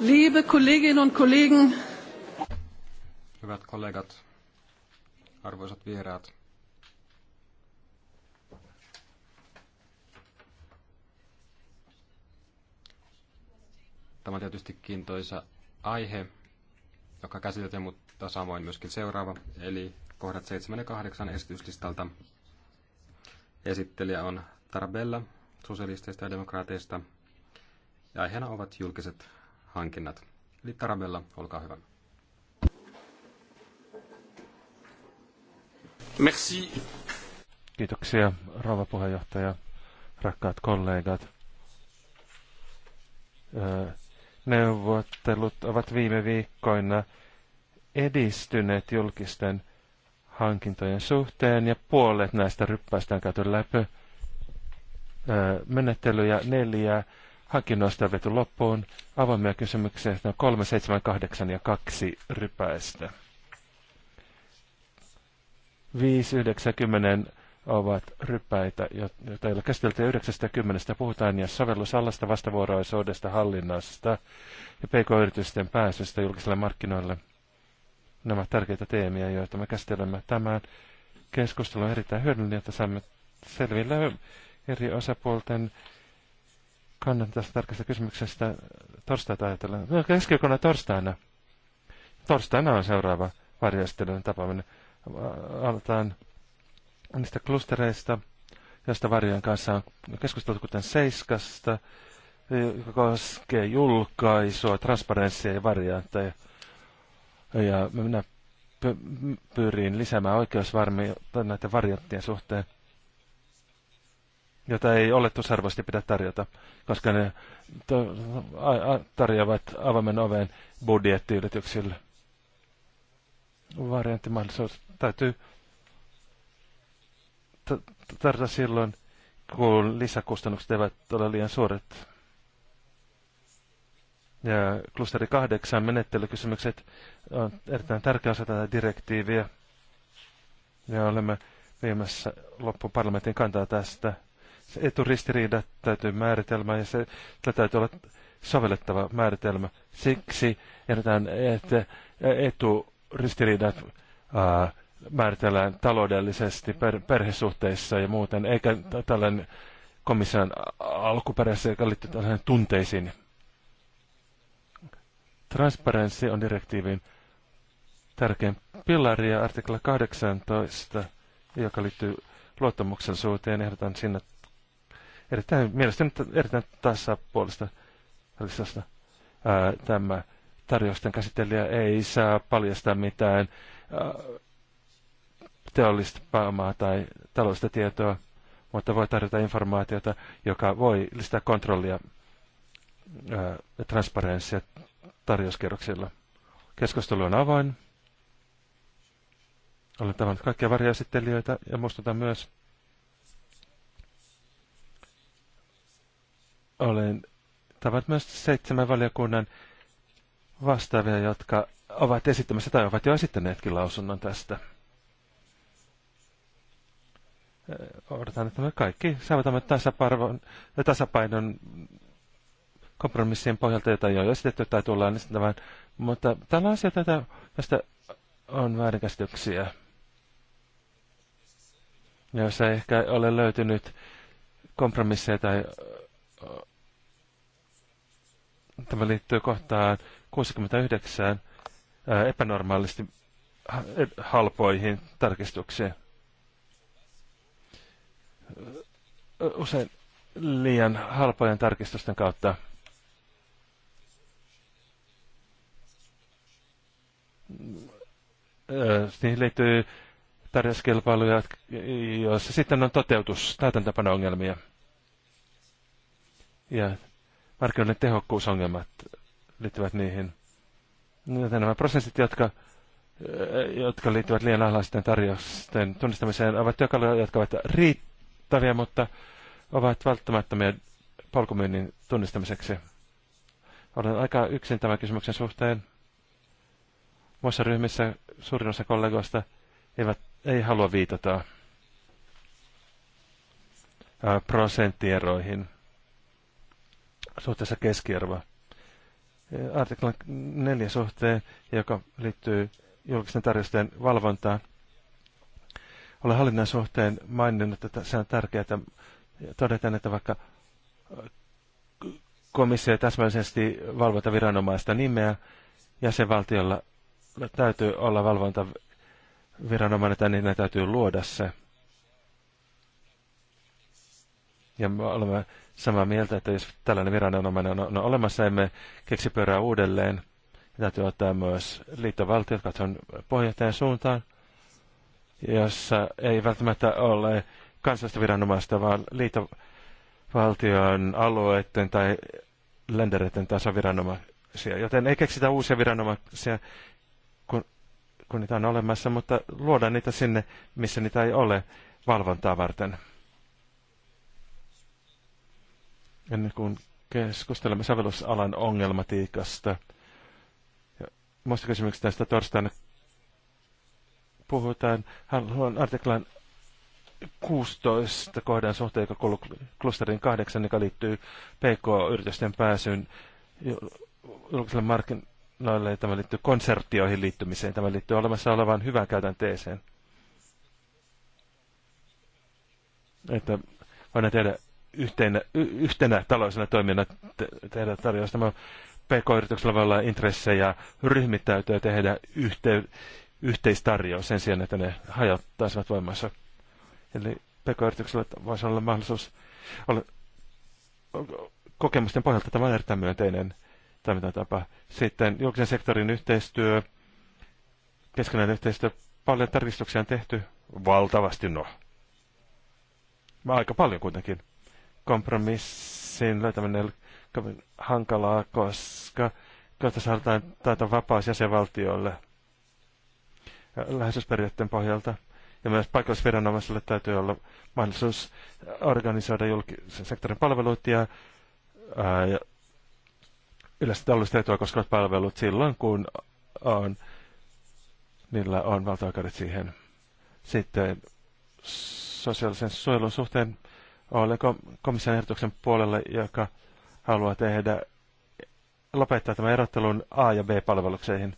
Liebe Kolleginnen und Kollegen. Hyvät kollegat, arvoisat vieraat. Tämä on tietysti kiintoisa aihe, joka käsiteltiin, mutta samoin myöskin seuraava, eli kohdat 7 ja 8 esityslistalta. Esittelijä on Tarabella sosialisteista ja demokraateista, ja aiheena ovat julkiset hankinnat. Eli Tarabella, olkaa hyvä. Merci. Kiitoksia, rouva puheenjohtaja, rakkaat kollegat. Neuvottelut ovat viime viikkoina edistyneet julkisten hankintojen suhteen ja puolet näistä ryppäistä on käyty läpi menettelyjä neljä Hankinnoista on vety loppuun. Avoimia kysymyksiä on 3, 7, 8 ja 2 rypäistä. 5, 9, 10 ovat rypäitä, joita ei ole käsitelty 90 puhutaan, ja sovellusalasta vastavuoroisuudesta, hallinnasta ja pk-yritysten pääsystä julkiselle markkinoille. Nämä ovat tärkeitä teemiä, joita me käsittelemme. Tämän keskustelun erittäin hyödyllinen, että saamme selville eri osapuolten Kannan tästä tarkasta kysymyksestä torstaita ajatellen. No, keskiviikkona torstaina. Torstaina on seuraava varjastelun tapaaminen. Äh, aloitetaan niistä klustereista, joista varjojen kanssa on keskusteltu kuten Seiskasta, joka koskee julkaisua, transparenssia ja variantteja. Ja minä pyrin lisäämään oikeusvarmiutta näiden varianttien suhteen jota ei oletusarvoisesti pidä tarjota, koska ne tarjoavat avaimen oveen budjettiyrityksille. Variantimahdollisuus täytyy tarjota silloin, kun lisäkustannukset eivät ole liian suuret. Ja klusteri kahdeksan menettelykysymykset on erittäin tärkeä osa tätä direktiiviä. Ja olemme viemässä loppuparlamentin kantaa tästä eturistiriidat täytyy määritelmä ja se, sillä täytyy olla sovellettava määritelmä. Siksi ehdotan, että eturistiriidat ää, määritellään taloudellisesti per, perhesuhteissa ja muuten, eikä tällainen komission alkuperäisessä, joka liittyy tällainen tunteisiin. Transparenssi on direktiivin tärkein pilari ja artikla 18, joka liittyy luottamuksen suuteen, ehdotan sinne erittäin, mielestäni erittäin puolesta välisestä. Tämä tarjousten käsittelijä ei saa paljastaa mitään ää, teollista pääomaa tai taloudellista tietoa, mutta voi tarjota informaatiota, joka voi lisätä kontrollia ja transparenssia tarjouskierroksilla. Keskustelu on avoin. Olen tavannut kaikkia varjoesittelijöitä ja muistutan myös, olen tavat myös seitsemän valiokunnan vastaavia, jotka ovat esittämässä tai ovat jo esittäneetkin lausunnon tästä. Odotan, että me kaikki saavutamme tasapainon, kompromissien pohjalta, jota ei ole esitetty tai tullaan esittämään. Mutta tällä on asioita, joista on väärinkäsityksiä, joissa ei ehkä ole löytynyt kompromisseja tai Tämä liittyy kohtaan 69 epänormaalisti e, halpoihin tarkistuksiin. Usein liian halpojen tarkistusten kautta niihin liittyy tarjouskilpailuja, joissa sitten on toteutus, täytäntäpano ongelmia. Ja markkinoiden tehokkuusongelmat liittyvät niihin. Joten nämä prosessit, jotka, eh, jotka liittyvät liian alhaisten tarjousten tunnistamiseen, ovat työkaluja, jotka ovat riittäviä, mutta ovat välttämättömiä polkumyynnin tunnistamiseksi. Olen aika yksin tämän kysymyksen suhteen. Muissa ryhmissä suurin osa kollegoista eivät, ei halua viitata prosenttieroihin suhteessa keskiarvoa. Artiklan neljä suhteen, joka liittyy julkisten tarjosten valvontaan. Olen hallinnan suhteen maininnut, että se on tärkeää, että todetaan, että vaikka komissio täsmällisesti valvota viranomaista nimeä, jäsenvaltiolla täytyy olla valvontaviranomainen, tai niin täytyy luoda se. Ja me olemme samaa mieltä, että jos tällainen viranomainen on, on olemassa, emme keksi pyörää uudelleen. Täytyy ottaa myös liittovaltiot, katson pohjoittajan suuntaan, jossa ei välttämättä ole kansallista viranomaista, vaan liittovaltion alueiden tai ländereiden viranomaisia. Joten ei keksitä uusia viranomaisia, kun, kun niitä on olemassa, mutta luoda niitä sinne, missä niitä ei ole valvontaa varten. ennen kuin keskustelemme sävellysalan ongelmatiikasta. Ja muista kysymyksistä tästä torstaina puhutaan haluan artiklan 16 kohdan suhteen, joka kuuluu klusterin 8, joka liittyy PK-yritysten pääsyyn julkiselle markkinoille. Tämä liittyy konsertioihin liittymiseen. Tämä liittyy olemassa olevaan hyvään käytänteeseen. Että voidaan tehdä yhtenä, yhtenä taloudellisena toimijana tehdä tarjousta. PK-yrityksellä voi olla intressejä ryhmittäytyä tehdä yhte, yhteistarjous sen sijaan, että ne hajottaisivat voimassa. Eli PK-yrityksellä voisi olla mahdollisuus olla kokemusten pohjalta tämä on erittäin myönteinen toimintatapa. Sitten julkisen sektorin yhteistyö, keskenään yhteistyö, paljon tarkistuksia on tehty, valtavasti no. Aika paljon kuitenkin kompromissin löytäminen oli kovin hankalaa, koska kohta saadaan taita vapaus jäsenvaltioille läheisyysperiaatteen pohjalta. Ja myös paikallisviranomaisille täytyy olla mahdollisuus organisoida julkisen sektorin palvelut ja, ää, ja yleistä taloudellista etua koskevat palvelut silloin, kun on, niillä on valtaoikeudet siihen. Sitten sosiaalisen suojelun suhteen Oliko komission ehdotuksen puolelle, joka haluaa tehdä, lopettaa tämän erottelun A- ja B-palvelukseihin,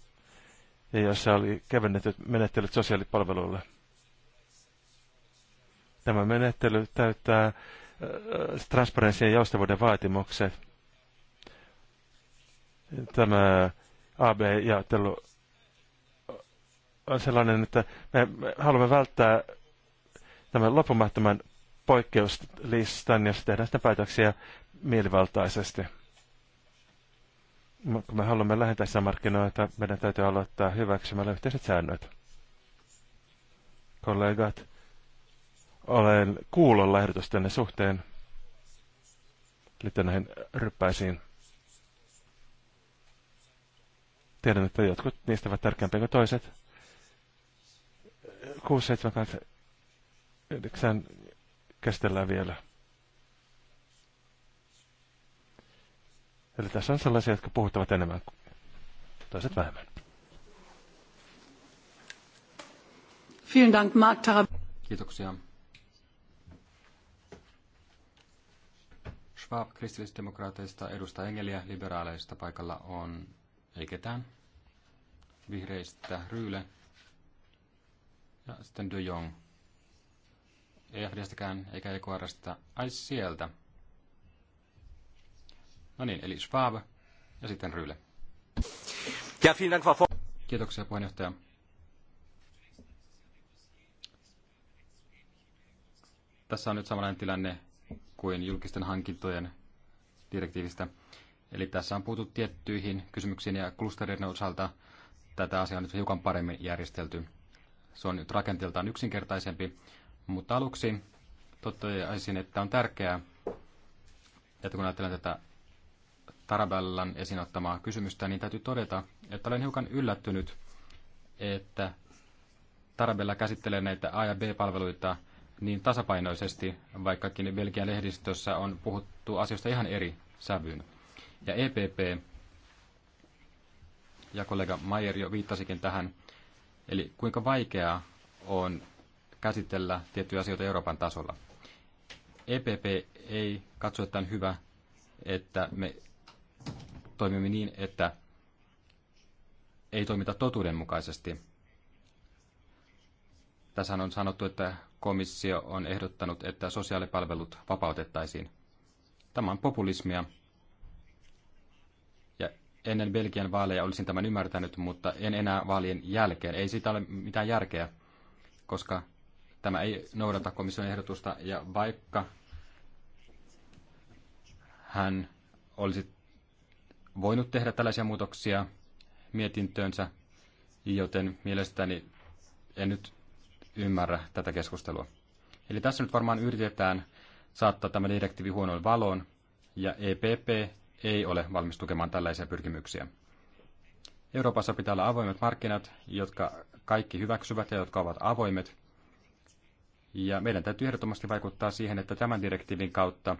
ja jossa oli kevennetyt menettelyt sosiaalipalveluille? Tämä menettely täyttää transparenssien ja joustavuuden vaatimukset. Tämä AB-jaottelu on sellainen, että me haluamme välttää tämän loppumattoman poikkeuslistan ja tehdään sitä päätöksiä mielivaltaisesti. Kun me haluamme lähentää sitä markkinoita, meidän täytyy aloittaa hyväksymällä yhteiset säännöt. Kollegat, olen kuulolla ehdotustenne suhteen liittyen näihin ryppäisiin. Tiedän, että jotkut niistä ovat tärkeämpiä kuin toiset. 6, 7, 8, 9, käsitellään vielä. Eli tässä on sellaisia, jotka puhuttavat enemmän, kuin toiset vähemmän. Kiitoksia. Schwab kristillisdemokraateista, edustaa Engeliä, liberaaleista paikalla on ei ketään. Vihreistä Ryyle ja sitten De Jong EFDstäkään eikä EKRstä. Ai sieltä. No niin, eli Schwab ja sitten Ryle. Kiitoksia puheenjohtaja. Tässä on nyt samanlainen tilanne kuin julkisten hankintojen direktiivistä. Eli tässä on puhuttu tiettyihin kysymyksiin ja klusterien osalta tätä asiaa on nyt hiukan paremmin järjestelty. Se on nyt rakenteeltaan yksinkertaisempi mutta aluksi toteaisin, että on tärkeää, että kun ajattelen tätä Tarabellan esiin ottamaa kysymystä, niin täytyy todeta, että olen hiukan yllättynyt, että Tarabella käsittelee näitä A- ja B-palveluita niin tasapainoisesti, vaikkakin Belgian lehdistössä on puhuttu asioista ihan eri sävyyn. Ja EPP, ja kollega Mayer jo viittasikin tähän, eli kuinka vaikeaa on käsitellä tiettyjä asioita Euroopan tasolla. EPP ei katso, että on hyvä, että me toimimme niin, että ei toimita totuudenmukaisesti. Tässä on sanottu, että komissio on ehdottanut, että sosiaalipalvelut vapautettaisiin. Tämä on populismia. Ja ennen Belgian vaaleja olisin tämän ymmärtänyt, mutta en enää vaalien jälkeen. Ei siitä ole mitään järkeä, koska Tämä ei noudata komission ehdotusta ja vaikka hän olisi voinut tehdä tällaisia muutoksia mietintöönsä, joten mielestäni en nyt ymmärrä tätä keskustelua. Eli tässä nyt varmaan yritetään saattaa tämä direktiivi huonoin valoon, ja EPP ei ole valmis tukemaan tällaisia pyrkimyksiä. Euroopassa pitää olla avoimet markkinat, jotka kaikki hyväksyvät ja jotka ovat avoimet, ja meidän täytyy ehdottomasti vaikuttaa siihen, että tämän direktiivin kautta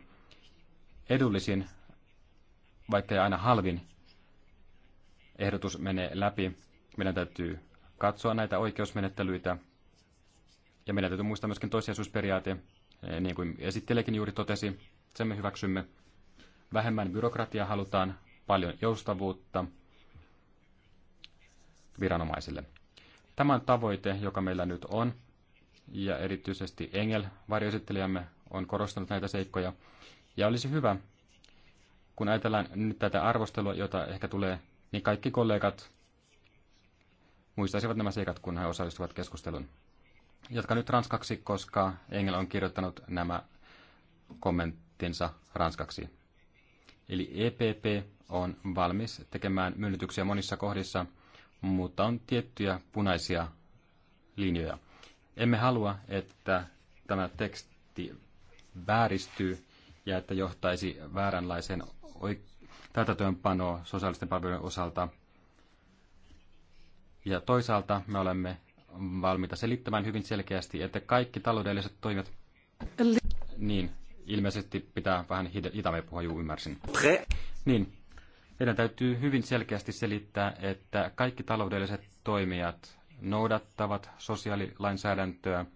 edullisin, vaikka ei aina halvin, ehdotus menee läpi. Meidän täytyy katsoa näitä oikeusmenettelyitä. Ja meidän täytyy muistaa myöskin toissijaisuusperiaate, eh, niin kuin esittelekin juuri totesi, sen me hyväksymme. Vähemmän byrokratiaa halutaan, paljon joustavuutta viranomaisille. Tämä on tavoite, joka meillä nyt on, ja erityisesti Engel, varjoesittelijämme, on korostanut näitä seikkoja. Ja olisi hyvä, kun ajatellaan nyt tätä arvostelua, jota ehkä tulee, niin kaikki kollegat muistaisivat nämä seikat, kun he osallistuvat keskusteluun. Jatka nyt ranskaksi, koska Engel on kirjoittanut nämä kommenttinsa ranskaksi. Eli EPP on valmis tekemään myönnytyksiä monissa kohdissa, mutta on tiettyjä punaisia linjoja – emme halua, että tämä teksti vääristyy ja että johtaisi vääränlaiseen täytäntöönpanoon sosiaalisten palvelujen osalta. Ja toisaalta me olemme valmiita selittämään hyvin selkeästi, että kaikki taloudelliset toimet... Niin, ilmeisesti pitää vähän hitaammin puhua, juu ymmärsin. Niin, meidän täytyy hyvin selkeästi selittää, että kaikki taloudelliset toimijat noudattavat sosiaalilainsäädäntöä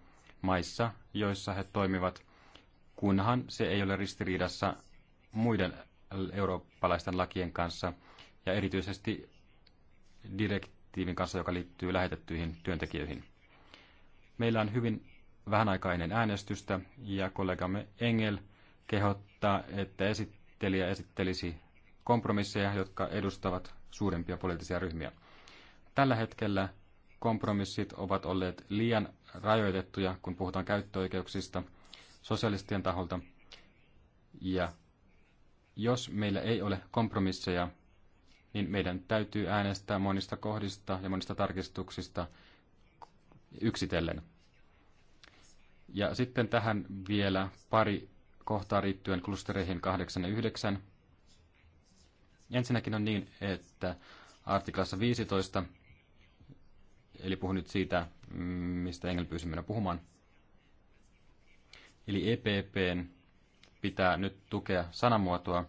maissa, joissa he toimivat, kunhan se ei ole ristiriidassa muiden eurooppalaisten lakien kanssa ja erityisesti direktiivin kanssa, joka liittyy lähetettyihin työntekijöihin. Meillä on hyvin vähän aikainen äänestystä ja kollegamme Engel kehottaa, että esittelijä esittelisi kompromisseja, jotka edustavat suurempia poliittisia ryhmiä. Tällä hetkellä kompromissit ovat olleet liian rajoitettuja, kun puhutaan käyttöoikeuksista sosialistien taholta. Ja jos meillä ei ole kompromisseja, niin meidän täytyy äänestää monista kohdista ja monista tarkistuksista yksitellen. Ja sitten tähän vielä pari kohtaa riittyen klustereihin 8 ja 9. Ensinnäkin on niin, että artiklassa 15 Eli puhun nyt siitä, mistä Engel pyysi minä puhumaan. Eli EPPn pitää nyt tukea sanamuotoa,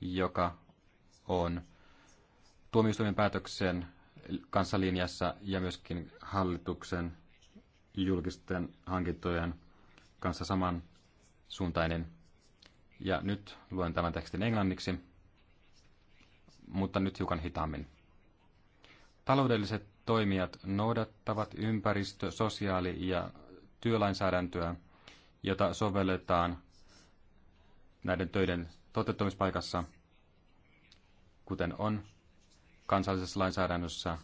joka on tuomioistuimen päätöksen kanssa linjassa ja myöskin hallituksen julkisten hankintojen kanssa samansuuntainen. Ja nyt luen tämän tekstin englanniksi, mutta nyt hiukan hitaammin. Taloudelliset toimijat noudattavat ympäristö-, sosiaali- ja työlainsäädäntöä, jota sovelletaan näiden töiden toteuttamispaikassa, kuten on kansallisessa lainsäädännössä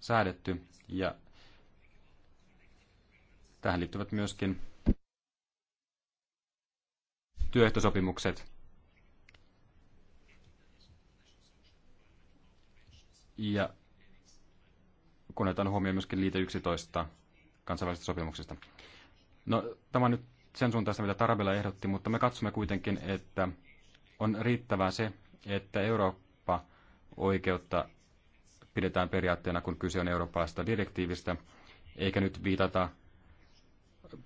säädetty. Ja tähän liittyvät myöskin työehtosopimukset. Ja kun otetaan huomioon myöskin liite 11 kansainvälisestä sopimuksesta. No, tämä on nyt sen suuntaista, mitä Tarabella ehdotti, mutta me katsomme kuitenkin, että on riittävää se, että Eurooppa-oikeutta pidetään periaatteena, kun kyse on eurooppalaisesta direktiivistä, eikä nyt viitata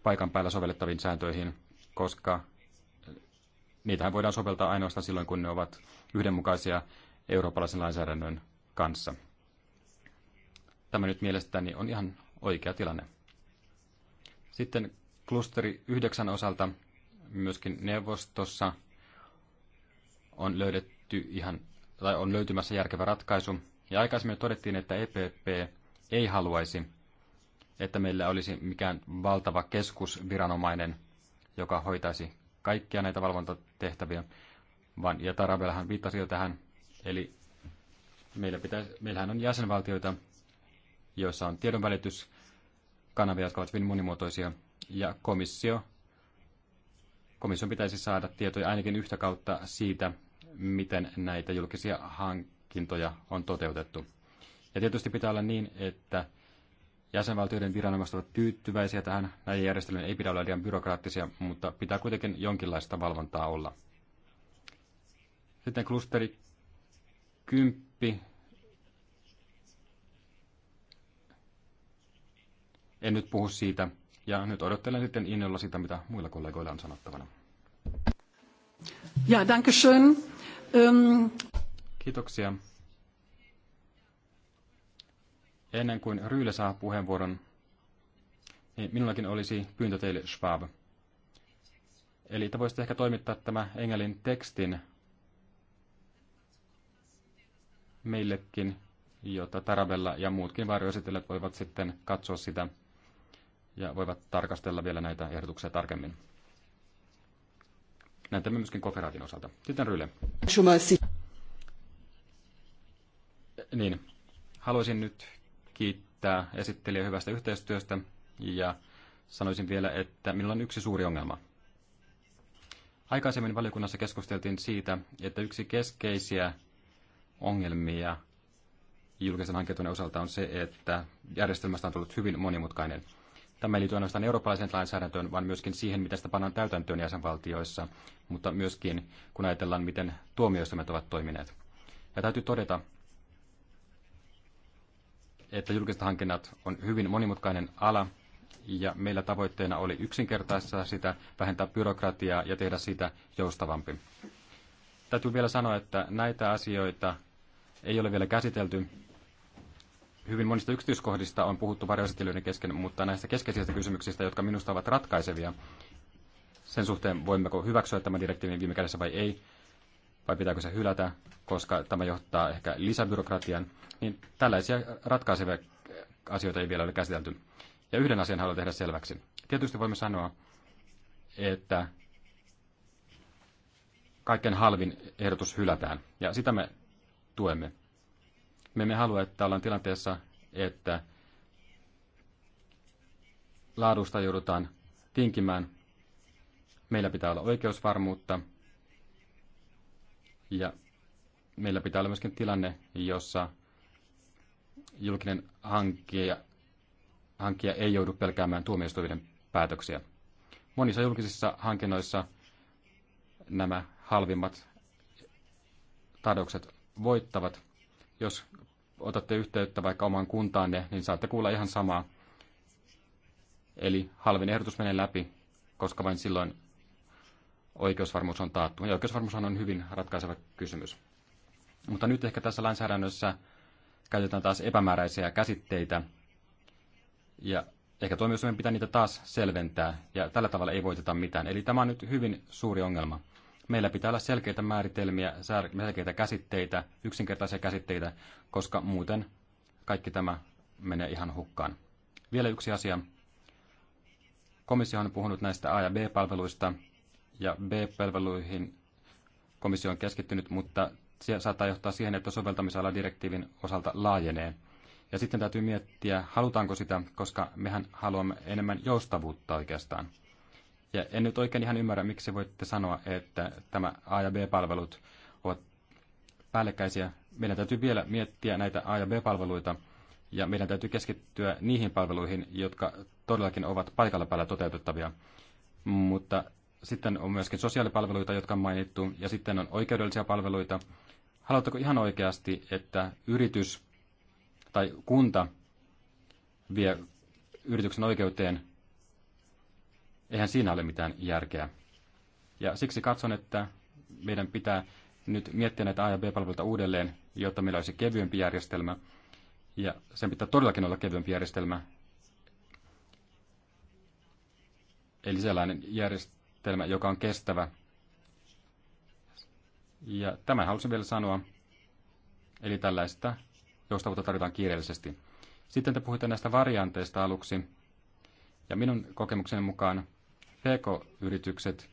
paikan päällä sovellettaviin sääntöihin, koska niitähän voidaan soveltaa ainoastaan silloin, kun ne ovat yhdenmukaisia eurooppalaisen lainsäädännön kanssa. Tämä nyt mielestäni on ihan oikea tilanne. Sitten klusteri yhdeksän osalta myöskin neuvostossa on löydetty ihan, tai on löytymässä järkevä ratkaisu. Ja aikaisemmin todettiin, että EPP ei haluaisi, että meillä olisi mikään valtava keskusviranomainen, joka hoitaisi kaikkia näitä valvontatehtäviä, vaan, ja Tarabellahan viittasi jo tähän, eli meillä pitäisi, meillähän on jäsenvaltioita, joissa on tiedonvälityskanavia, jotka ovat hyvin monimuotoisia, ja komissio, komission pitäisi saada tietoja ainakin yhtä kautta siitä, miten näitä julkisia hankintoja on toteutettu. Ja tietysti pitää olla niin, että jäsenvaltioiden viranomaiset ovat tyytyväisiä tähän. Näiden järjestelyjen ei pidä olla liian byrokraattisia, mutta pitää kuitenkin jonkinlaista valvontaa olla. Sitten klusteri 10 En nyt puhu siitä, ja nyt odottelen sitten innolla sitä, mitä muilla kollegoilla on sanottavana. Ja, danke schön. Um... Kiitoksia. Ennen kuin Ryyle saa puheenvuoron, niin minullakin olisi pyyntö teille, Schwab. Eli te voisitte ehkä toimittaa tämä Engelin tekstin meillekin, jotta Tarabella ja muutkin varjoesitelijät voivat sitten katsoa sitä ja voivat tarkastella vielä näitä ehdotuksia tarkemmin. Näitä myöskin koferaatin osalta. Sitten Ryle. Niin, haluaisin nyt kiittää esittelijä hyvästä yhteistyöstä ja sanoisin vielä, että minulla on yksi suuri ongelma. Aikaisemmin valiokunnassa keskusteltiin siitä, että yksi keskeisiä ongelmia julkisen hankintojen osalta on se, että järjestelmästä on tullut hyvin monimutkainen – Tämä ei liity ainoastaan eurooppalaiseen lainsäädäntöön, vaan myöskin siihen, miten sitä pannaan täytäntöön jäsenvaltioissa, mutta myöskin kun ajatellaan, miten tuomioistuimet ovat toimineet. Ja täytyy todeta, että julkiset hankinnat on hyvin monimutkainen ala, ja meillä tavoitteena oli yksinkertaistaa sitä, vähentää byrokratiaa ja tehdä siitä joustavampi. Täytyy vielä sanoa, että näitä asioita ei ole vielä käsitelty, Hyvin monista yksityiskohdista on puhuttu varjoesittelyiden kesken, mutta näistä keskeisistä kysymyksistä, jotka minusta ovat ratkaisevia, sen suhteen voimmeko hyväksyä tämän direktiivin viime kädessä vai ei, vai pitääkö se hylätä, koska tämä johtaa ehkä lisäbyrokratian, niin tällaisia ratkaisevia asioita ei vielä ole käsitelty. Ja yhden asian haluan tehdä selväksi. Tietysti voimme sanoa, että kaikkein halvin ehdotus hylätään, ja sitä me tuemme. Me emme halua, että ollaan tilanteessa, että laadusta joudutaan tinkimään. Meillä pitää olla oikeusvarmuutta ja meillä pitää olla myöskin tilanne, jossa julkinen hankkija, hankkija ei joudu pelkäämään tuomioistuimen päätöksiä. Monissa julkisissa hankinnoissa nämä halvimmat tarjoukset voittavat. Jos otatte yhteyttä vaikka omaan kuntaanne, niin saatte kuulla ihan samaa. Eli halvin ehdotus menee läpi, koska vain silloin oikeusvarmuus on taattu. Ja oikeusvarmuus on hyvin ratkaiseva kysymys. Mutta nyt ehkä tässä lainsäädännössä käytetään taas epämääräisiä käsitteitä. Ja ehkä tuomioistuimen pitää niitä taas selventää. Ja tällä tavalla ei voiteta mitään. Eli tämä on nyt hyvin suuri ongelma. Meillä pitää olla selkeitä määritelmiä, selkeitä käsitteitä, yksinkertaisia käsitteitä, koska muuten kaikki tämä menee ihan hukkaan. Vielä yksi asia. Komissio on puhunut näistä A- ja B-palveluista, ja B-palveluihin komissio on keskittynyt, mutta se saattaa johtaa siihen, että soveltamisala direktiivin osalta laajenee. Ja sitten täytyy miettiä, halutaanko sitä, koska mehän haluamme enemmän joustavuutta oikeastaan. Ja en nyt oikein ihan ymmärrä, miksi voitte sanoa, että tämä A- ja B-palvelut ovat päällekkäisiä. Meidän täytyy vielä miettiä näitä A- ja B-palveluita, ja meidän täytyy keskittyä niihin palveluihin, jotka todellakin ovat paikalla päällä toteutettavia. Mutta sitten on myöskin sosiaalipalveluita, jotka on mainittu, ja sitten on oikeudellisia palveluita. Haluatteko ihan oikeasti, että yritys tai kunta vie yrityksen oikeuteen Eihän siinä ole mitään järkeä. Ja siksi katson, että meidän pitää nyt miettiä näitä A- ja B-palveluita uudelleen, jotta meillä olisi kevyempi järjestelmä. Ja sen pitää todellakin olla kevyempi järjestelmä. Eli sellainen järjestelmä, joka on kestävä. Ja tämän halusin vielä sanoa. Eli tällaista joustavuutta tarvitaan kiireellisesti. Sitten te puhuitte näistä varianteista aluksi. Ja minun kokemukseni mukaan PK-yritykset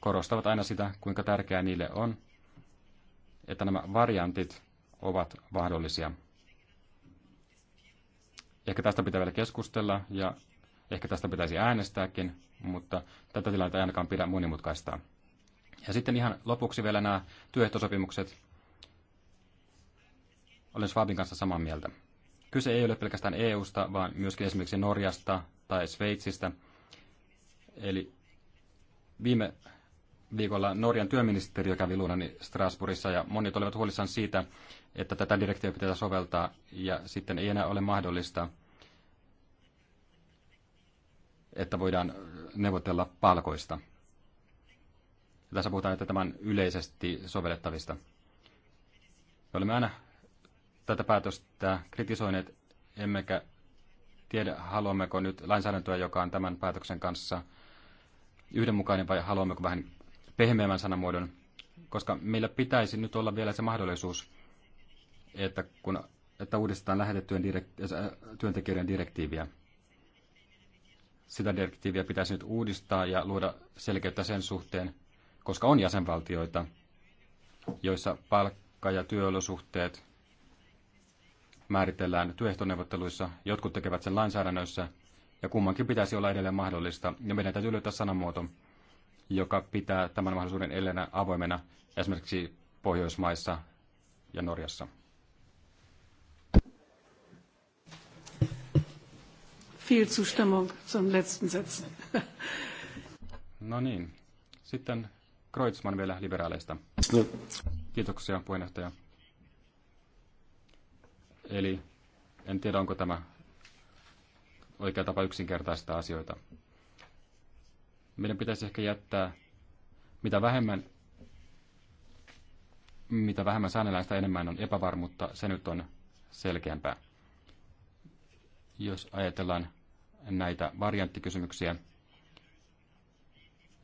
korostavat aina sitä, kuinka tärkeää niille on, että nämä variantit ovat mahdollisia. Ehkä tästä pitää vielä keskustella ja ehkä tästä pitäisi äänestääkin, mutta tätä tilannetta ei ainakaan pidä monimutkaistaa. Ja sitten ihan lopuksi vielä nämä työehtosopimukset. Olen Schwabin kanssa samaa mieltä. Kyse ei ole pelkästään EUsta, vaan myöskin esimerkiksi Norjasta tai Sveitsistä – Eli viime viikolla Norjan työministeriö kävi luonani Strasbourgissa ja monet olivat huolissaan siitä, että tätä direktiiviä pitää soveltaa ja sitten ei enää ole mahdollista, että voidaan neuvotella palkoista. Ja tässä puhutaan, että tämän yleisesti sovellettavista. Me olemme aina tätä päätöstä kritisoineet, emmekä tiedä, haluammeko nyt lainsäädäntöä, joka on tämän päätöksen kanssa – yhdenmukainen vai haluammeko vähän pehmeämmän sanamuodon, koska meillä pitäisi nyt olla vielä se mahdollisuus, että, kun, että uudistetaan lähetettyjen direkt, äh, työntekijöiden direktiiviä. Sitä direktiiviä pitäisi nyt uudistaa ja luoda selkeyttä sen suhteen, koska on jäsenvaltioita, joissa palkka- ja työolosuhteet määritellään työehtoneuvotteluissa, jotkut tekevät sen lainsäädännössä, ja kummankin pitäisi olla edelleen mahdollista. Ja meidän täytyy löytää sanamuoto, joka pitää tämän mahdollisuuden edelleen avoimena esimerkiksi Pohjoismaissa ja Norjassa. Viel Zustimmung zum letzten Satz. No niin. Sitten Kreutzmann vielä liberaaleista. Kiitoksia puheenjohtaja. Eli en tiedä, onko tämä oikea tapa yksinkertaista asioita. Meidän pitäisi ehkä jättää, mitä vähemmän, mitä vähemmän säännellään, enemmän on epävarmuutta. Se nyt on selkeämpää. Jos ajatellaan näitä varianttikysymyksiä,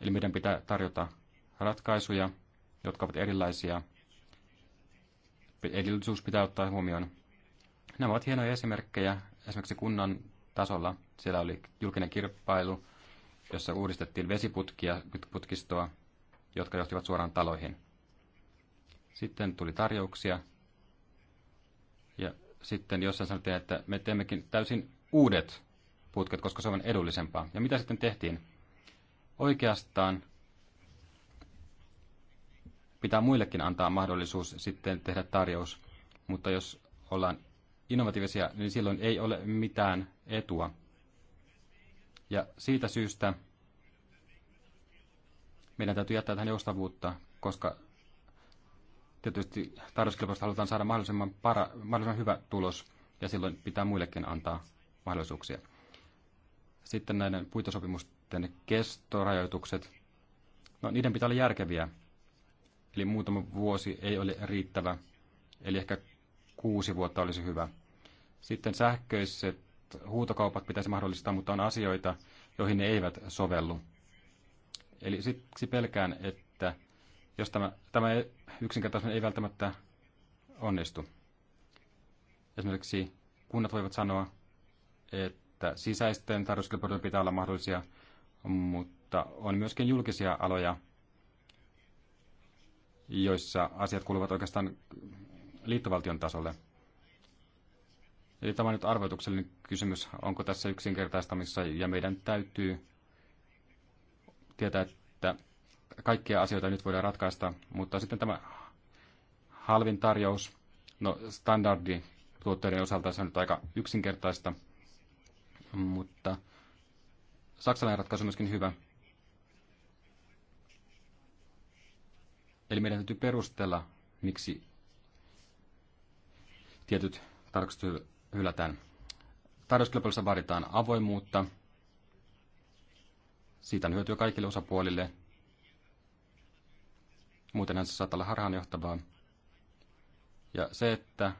eli meidän pitää tarjota ratkaisuja, jotka ovat erilaisia. Edullisuus pitää ottaa huomioon. Nämä ovat hienoja esimerkkejä esimerkiksi kunnan tasolla. Siellä oli julkinen kirppailu, jossa uudistettiin vesiputkia, putkistoa, jotka johtivat suoraan taloihin. Sitten tuli tarjouksia, ja sitten jossain sanottiin, että me teemmekin täysin uudet putket, koska se on edullisempaa. Ja mitä sitten tehtiin? Oikeastaan pitää muillekin antaa mahdollisuus sitten tehdä tarjous, mutta jos ollaan innovatiivisia, niin silloin ei ole mitään etua. Ja siitä syystä meidän täytyy jättää tähän joustavuutta, koska tietysti tarjouskilpailusta halutaan saada mahdollisimman, para, mahdollisimman hyvä tulos, ja silloin pitää muillekin antaa mahdollisuuksia. Sitten näiden puitosopimusten kestorajoitukset, no niiden pitää olla järkeviä. Eli muutama vuosi ei ole riittävä, eli ehkä kuusi vuotta olisi hyvä. Sitten sähköiset huutokaupat pitäisi mahdollistaa, mutta on asioita, joihin ne eivät sovellu. Eli siksi pelkään, että jos tämä, tämä yksinkertaisesti ei välttämättä onnistu. Esimerkiksi kunnat voivat sanoa, että sisäisten tarjouskilpailujen pitää olla mahdollisia, mutta on myöskin julkisia aloja, joissa asiat kuuluvat oikeastaan liittovaltion tasolle. Eli tämä on nyt arvoituksellinen kysymys, onko tässä yksinkertaistamissa, ja meidän täytyy tietää, että kaikkia asioita nyt voidaan ratkaista, mutta sitten tämä halvin tarjous, no standardi tuotteiden osalta se on nyt aika yksinkertaista, mutta saksalainen ratkaisu on myöskin hyvä. Eli meidän täytyy perustella, miksi tietyt tarkastus hylätään. Tarjouskilpailussa vaaditaan avoimuutta. Siitä on hyötyä kaikille osapuolille. Muutenhan se saattaa olla harhaanjohtavaa. Ja se, että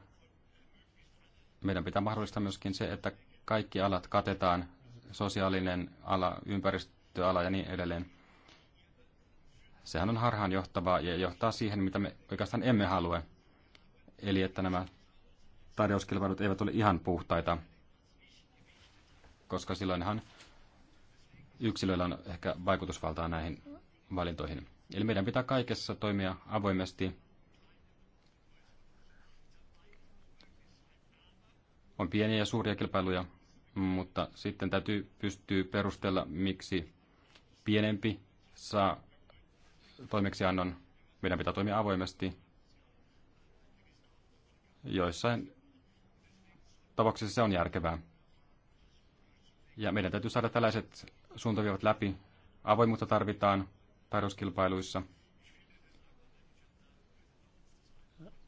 meidän pitää mahdollistaa myöskin se, että kaikki alat katetaan, sosiaalinen ala, ympäristöala ja niin edelleen. Sehän on harhaanjohtavaa ja johtaa siihen, mitä me oikeastaan emme halua. Eli että nämä tarjouskilpailut eivät ole ihan puhtaita, koska silloinhan yksilöillä on ehkä vaikutusvaltaa näihin valintoihin. Eli meidän pitää kaikessa toimia avoimesti. On pieniä ja suuria kilpailuja, mutta sitten täytyy pystyä perustella, miksi pienempi saa toimeksiannon. Meidän pitää toimia avoimesti. Joissain tapauksessa se on järkevää. Ja meidän täytyy saada tällaiset suuntaviivat läpi. Avoimuutta tarvitaan tarjouskilpailuissa.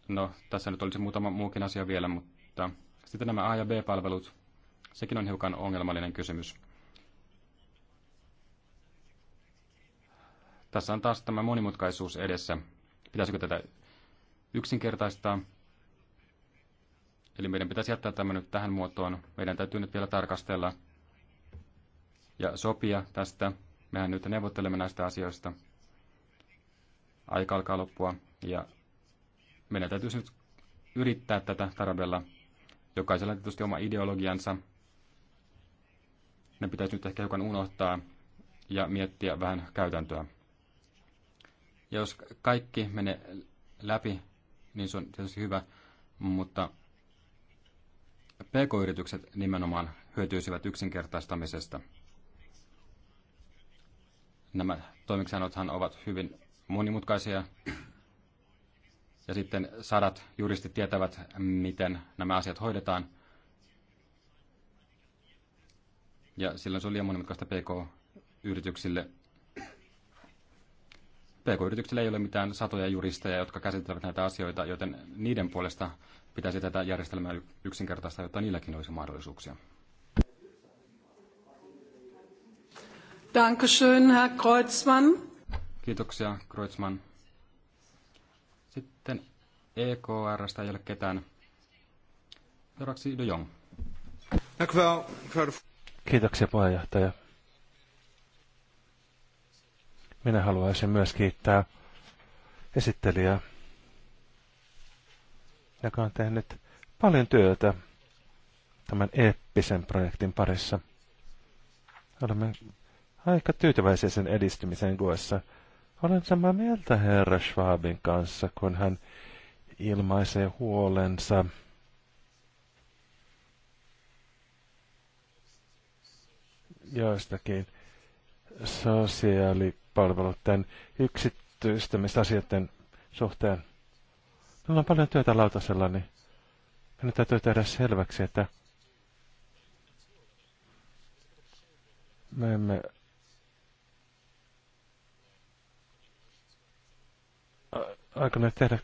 No, tässä nyt olisi muutama muukin asia vielä, mutta sitten nämä A- ja B-palvelut, sekin on hiukan ongelmallinen kysymys. Tässä on taas tämä monimutkaisuus edessä. Pitäisikö tätä yksinkertaistaa? Eli meidän pitäisi jättää tämä nyt tähän muotoon. Meidän täytyy nyt vielä tarkastella ja sopia tästä. Mehän nyt neuvottelemme näistä asioista. Aika alkaa loppua ja meidän täytyy nyt yrittää tätä tarvella. Jokaisella on tietysti oma ideologiansa. Ne pitäisi nyt ehkä hiukan unohtaa ja miettiä vähän käytäntöä. Ja jos kaikki menee läpi, niin se on tietysti hyvä, mutta PK-yritykset nimenomaan hyötyisivät yksinkertaistamisesta. Nämä toimiksiannothan ovat hyvin monimutkaisia, ja sitten sadat juristit tietävät, miten nämä asiat hoidetaan. Ja silloin se on liian monimutkaista PK-yrityksille. PK-yrityksillä ei ole mitään satoja juristeja, jotka käsittelevät näitä asioita, joten niiden puolesta pitäisi tätä järjestelmää yksinkertaista, jotta niilläkin olisi mahdollisuuksia. Dankeschön, Herr Kreuzmann. Kiitoksia, Kreuzmann. Sitten EKRstä ei ole ketään. Seuraavaksi De Jong. Kiitoksia puheenjohtaja. Minä haluaisin myös kiittää esittelijää joka on tehnyt paljon työtä tämän eeppisen projektin parissa. Olemme aika tyytyväisiä sen edistymisen kuessa. Olen samaa mieltä herra Schwabin kanssa, kun hän ilmaisee huolensa joistakin sosiaalipalveluiden yksityistämisasioiden suhteen. Minulla on paljon työtä lautasella, niin Minun täytyy tehdä selväksi, että me emme aikoneet tehdä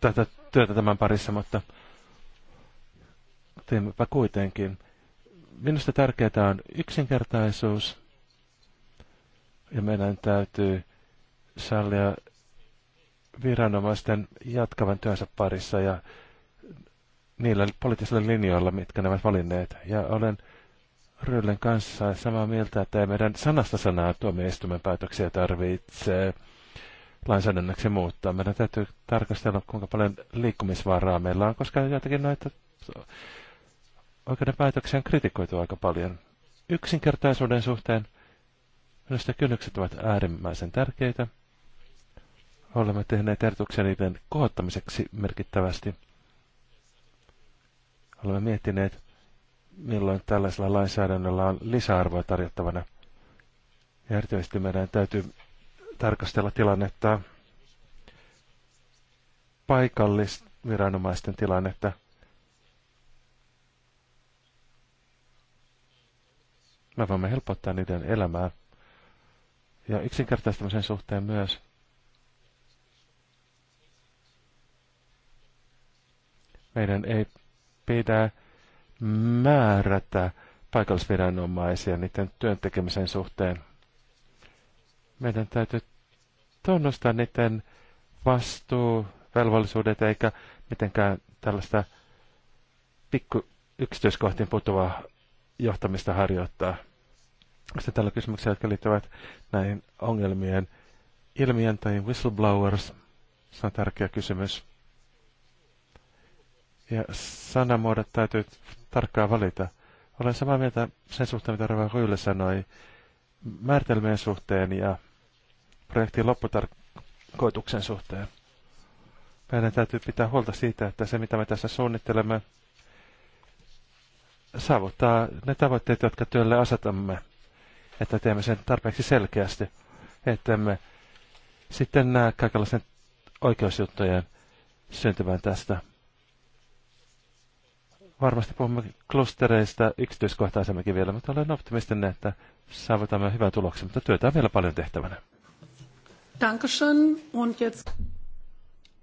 tätä työtä tämän parissa, mutta teemmepä kuitenkin. Minusta tärkeää on yksinkertaisuus ja meidän täytyy sallia viranomaisten jatkavan työnsä parissa ja niillä poliittisilla linjoilla, mitkä ne ovat valinneet. Ja olen Ryllen kanssa samaa mieltä, että ei meidän sanasta sanaa tuomioistuimen päätöksiä tarvitse lainsäädännöksi muuttaa. Meidän täytyy tarkastella, kuinka paljon liikkumisvaraa meillä on, koska jotenkin noita oikeuden päätöksiä on kritikoitu aika paljon. Yksinkertaisuuden suhteen minusta kynnykset ovat äärimmäisen tärkeitä. Olemme tehneet ehdotuksia niiden kohottamiseksi merkittävästi. Olemme miettineet, milloin tällaisella lainsäädännöllä on lisäarvoa tarjottavana. Ja erityisesti meidän täytyy tarkastella tilannetta, paikallisviranomaisten tilannetta. Me voimme helpottaa niiden elämää ja yksinkertaistamisen suhteen myös – Meidän ei pidä määrätä paikallisviranomaisia niiden työn tekemisen suhteen. Meidän täytyy tunnustaa niiden vastuu, velvollisuudet, eikä mitenkään tällaista pikku yksityiskohtiin putoavaa johtamista harjoittaa. Sitten täällä on kysymyksiä, jotka liittyvät näihin ongelmien ilmiöntäjiin, whistleblowers. Se on tärkeä kysymys. Ja sanamuodot täytyy tarkkaan valita. Olen samaa mieltä sen suhteen, mitä Rava Ryyle sanoi, määritelmien suhteen ja projektin lopputarkoituksen suhteen. Meidän täytyy pitää huolta siitä, että se mitä me tässä suunnittelemme saavuttaa ne tavoitteet, jotka työlle asetamme. Että teemme sen tarpeeksi selkeästi, että me sitten näe kaikenlaisen oikeusjuttujen syntyvän tästä. Varmasti puhumme klustereista yksityiskohtaisemmekin vielä, mutta olen optimistinen, että saavutamme hyvän tuloksen, mutta työtä on vielä paljon tehtävänä. Dankeschön und jetzt...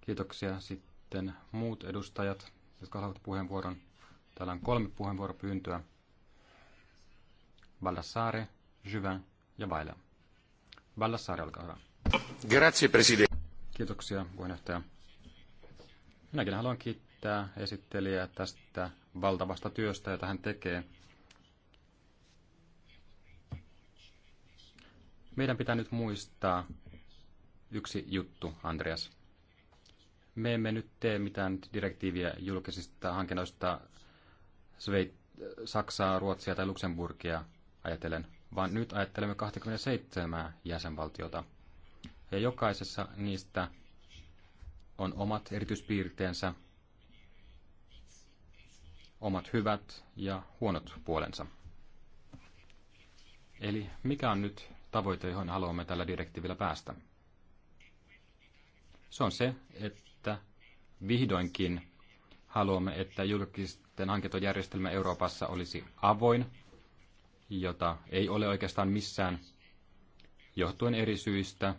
Kiitoksia. Sitten muut edustajat, jotka haluavat puheenvuoron. Täällä on kolme puheenvuoropyyntöä. Baldassare, Jyvän ja Vaila. Baldassare, olkaa hyvä. Grazie, presidente. Kiitoksia, puheenjohtaja. Minäkin haluan kiittää kiittää esittelijää tästä valtavasta työstä, jota hän tekee. Meidän pitää nyt muistaa yksi juttu, Andreas. Me emme nyt tee mitään direktiiviä julkisista hankinnoista Sveit, Saksaa, Ruotsia tai Luxemburgia ajatellen, vaan nyt ajattelemme 27 jäsenvaltiota. Ja jokaisessa niistä on omat erityispiirteensä, omat hyvät ja huonot puolensa. Eli mikä on nyt tavoite, johon haluamme tällä direktiivillä päästä? Se on se, että vihdoinkin haluamme, että julkisten hankintojärjestelmä Euroopassa olisi avoin, jota ei ole oikeastaan missään johtuen eri syistä.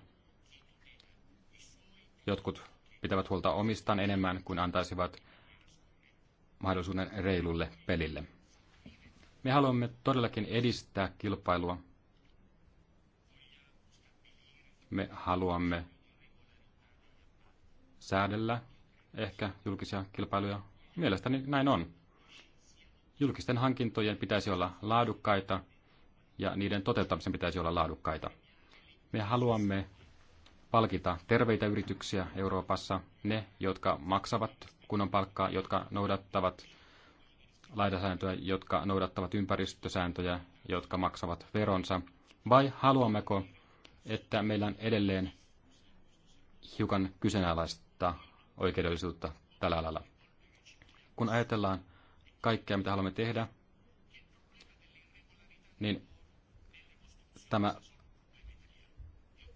Jotkut pitävät huolta omistaan enemmän kuin antaisivat mahdollisuuden reilulle pelille. Me haluamme todellakin edistää kilpailua. Me haluamme säädellä ehkä julkisia kilpailuja. Mielestäni näin on. Julkisten hankintojen pitäisi olla laadukkaita ja niiden toteuttamisen pitäisi olla laadukkaita. Me haluamme palkita terveitä yrityksiä Euroopassa, ne, jotka maksavat kunnon palkkaa, jotka noudattavat laitasääntöjä, jotka noudattavat ympäristösääntöjä, jotka maksavat veronsa, vai haluammeko, että meillä on edelleen hiukan kyseenalaista oikeudellisuutta tällä alalla. Kun ajatellaan kaikkea, mitä haluamme tehdä, niin tämä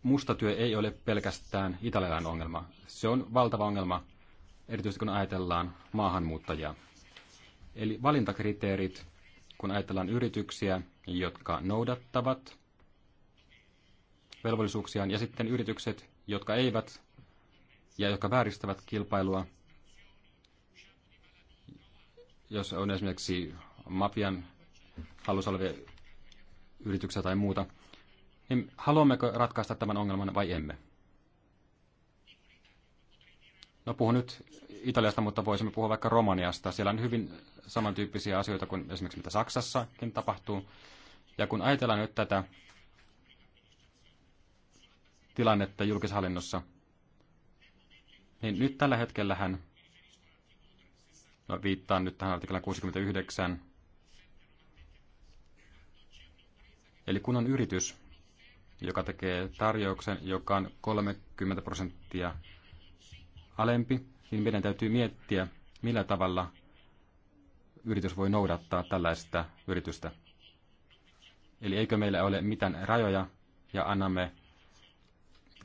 musta työ ei ole pelkästään italialainen ongelma. Se on valtava ongelma erityisesti kun ajatellaan maahanmuuttajia. Eli valintakriteerit, kun ajatellaan yrityksiä, jotka noudattavat velvollisuuksiaan, ja sitten yritykset, jotka eivät ja jotka vääristävät kilpailua, jos on esimerkiksi mafian hallussa olevia yrityksiä tai muuta, niin haluammeko ratkaista tämän ongelman vai emme? No puhun nyt Italiasta, mutta voisimme puhua vaikka Romaniasta. Siellä on hyvin samantyyppisiä asioita kuin esimerkiksi mitä Saksassakin tapahtuu. Ja kun ajatellaan nyt tätä tilannetta julkishallinnossa, niin nyt tällä hetkellähän, no viittaan nyt tähän artiklaan 69, eli kun on yritys, joka tekee tarjouksen, joka on 30 prosenttia alempi, niin meidän täytyy miettiä, millä tavalla yritys voi noudattaa tällaista yritystä. Eli eikö meillä ole mitään rajoja ja annamme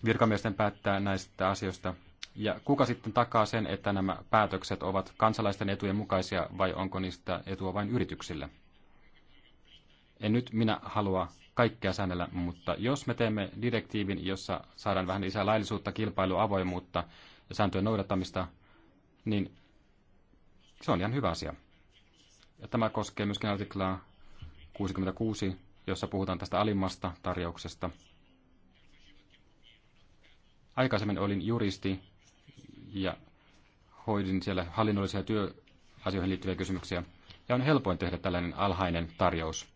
virkamiesten päättää näistä asioista. Ja kuka sitten takaa sen, että nämä päätökset ovat kansalaisten etujen mukaisia vai onko niistä etua vain yrityksille? En nyt minä halua kaikkea säännellä, mutta jos me teemme direktiivin, jossa saadaan vähän lisää laillisuutta, kilpailuavoimuutta ja sääntöjen noudattamista, niin se on ihan hyvä asia. Ja tämä koskee myöskin artiklaa 66, jossa puhutaan tästä alimmasta tarjouksesta. Aikaisemmin olin juristi ja hoidin siellä hallinnollisia työasioihin liittyviä kysymyksiä. Ja on helpoin tehdä tällainen alhainen tarjous.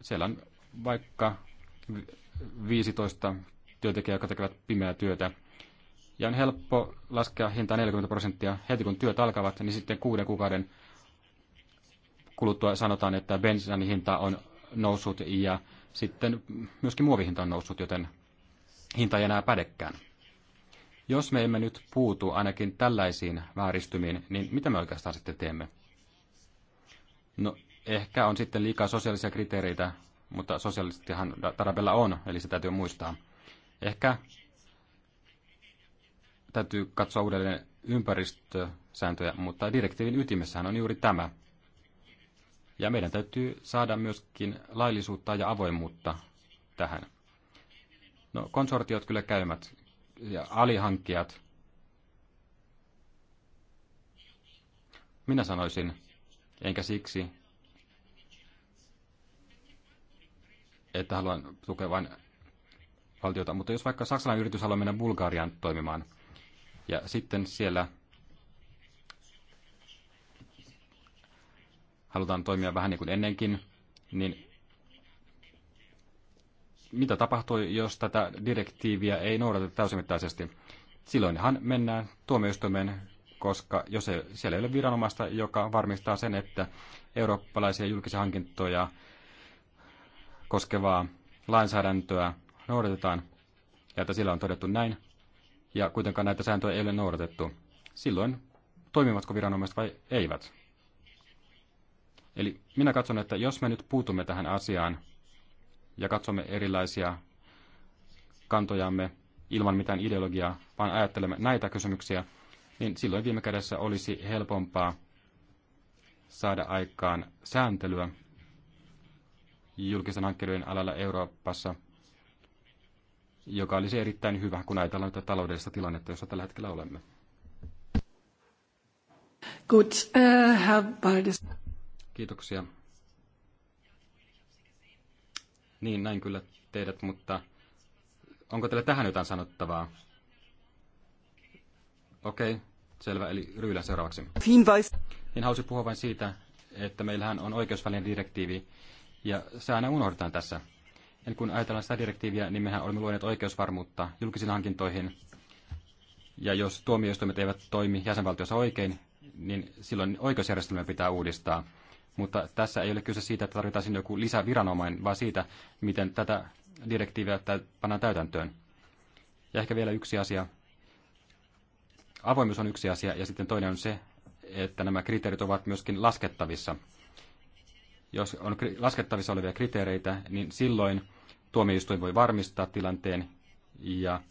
Siellä on vaikka 15 työntekijää, jotka tekevät pimeää työtä. Ja on helppo laskea hinta 40 prosenttia heti kun työt alkavat, niin sitten kuuden kuukauden kuluttua sanotaan, että bensan hinta on noussut ja sitten myöskin muovihinta on noussut, joten hinta ei enää pädekään. Jos me emme nyt puutu ainakin tällaisiin vääristymiin, niin mitä me oikeastaan sitten teemme? No, ehkä on sitten liikaa sosiaalisia kriteereitä, mutta sosiaalistihan Tarabella on, eli se täytyy muistaa. Ehkä täytyy katsoa uudelleen ympäristösääntöjä, mutta direktiivin ytimessähän on juuri tämä. Ja meidän täytyy saada myöskin laillisuutta ja avoimuutta tähän. No, konsortiot kyllä käymät ja alihankkijat. Minä sanoisin, enkä siksi, että haluan tukea vain valtiota, mutta jos vaikka saksalainen yritys haluaa mennä Bulgariaan toimimaan – ja sitten siellä halutaan toimia vähän niin kuin ennenkin, niin mitä tapahtui, jos tätä direktiiviä ei noudateta täysimittaisesti? Silloinhan mennään tuomioistuimeen, koska jos ei, siellä ei ole viranomaista, joka varmistaa sen, että eurooppalaisia julkisia hankintoja koskevaa lainsäädäntöä noudatetaan, ja että sillä on todettu näin, ja kuitenkaan näitä sääntöjä ei ole noudatettu. Silloin toimivatko viranomaiset vai eivät? Eli minä katson, että jos me nyt puutumme tähän asiaan ja katsomme erilaisia kantojamme ilman mitään ideologiaa, vaan ajattelemme näitä kysymyksiä, niin silloin viime kädessä olisi helpompaa saada aikaan sääntelyä julkisen hankkeiden alalla Euroopassa – joka olisi erittäin hyvä, kun ajatellaan tätä taloudellista tilannetta, jossa tällä hetkellä olemme. Good. Uh, have Kiitoksia. Niin, näin kyllä teidät, mutta onko teillä tähän jotain sanottavaa? Okei, okay, selvä. Eli Ryylä seuraavaksi. Hinweis. Niin halusin puhua vain siitä, että meillähän on oikeusvälinen direktiivi, ja se aina unohdetaan tässä. Eli kun ajatellaan sitä direktiiviä, niin mehän olemme luoneet oikeusvarmuutta julkisiin hankintoihin. Ja jos tuomioistuimet eivät toimi jäsenvaltiossa oikein, niin silloin oikeusjärjestelmä pitää uudistaa. Mutta tässä ei ole kyse siitä, että tarvitaan joku lisäviranomainen, vaan siitä, miten tätä direktiiviä pannaan täytäntöön. Ja ehkä vielä yksi asia. Avoimuus on yksi asia, ja sitten toinen on se, että nämä kriteerit ovat myöskin laskettavissa. Jos on laskettavissa olevia kriteereitä, niin silloin tuomioistuin voi varmistaa tilanteen ja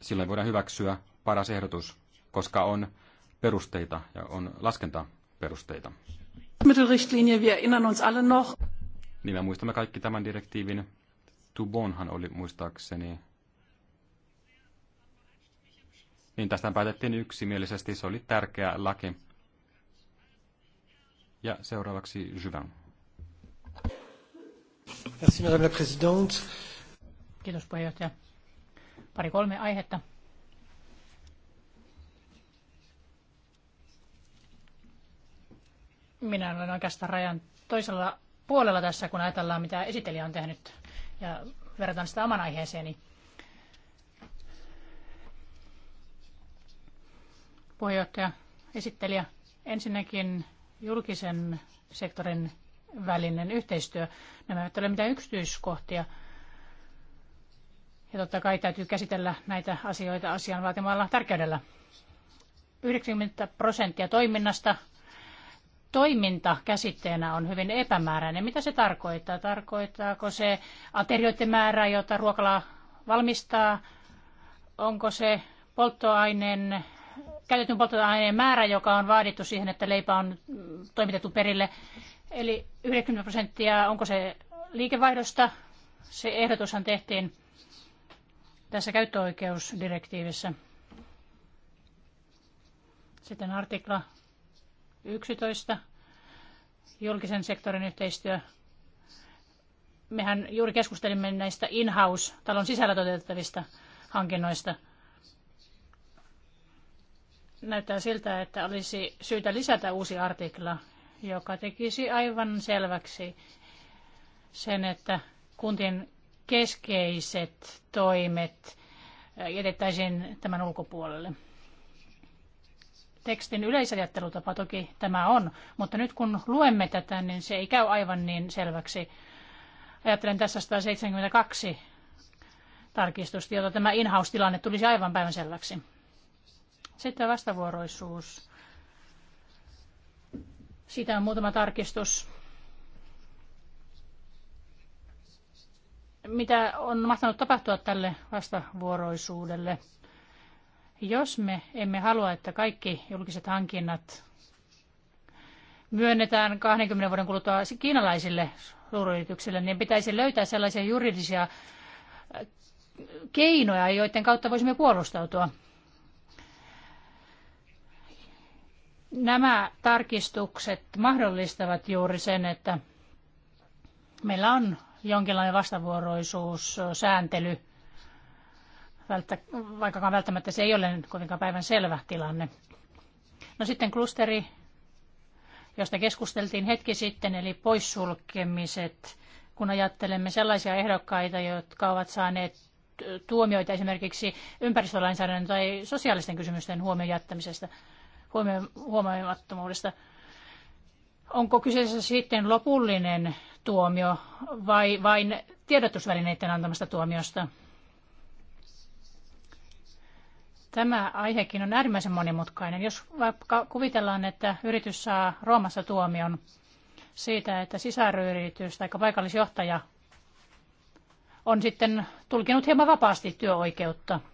silloin voidaan hyväksyä paras ehdotus, koska on perusteita ja on laskentaperusteita. Mittelrichtlinie, wir erinnern uns alle noch. Niin me muistamme kaikki tämän direktiivin. Tubonhan oli muistaakseni. Niin tästä päätettiin yksimielisesti, se oli tärkeä laki. Ja seuraavaksi Juvan. Merci, madame la présidente. Kiitos puheenjohtaja. Pari kolme aihetta. Minä olen oikeastaan rajan toisella puolella tässä, kun ajatellaan, mitä esittelijä on tehnyt ja verrataan sitä oman aiheeseeni. Puheenjohtaja, esittelijä, ensinnäkin julkisen sektorin välinen yhteistyö. Nämä eivät ole mitään yksityiskohtia. Ja totta kai täytyy käsitellä näitä asioita asian vaatimalla tärkeydellä. 90 prosenttia toiminnasta toiminta käsitteenä on hyvin epämääräinen. Mitä se tarkoittaa? Tarkoittaako se aterioiden määrää, jota ruokala valmistaa? Onko se polttoaineen, käytetyn polttoaineen määrä, joka on vaadittu siihen, että leipä on toimitettu perille? Eli 90 prosenttia, onko se liikevaihdosta? Se ehdotushan tehtiin tässä käyttöoikeusdirektiivissä. Sitten artikla 11, julkisen sektorin yhteistyö. Mehän juuri keskustelimme näistä in-house, talon sisällä toteutettavista hankinnoista. Näyttää siltä, että olisi syytä lisätä uusi artikla, joka tekisi aivan selväksi sen, että kuntien keskeiset toimet jätettäisiin tämän ulkopuolelle. Tekstin yleisajattelutapa toki tämä on, mutta nyt kun luemme tätä, niin se ei käy aivan niin selväksi. Ajattelen tässä 172 tarkistusta, jota tämä in-house-tilanne tulisi aivan päivän selväksi. Sitten vastavuoroisuus siitä on muutama tarkistus. Mitä on mahtanut tapahtua tälle vastavuoroisuudelle? Jos me emme halua, että kaikki julkiset hankinnat myönnetään 20 vuoden kuluttua kiinalaisille suuryrityksille, niin pitäisi löytää sellaisia juridisia keinoja, joiden kautta voisimme puolustautua. Nämä tarkistukset mahdollistavat juuri sen, että meillä on jonkinlainen vastavuoroisuus, sääntely, vaikkakaan välttämättä se ei ole nyt kovinkaan päivän selvä tilanne. No sitten klusteri, josta keskusteltiin hetki sitten, eli poissulkemiset, kun ajattelemme sellaisia ehdokkaita, jotka ovat saaneet tuomioita esimerkiksi ympäristölainsäädännön tai sosiaalisten kysymysten huomioon jättämisestä huomioimattomuudesta. Onko kyseessä sitten lopullinen tuomio vai vain tiedotusvälineiden antamasta tuomiosta? Tämä aihekin on äärimmäisen monimutkainen. Jos vaikka kuvitellaan, että yritys saa Roomassa tuomion siitä, että sisaryritys tai paikallisjohtaja on sitten tulkinut hieman vapaasti työoikeutta –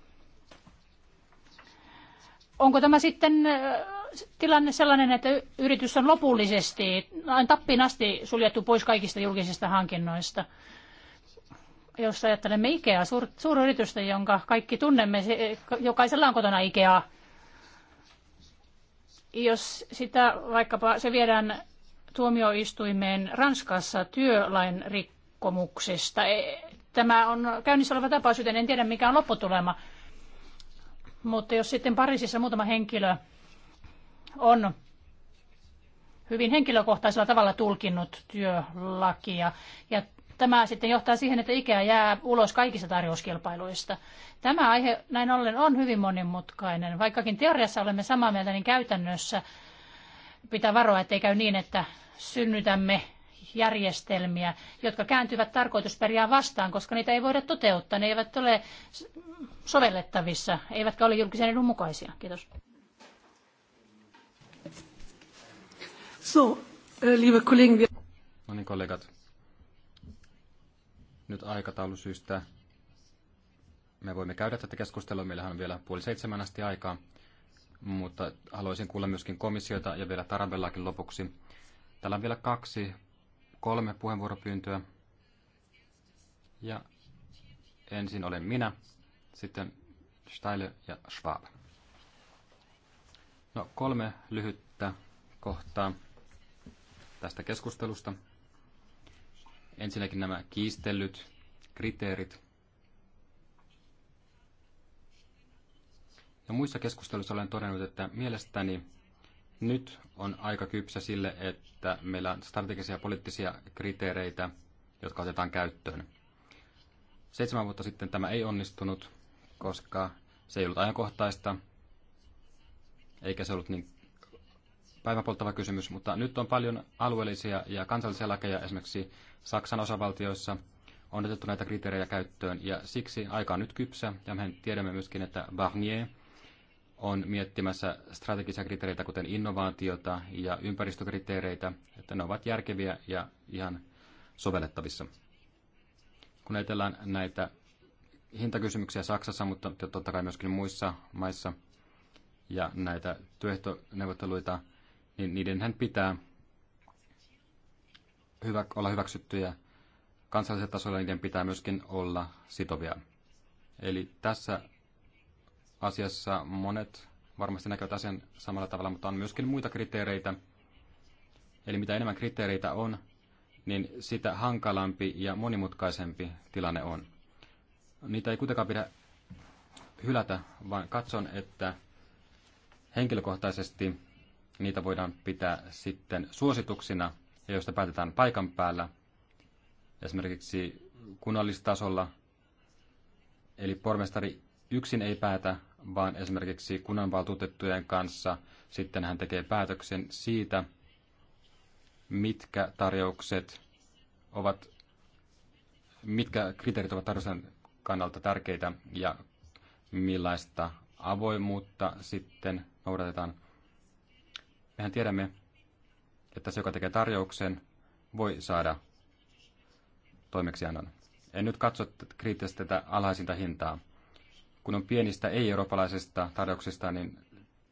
onko tämä sitten tilanne sellainen, että yritys on lopullisesti, tappiin asti suljettu pois kaikista julkisista hankinnoista? Jos ajattelemme IKEA suur, suuryritystä, jonka kaikki tunnemme, jokaisella on kotona IKEA, Jos sitä vaikkapa se viedään tuomioistuimeen Ranskassa työlain rikkomuksesta, e, tämä on käynnissä oleva tapaus, joten en tiedä mikä on lopputulema. Mutta jos sitten Pariisissa muutama henkilö on hyvin henkilökohtaisella tavalla tulkinnut työlakia ja tämä sitten johtaa siihen, että IKEA jää ulos kaikista tarjouskilpailuista. Tämä aihe näin ollen on hyvin monimutkainen. Vaikkakin teoriassa olemme samaa mieltä, niin käytännössä pitää varoa, ettei käy niin, että synnytämme järjestelmiä, jotka kääntyvät tarkoitusperiaan vastaan, koska niitä ei voida toteuttaa. Ne eivät ole sovellettavissa, eivätkä ole julkisen edun mukaisia. Kiitos. So, äh, liebe Kollegen, No niin, kollegat. Nyt aikataulusyistä me voimme käydä tätä keskustelua. Meillähän on vielä puoli seitsemän asti aikaa, mutta haluaisin kuulla myöskin komissiota ja vielä Tarabellakin lopuksi. Täällä on vielä kaksi kolme puheenvuoropyyntöä. Ja ensin olen minä, sitten Steile ja Schwab. No kolme lyhyttä kohtaa tästä keskustelusta. Ensinnäkin nämä kiistellyt kriteerit. Ja muissa keskusteluissa olen todennut, että mielestäni nyt on aika kypsä sille, että meillä on strategisia poliittisia kriteereitä, jotka otetaan käyttöön. Seitsemän vuotta sitten tämä ei onnistunut, koska se ei ollut ajankohtaista, eikä se ollut niin päiväpolttava kysymys, mutta nyt on paljon alueellisia ja kansallisia lakeja, esimerkiksi Saksan osavaltioissa on otettu näitä kriteerejä käyttöön, ja siksi aika on nyt kypsä, ja me tiedämme myöskin, että Barnier – on miettimässä strategisia kriteereitä, kuten innovaatiota ja ympäristökriteereitä, että ne ovat järkeviä ja ihan sovellettavissa. Kun ajatellaan näitä hintakysymyksiä Saksassa, mutta totta kai myöskin muissa maissa, ja näitä työehtoneuvotteluita, niin niidenhän pitää hyvä, olla hyväksyttyjä kansallisella tasolla, niiden pitää myöskin olla sitovia. Eli tässä asiassa monet varmasti näkevät asian samalla tavalla, mutta on myöskin muita kriteereitä. Eli mitä enemmän kriteereitä on, niin sitä hankalampi ja monimutkaisempi tilanne on. Niitä ei kuitenkaan pidä hylätä, vaan katson, että henkilökohtaisesti niitä voidaan pitää sitten suosituksina, ja joista päätetään paikan päällä, esimerkiksi kunnallistasolla, eli pormestari yksin ei päätä, vaan esimerkiksi kunnanvaltuutettujen kanssa. Sitten hän tekee päätöksen siitä, mitkä tarjoukset ovat, mitkä kriteerit ovat tarjousten kannalta tärkeitä ja millaista avoimuutta sitten noudatetaan. Mehän tiedämme, että se, joka tekee tarjouksen, voi saada toimeksiannon. En nyt katso kriittisesti tätä alhaisinta hintaa kun on pienistä ei-eurooppalaisista tarjouksista, niin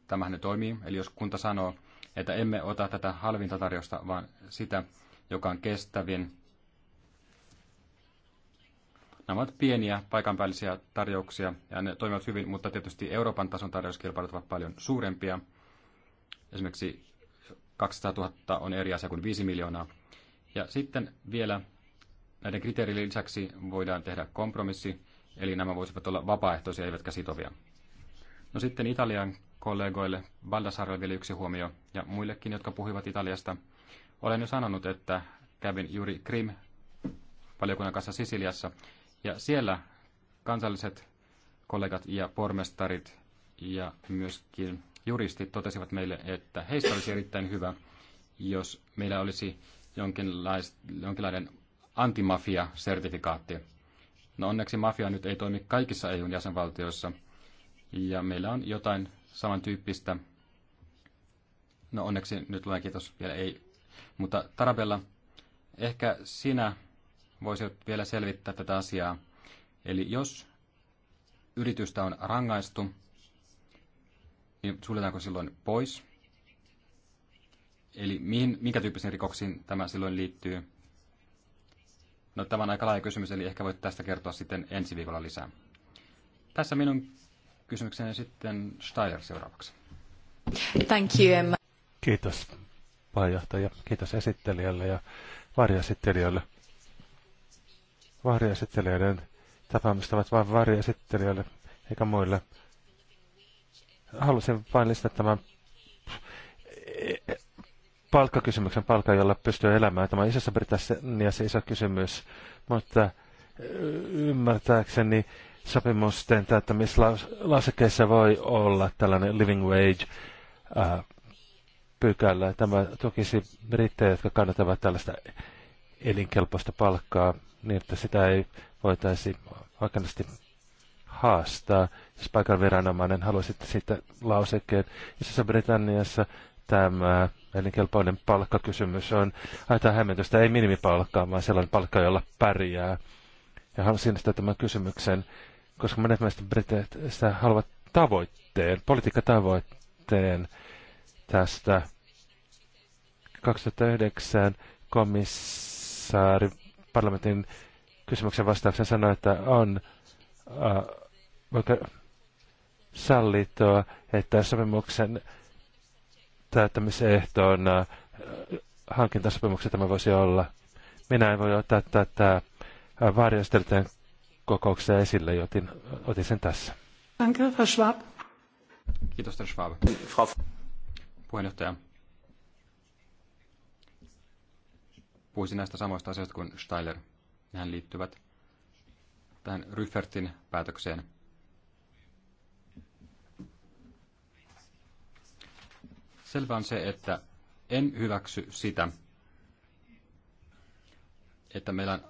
tämähän ne toimii. Eli jos kunta sanoo, että emme ota tätä halvinta tarjosta, vaan sitä, joka on kestävin. Nämä ovat pieniä paikanpäällisiä tarjouksia ja ne toimivat hyvin, mutta tietysti Euroopan tason tarjouskilpailut ovat paljon suurempia. Esimerkiksi 200 000 on eri asia kuin 5 miljoonaa. Ja sitten vielä näiden kriteerien lisäksi voidaan tehdä kompromissi, Eli nämä voisivat olla vapaaehtoisia eivätkä sitovia. No sitten Italian kollegoille Baldassarre vielä yksi huomio ja muillekin, jotka puhuivat Italiasta. Olen jo sanonut, että kävin juuri Krim valiokunnan kanssa Sisiliassa ja siellä kansalliset kollegat ja pormestarit ja myöskin juristit totesivat meille, että heistä olisi erittäin hyvä, jos meillä olisi jonkinlainen antimafia-sertifikaatti. No onneksi mafia nyt ei toimi kaikissa EUn jäsenvaltioissa, ja meillä on jotain samantyyppistä. No onneksi nyt luen kiitos vielä ei. Mutta Tarabella, ehkä sinä voisit vielä selvittää tätä asiaa. Eli jos yritystä on rangaistu, niin suljetaanko silloin pois? Eli mihin, minkä tyyppisiin rikoksiin tämä silloin liittyy? No tämä on aika laaja kysymys, eli ehkä voit tästä kertoa sitten ensi viikolla lisää. Tässä minun kysymykseni sitten Steyer seuraavaksi. Thank you, Emma. Kiitos puheenjohtaja, kiitos esittelijälle ja varjaesittelijöille. Varjaesittelijöiden tapaamista ovat vain varjaesittelijöille eikä muille. Halusin vain lisätä tämän palkkakysymyksen palkan, jolla pystyy elämään. Tämä on isossa Britanniassa iso kysymys, mutta ymmärtääkseni sopimusten täyttämislausekkeissa voi olla tällainen living wage äh, pykälä. Tämä tukisi brittejä, jotka kannattavat tällaista elinkelpoista palkkaa niin, että sitä ei voitaisi oikeasti haastaa, jos siis paikan viranomainen haluaisi sitten lausekkeen. Isossa Britanniassa tämä elinkelpoinen palkkakysymys on aitaa hämmentystä, ei minimipalkkaa, vaan sellainen palkka, jolla pärjää. Ja halusin sitä tämän kysymyksen, koska monet meistä briteistä sitä haluavat tavoitteen, politiikkatavoitteen tästä 2009 komissaari parlamentin kysymyksen vastauksen sanoi, että on äh, voiko sallittua, että sopimuksen äh, täyttämisehtona äh, hankintasopimuksia tämä voisi olla. Minä en voi ottaa tätä äh, varjosteltujen kokouksia esille, joten otin sen tässä. Danke, Herr Schwab. Kiitos, Herr Schwab. Frau puheenjohtaja. Puhuisin näistä samoista asioista kuin Steiler. Nehän liittyvät tähän Rüffertin päätökseen – Selvä on se, että en hyväksy sitä, että meillä on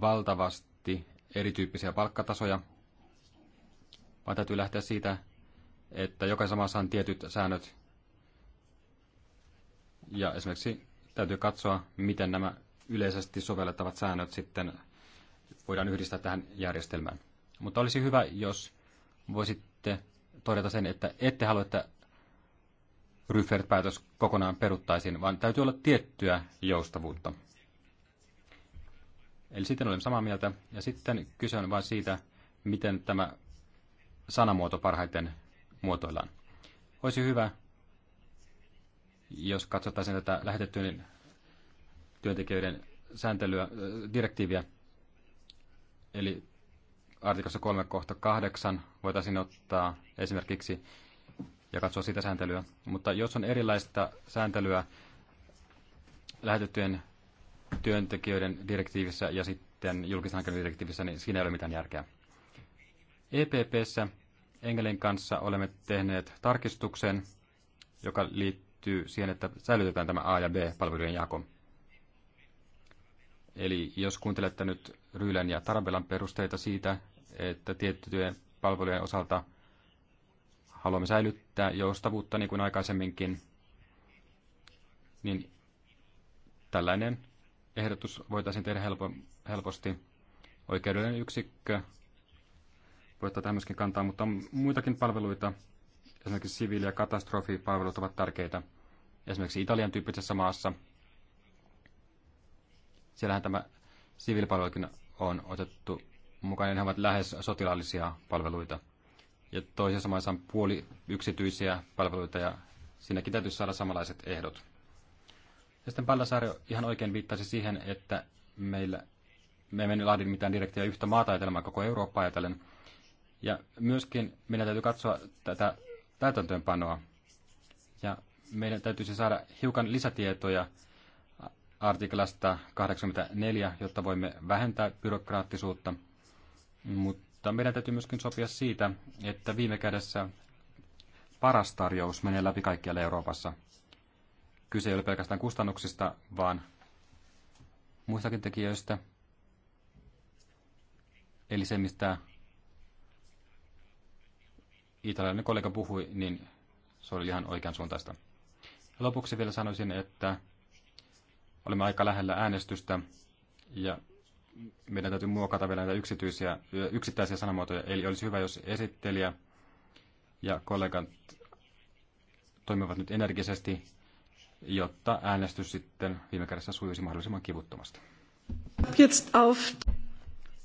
valtavasti erityyppisiä palkkatasoja, vaan täytyy lähteä siitä, että jokaisessa maassa on tietyt säännöt. Ja esimerkiksi täytyy katsoa, miten nämä yleisesti sovellettavat säännöt sitten voidaan yhdistää tähän järjestelmään. Mutta olisi hyvä, jos voisitte todeta sen, että ette halua, että Ryffert-päätös kokonaan peruttaisiin, vaan täytyy olla tiettyä joustavuutta. Eli sitten olen samaa mieltä. Ja sitten kyse on vain siitä, miten tämä sanamuoto parhaiten muotoillaan. Olisi hyvä, jos katsottaisiin tätä lähetettyjen työntekijöiden sääntelyä, direktiiviä, eli artikossa 3 kohta 8 voitaisiin ottaa esimerkiksi ja katsoa sitä sääntelyä. Mutta jos on erilaista sääntelyä lähetettyjen työntekijöiden direktiivissä ja sitten julkisen hankkeen direktiivissä, niin siinä ei ole mitään järkeä. EPPssä Engelin kanssa olemme tehneet tarkistuksen, joka liittyy siihen, että säilytetään tämä A- ja B-palvelujen jako. Eli jos kuuntelette nyt Ryylän ja Tarabellan perusteita siitä, että tiettyjen palvelujen osalta – haluamme säilyttää joustavuutta niin kuin aikaisemminkin, niin tällainen ehdotus voitaisiin tehdä helpo, helposti. Oikeudellinen yksikkö voi ottaa tähän myöskin kantaa, mutta muitakin palveluita, esimerkiksi siviili- ja katastrofipalvelut ovat tärkeitä. Esimerkiksi Italian tyyppisessä maassa, siellähän tämä siviilipalvelukin on otettu mukaan, ja niin ne ovat lähes sotilaallisia palveluita – ja toisessa maissa on puoli yksityisiä palveluita ja siinäkin täytyy saada samanlaiset ehdot. Ja sitten Pallasaari ihan oikein viittasi siihen, että meillä, me emme laadi mitään direktiä yhtä maata ajatelmaa koko Eurooppaa ajatellen. Ja myöskin meidän täytyy katsoa tätä täytäntöönpanoa. Ja meidän täytyisi saada hiukan lisätietoja artiklasta 84, jotta voimme vähentää byrokraattisuutta. Mutta mutta meidän täytyy myöskin sopia siitä, että viime kädessä paras tarjous menee läpi kaikkialla Euroopassa. Kyse ei ole pelkästään kustannuksista, vaan muistakin tekijöistä. Eli se, mistä italialainen kollega puhui, niin se oli ihan oikean suuntaista. Lopuksi vielä sanoisin, että olemme aika lähellä äänestystä ja meidän täytyy muokata vielä näitä yksityisiä, yksittäisiä sanamuotoja. Eli olisi hyvä, jos esittelijä ja kollegat toimivat nyt energisesti, jotta äänestys sitten viime kädessä sujuisi mahdollisimman kivuttomasti. Jetzt auf.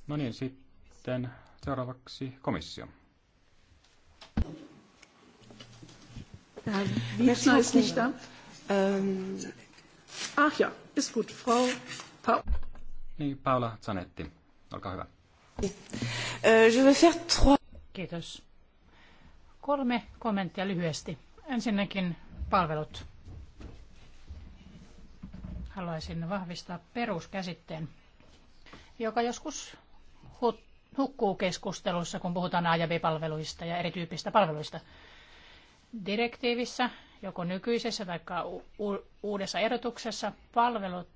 No niin, sitten seuraavaksi komissio. Äh, Wiesner ist nicht da. Ähm, ach ja, ist gut. Frau Paul. Niin, Paula Zanetti, olkaa hyvä. Euh, Kiitos. Kolme kommenttia lyhyesti. Ensinnäkin palvelut. Haluaisin vahvistaa peruskäsitteen, joka joskus hukkuu keskustelussa, kun puhutaan A- ja B-palveluista ja erityyppistä palveluista. Direktiivissä, joko nykyisessä tai uudessa erotuksessa, palvelut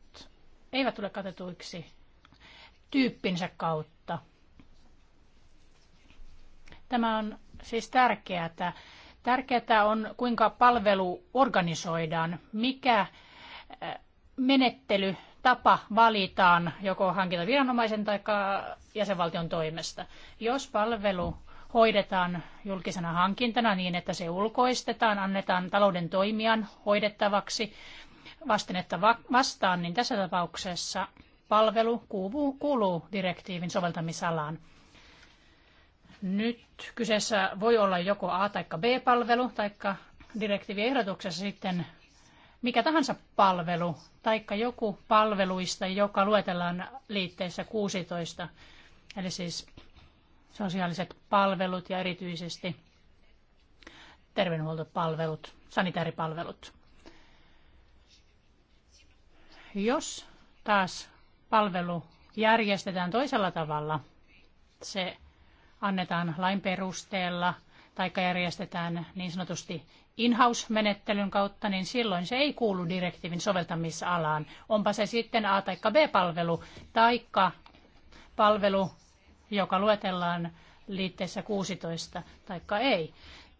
eivät tule katetuiksi tyyppinsä kautta. Tämä on siis tärkeää. Tärkeää on, kuinka palvelu organisoidaan, mikä menettely tapa valitaan joko hankintaviranomaisen tai jäsenvaltion toimesta. Jos palvelu hoidetaan julkisena hankintana niin, että se ulkoistetaan, annetaan talouden toimijan hoidettavaksi, vastinetta vastaan, niin tässä tapauksessa palvelu kuuluu, kuuluu direktiivin soveltamisalaan. Nyt kyseessä voi olla joko A- tai B-palvelu, tai direktiivin ehdotuksessa sitten mikä tahansa palvelu, tai joku palveluista, joka luetellaan liitteessä 16, eli siis sosiaaliset palvelut ja erityisesti terveydenhuoltopalvelut, sanitaaripalvelut. Jos taas palvelu järjestetään toisella tavalla, se annetaan lain perusteella tai järjestetään niin sanotusti in-house-menettelyn kautta, niin silloin se ei kuulu direktiivin soveltamisalaan. Onpa se sitten A- tai B-palvelu, tai palvelu, joka luetellaan liitteessä 16, tai ei.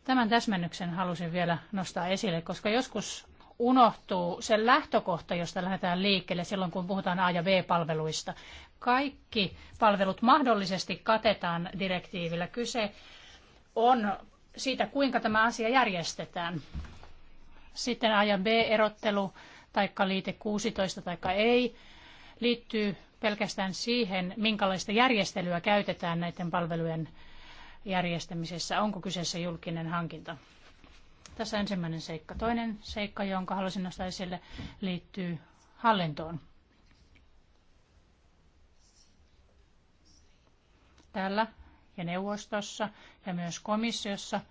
Tämän täsmennyksen halusin vielä nostaa esille, koska joskus unohtuu se lähtökohta, josta lähdetään liikkeelle silloin, kun puhutaan A- ja B-palveluista. Kaikki palvelut mahdollisesti katetaan direktiivillä. Kyse on siitä, kuinka tämä asia järjestetään. Sitten A- ja B-erottelu, taikka liite 16 taikka ei, liittyy pelkästään siihen, minkälaista järjestelyä käytetään näiden palvelujen järjestämisessä. Onko kyseessä julkinen hankinta? Tässä ensimmäinen seikka. Toinen seikka, jonka haluaisin nostaa esille, liittyy hallintoon. Täällä ja neuvostossa ja myös komissiossa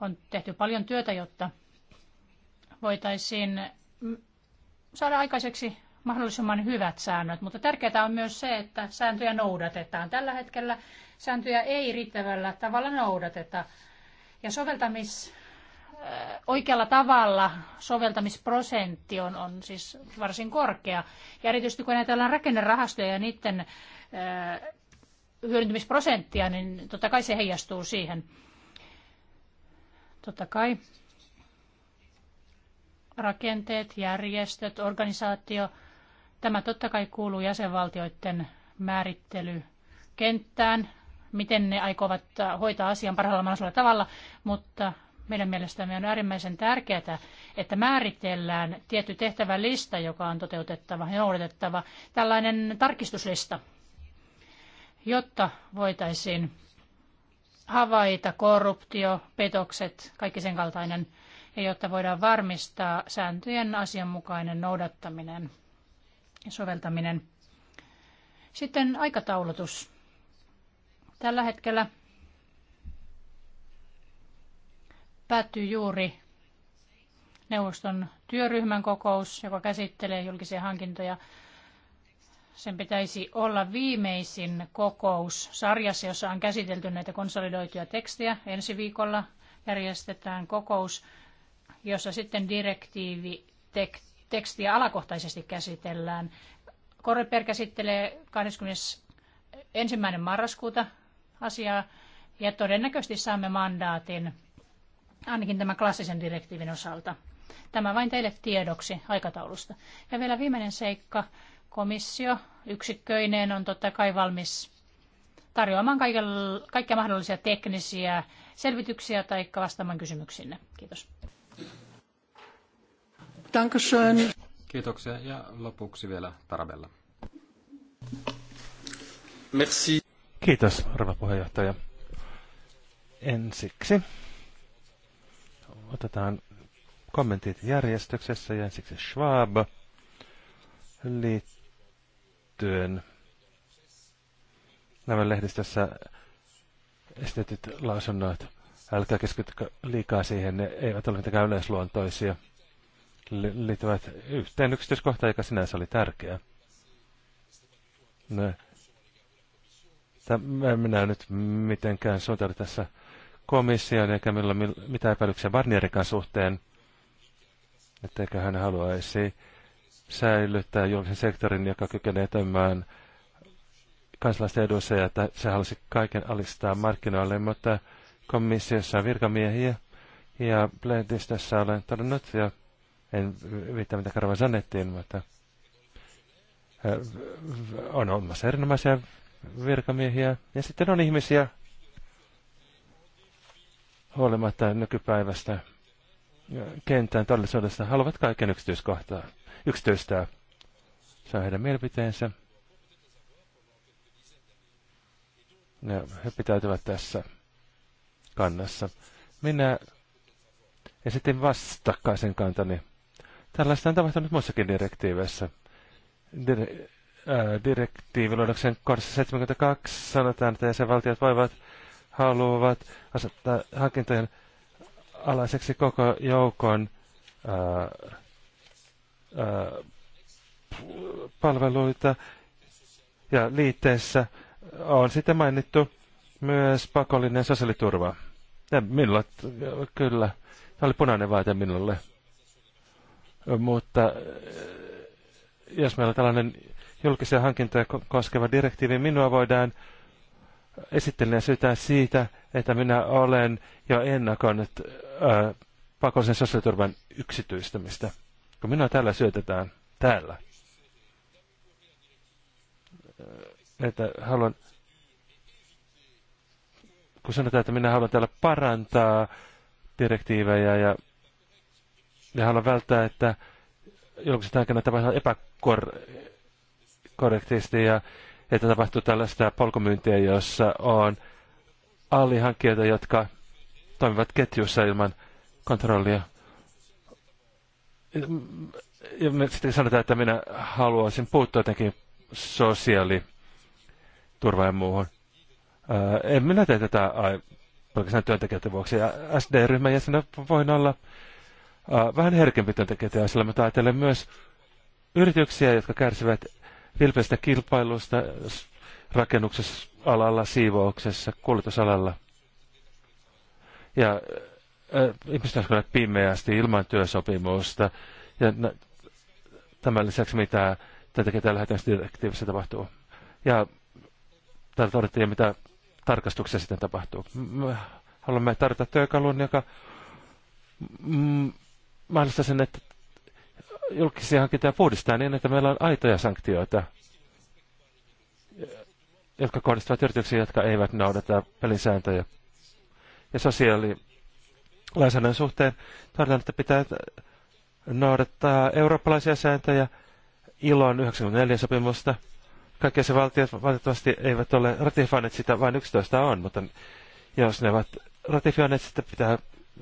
on tehty paljon työtä, jotta voitaisiin saada aikaiseksi mahdollisimman hyvät säännöt, mutta tärkeää on myös se, että sääntöjä noudatetaan. Tällä hetkellä sääntöjä ei riittävällä tavalla noudateta. Ja soveltamis oikealla tavalla soveltamisprosentti on, on siis varsin korkea. Ja erityisesti kun ajatellaan rakennerahastoja ja niiden hyödyntämisprosenttia, niin totta kai se heijastuu siihen. Totta kai rakenteet, järjestöt, organisaatio, tämä totta kai kuuluu jäsenvaltioiden määrittelykenttään, miten ne aikovat hoitaa asian parhaalla mahdollisella tavalla, mutta meidän mielestämme on äärimmäisen tärkeää, että määritellään tietty tehtävälista, joka on toteutettava ja noudatettava, tällainen tarkistuslista, jotta voitaisiin havaita korruptio, petokset, kaikki sen kaltainen, ja jotta voidaan varmistaa sääntöjen asianmukainen noudattaminen ja soveltaminen. Sitten aikataulutus. Tällä hetkellä päättyy juuri neuvoston työryhmän kokous, joka käsittelee julkisia hankintoja. Sen pitäisi olla viimeisin kokous sarjassa, jossa on käsitelty näitä konsolidoituja tekstejä. Ensi viikolla järjestetään kokous, jossa sitten direktiivi tekstiä alakohtaisesti käsitellään. Koreper käsittelee 21. marraskuuta asiaa ja todennäköisesti saamme mandaatin ainakin tämän klassisen direktiivin osalta. Tämä vain teille tiedoksi aikataulusta. Ja vielä viimeinen seikka. Komissio yksikköineen on totta kai valmis tarjoamaan kaikkia mahdollisia teknisiä selvityksiä tai vastaamaan kysymyksiinne. Kiitos. Dankeschön. Kiitoksia ja lopuksi vielä Tarabella. Merci. Kiitos, arvoisa puheenjohtaja. Ensiksi Otetaan kommentit järjestyksessä ja ensiksi Schwab liittyen nämä lehdistössä esitetyt lausunnot. Älkää keskittykö liikaa siihen, ne eivät ole mitenkään yleisluontoisia. Liittyvät yhteen yksityiskohtaan, joka sinänsä oli tärkeä. No, Tämä, en minä nyt mitenkään suuntaudu tässä komission eikä meillä ole mitään epäilyksiä Barnierikan suhteen, etteikö hän haluaisi säilyttää julkisen sektorin, joka kykenee toimimaan kansalaisten edussa ja että se halusi kaiken alistaa markkinoille, mutta komissiossa on virkamiehiä ja Blendistössä olen todennut ja en viittaa mitä Karva sanettiin, mutta on olemassa erinomaisia virkamiehiä ja sitten on ihmisiä, huolimatta nykypäivästä kentän todellisuudesta haluavat kaiken yksityiskohtaa, yksityistää. Se on heidän mielipiteensä. Ja he pitäytyvät tässä kannassa. Minä esitin vastakkaisen kantani. Tällaista on tapahtunut muissakin direktiiveissä. Dire, äh, kohdassa 72 sanotaan, että jäsenvaltiot voivat haluavat asettaa hankintojen alaiseksi koko joukon ää, ää, palveluita. Ja liitteessä on sitten mainittu myös pakollinen sosiaaliturva. Ja minulla, kyllä, tämä oli punainen vaate minulle. Mutta jos meillä on tällainen julkisia hankintoja koskeva direktiivi, minua voidaan esittelen sitä siitä, että minä olen jo ennakoinut pakollisen sosiaaliturvan yksityistämistä. Kun minua täällä syötetään, täällä, että haluan, kun sanotaan, että minä haluan täällä parantaa direktiivejä ja, ja haluan välttää, että julkisen aikana tapahtuu epäkorrektisti ja että tapahtuu tällaista polkumyyntiä, jossa on allihankkijoita, jotka toimivat ketjussa ilman kontrollia. Ja sitten sanotaan, että minä haluaisin puuttua jotenkin sosiaaliturvaan ja muuhun. Ää, en minä tee tätä pelkästään työntekijöiden vuoksi. Ja SD-ryhmän jäsenä voin olla ää, vähän herkempi työntekijöitä, sillä mä ajattelen myös yrityksiä, jotka kärsivät vilpeästä kilpailusta alalla siivouksessa, kuljetusalalla. Ja äh, ihmiset olisivat pimeästi ilman työsopimusta. Ja nä, tämän lisäksi mitä tällä hetkellä lähettämisdirektiivissä tapahtuu. Ja täällä todettiin, mitä tarkastuksessa sitten tapahtuu. Me haluamme tarjota työkalun, joka mm, mahdollistaa sen, että julkisia hankintoja puhdistaa niin, että meillä on aitoja sanktioita, jotka kohdistuvat yrityksiin, jotka eivät noudata pelisääntöjä. Ja sosiaalilainsäädännön suhteen todetaan, että pitää noudattaa eurooppalaisia sääntöjä, ilon 94 sopimusta. Kaikki se valtiot valitettavasti eivät ole ratifioineet sitä, vain 11 on, mutta jos ne ovat ratifioineet sitä, pitää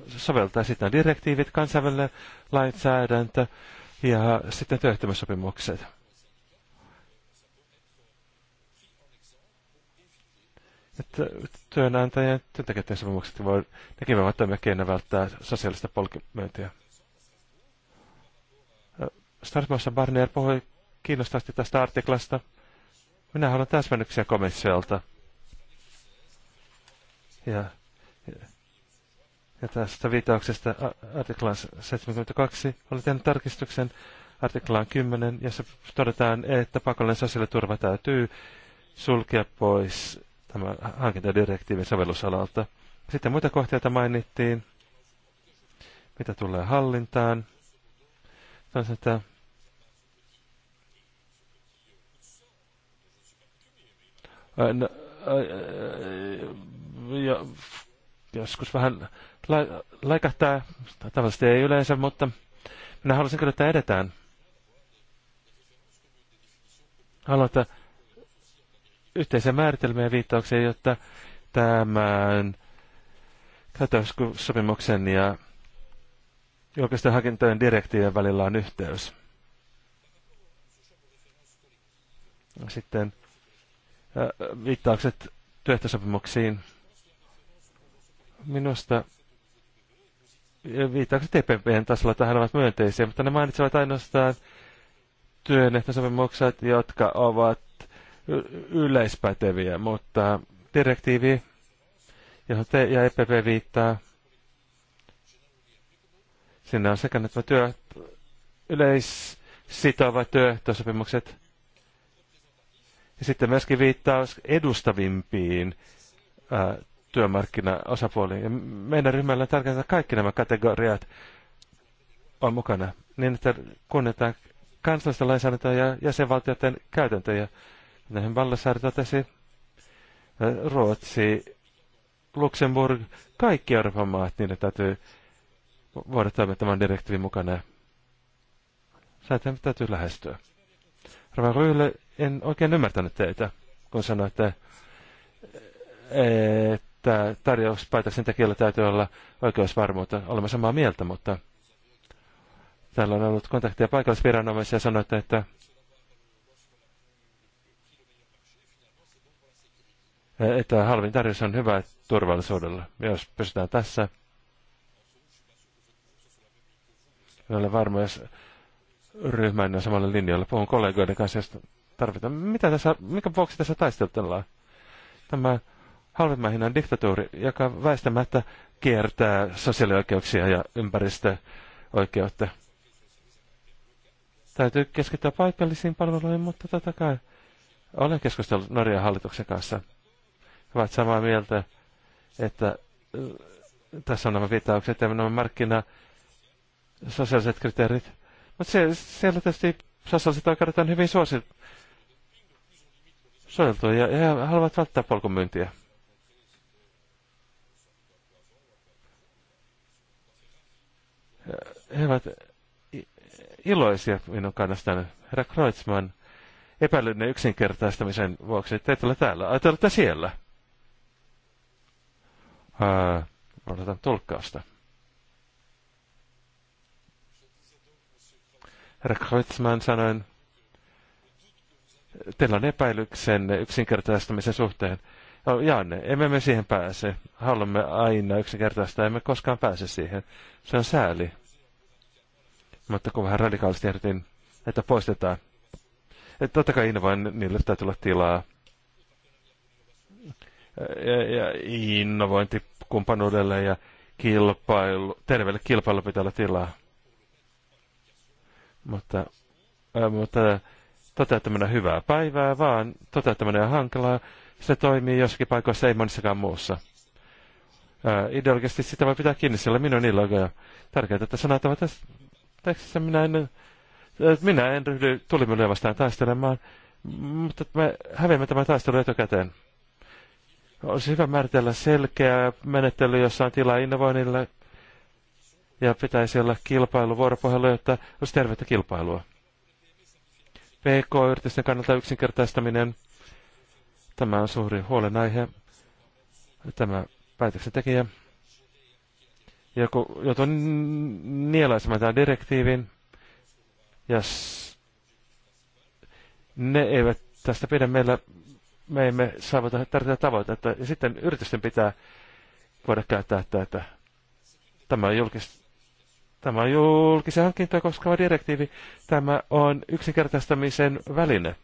soveltaa sitä direktiivit, kansainvälinen lainsäädäntö, ja sitten työehtömyyssopimukset. Että työnantajien työntekijöiden sopimukset voi, nekin voivat toimia keinoin välttää sosiaalista polkimyyntiä. Startmaassa Barnier puhui kiinnostavasti tästä artiklasta. Minä haluan täsmennyksiä komissiolta. Ja ja tästä viitauksesta artiklaan 72 oli tehnyt tarkistuksen artiklaan 10, jossa todetaan, että pakollinen sosiaaliturva täytyy sulkea pois tämän hankintadirektiivin sovellusalalta. Sitten muita kohteita mainittiin, mitä tulee hallintaan. Toisaalta No, ja joskus vähän la- laikahtaa. Tavallisesti ei yleensä, mutta minä haluaisin kyllä, että edetään. Haluan, että määritelmän määritelmiä ja viittauksia, jotta tämän sopimuksen ja julkisten hakintojen direktiivien välillä on yhteys. Sitten viittaukset työehtosopimuksiin. Minusta viittaukset EPPn tasolla tähän ovat myönteisiä, mutta ne mainitsevat ainoastaan työnehtosopimukset, jotka ovat yleispäteviä, mutta direktiivi, johon te ja EPP viittaa, sinne on sekä nämä työ, yleissitovat työehtosopimukset, ja sitten myöskin viittaus edustavimpiin ää, työmarkkinaosapuoliin. Ja meidän ryhmällä tarkoittaa kaikki nämä kategoriat on mukana, niin että kunnioitetaan kansallista lainsäädäntöä ja jäsenvaltioiden käytäntöjä. Näihin Vallassaari totesi, Ruotsi, Luxemburg, kaikki Euroopan maat, niin ne täytyy voida toimia tämän direktiivin mukana. Säätämme täytyy lähestyä. Rava Ryhle, en oikein ymmärtänyt teitä, kun sanoitte, että tämä tarjouspaita sen takia täytyy olla oikeusvarmuutta. Olemme samaa mieltä, mutta täällä on ollut kontaktia paikallisviranomaisia ja sanoitte, että että halvin tarjous on hyvä turvallisuudella. Jos pysytään tässä, en ole varma, jos ryhmän on samalla linjalla. Puhun kollegoiden kanssa, jos tarvitaan. Mitä tässä, mikä vuoksi tässä taistellaan? Tämä halvemman hinnan diktatuuri, joka väistämättä kiertää sosiaalioikeuksia ja ympäristöoikeutta. Täytyy keskittyä paikallisiin palveluihin, mutta totta kai olen keskustellut Norjan hallituksen kanssa. He ovat samaa mieltä, että äh, tässä on nämä viittaukset ja nämä markkina sosiaaliset kriteerit. Mutta siellä, siellä tietysti sosiaaliset oikeudet on hyvin suosittu suojeltu ja he haluavat välttää polkumyyntiä. he ovat iloisia minun kannastani. Herra Kreutzmann, epäilynne yksinkertaistamisen vuoksi, te ette ole täällä, Ai, te olette siellä. odotan tulkkausta. Herra Kreutzmann sanoin, teillä on epäilyksen yksinkertaistamisen suhteen. No, Janne, Emme me siihen pääse. Haluamme aina yksinkertaista, emme koskaan pääse siihen. Se on sääli. Mutta kun vähän radikaalisti ehdotin, että poistetaan. Että totta kai innovoin, niille täytyy olla tilaa. Ja, ja innovointikumppanuudelle ja kilpailu, terveelle kilpailu pitää olla tilaa. Mutta, äh, mutta toteuttaminen hyvää päivää, vaan toteuttaminen on hankalaa se toimii jossakin paikoissa, ei monissakaan muussa. Ää, ideologisesti sitä voi pitää kiinni, sillä minun ideologia. Tärkeää, että sanat ovat tässä tekstissä. Minä en, minä en ryhdy tulimyllyä vastaan taistelemaan, mutta me häviämme tämän taistelun etukäteen. Olisi hyvä määritellä selkeä menettely, jossa on tilaa innovoinnille ja pitäisi olla kilpailu, vuoropuhelu, jotta olisi tervettä kilpailua. PK-yritysten kannalta yksinkertaistaminen Tämä on suuri huolenaihe. Tämä päätöksentekijä. Ja kun joutuu nielaisemaan tämän direktiivin, ja ne eivät tästä pidä meillä, me emme saavuta tärkeää tavoitetta. Ja sitten yritysten pitää voida käyttää tätä. Tämä on julkista Tämä on julkisen hankintaa koskeva direktiivi. Tämä on yksinkertaistamisen väline.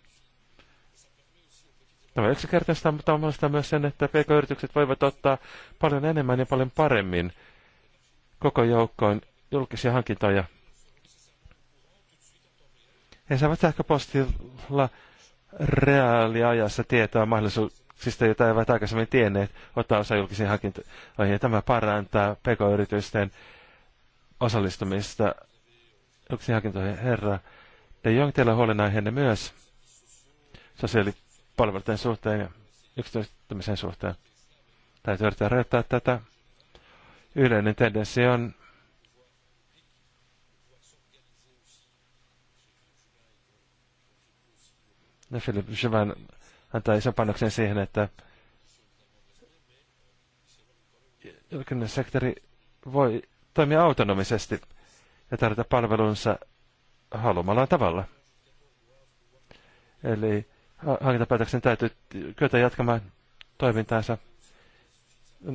Tämä yksinkertaistaa mahdollistaa myös sen, että pk-yritykset voivat ottaa paljon enemmän ja paljon paremmin koko joukkoon julkisia hankintoja. He saavat sähköpostilla reaaliajassa tietoa mahdollisuuksista, joita eivät aikaisemmin tienneet ottaa osa julkisiin hankintoihin. Ja tämä parantaa pk-yritysten osallistumista julkisiin hankintoihin. Herra, te Jong, teillä huolenaiheenne myös sosiaali- palvelujen suhteen ja yksityistämisen suhteen. Täytyy yrittää rajoittaa tätä. Yleinen tendenssi on No Philip Chauvin antaa ison panoksen siihen, että julkinen sektori voi toimia autonomisesti ja tarjota palvelunsa haluamalla tavalla. Eli hankintapäätöksen täytyy kyetä jatkamaan toimintaansa.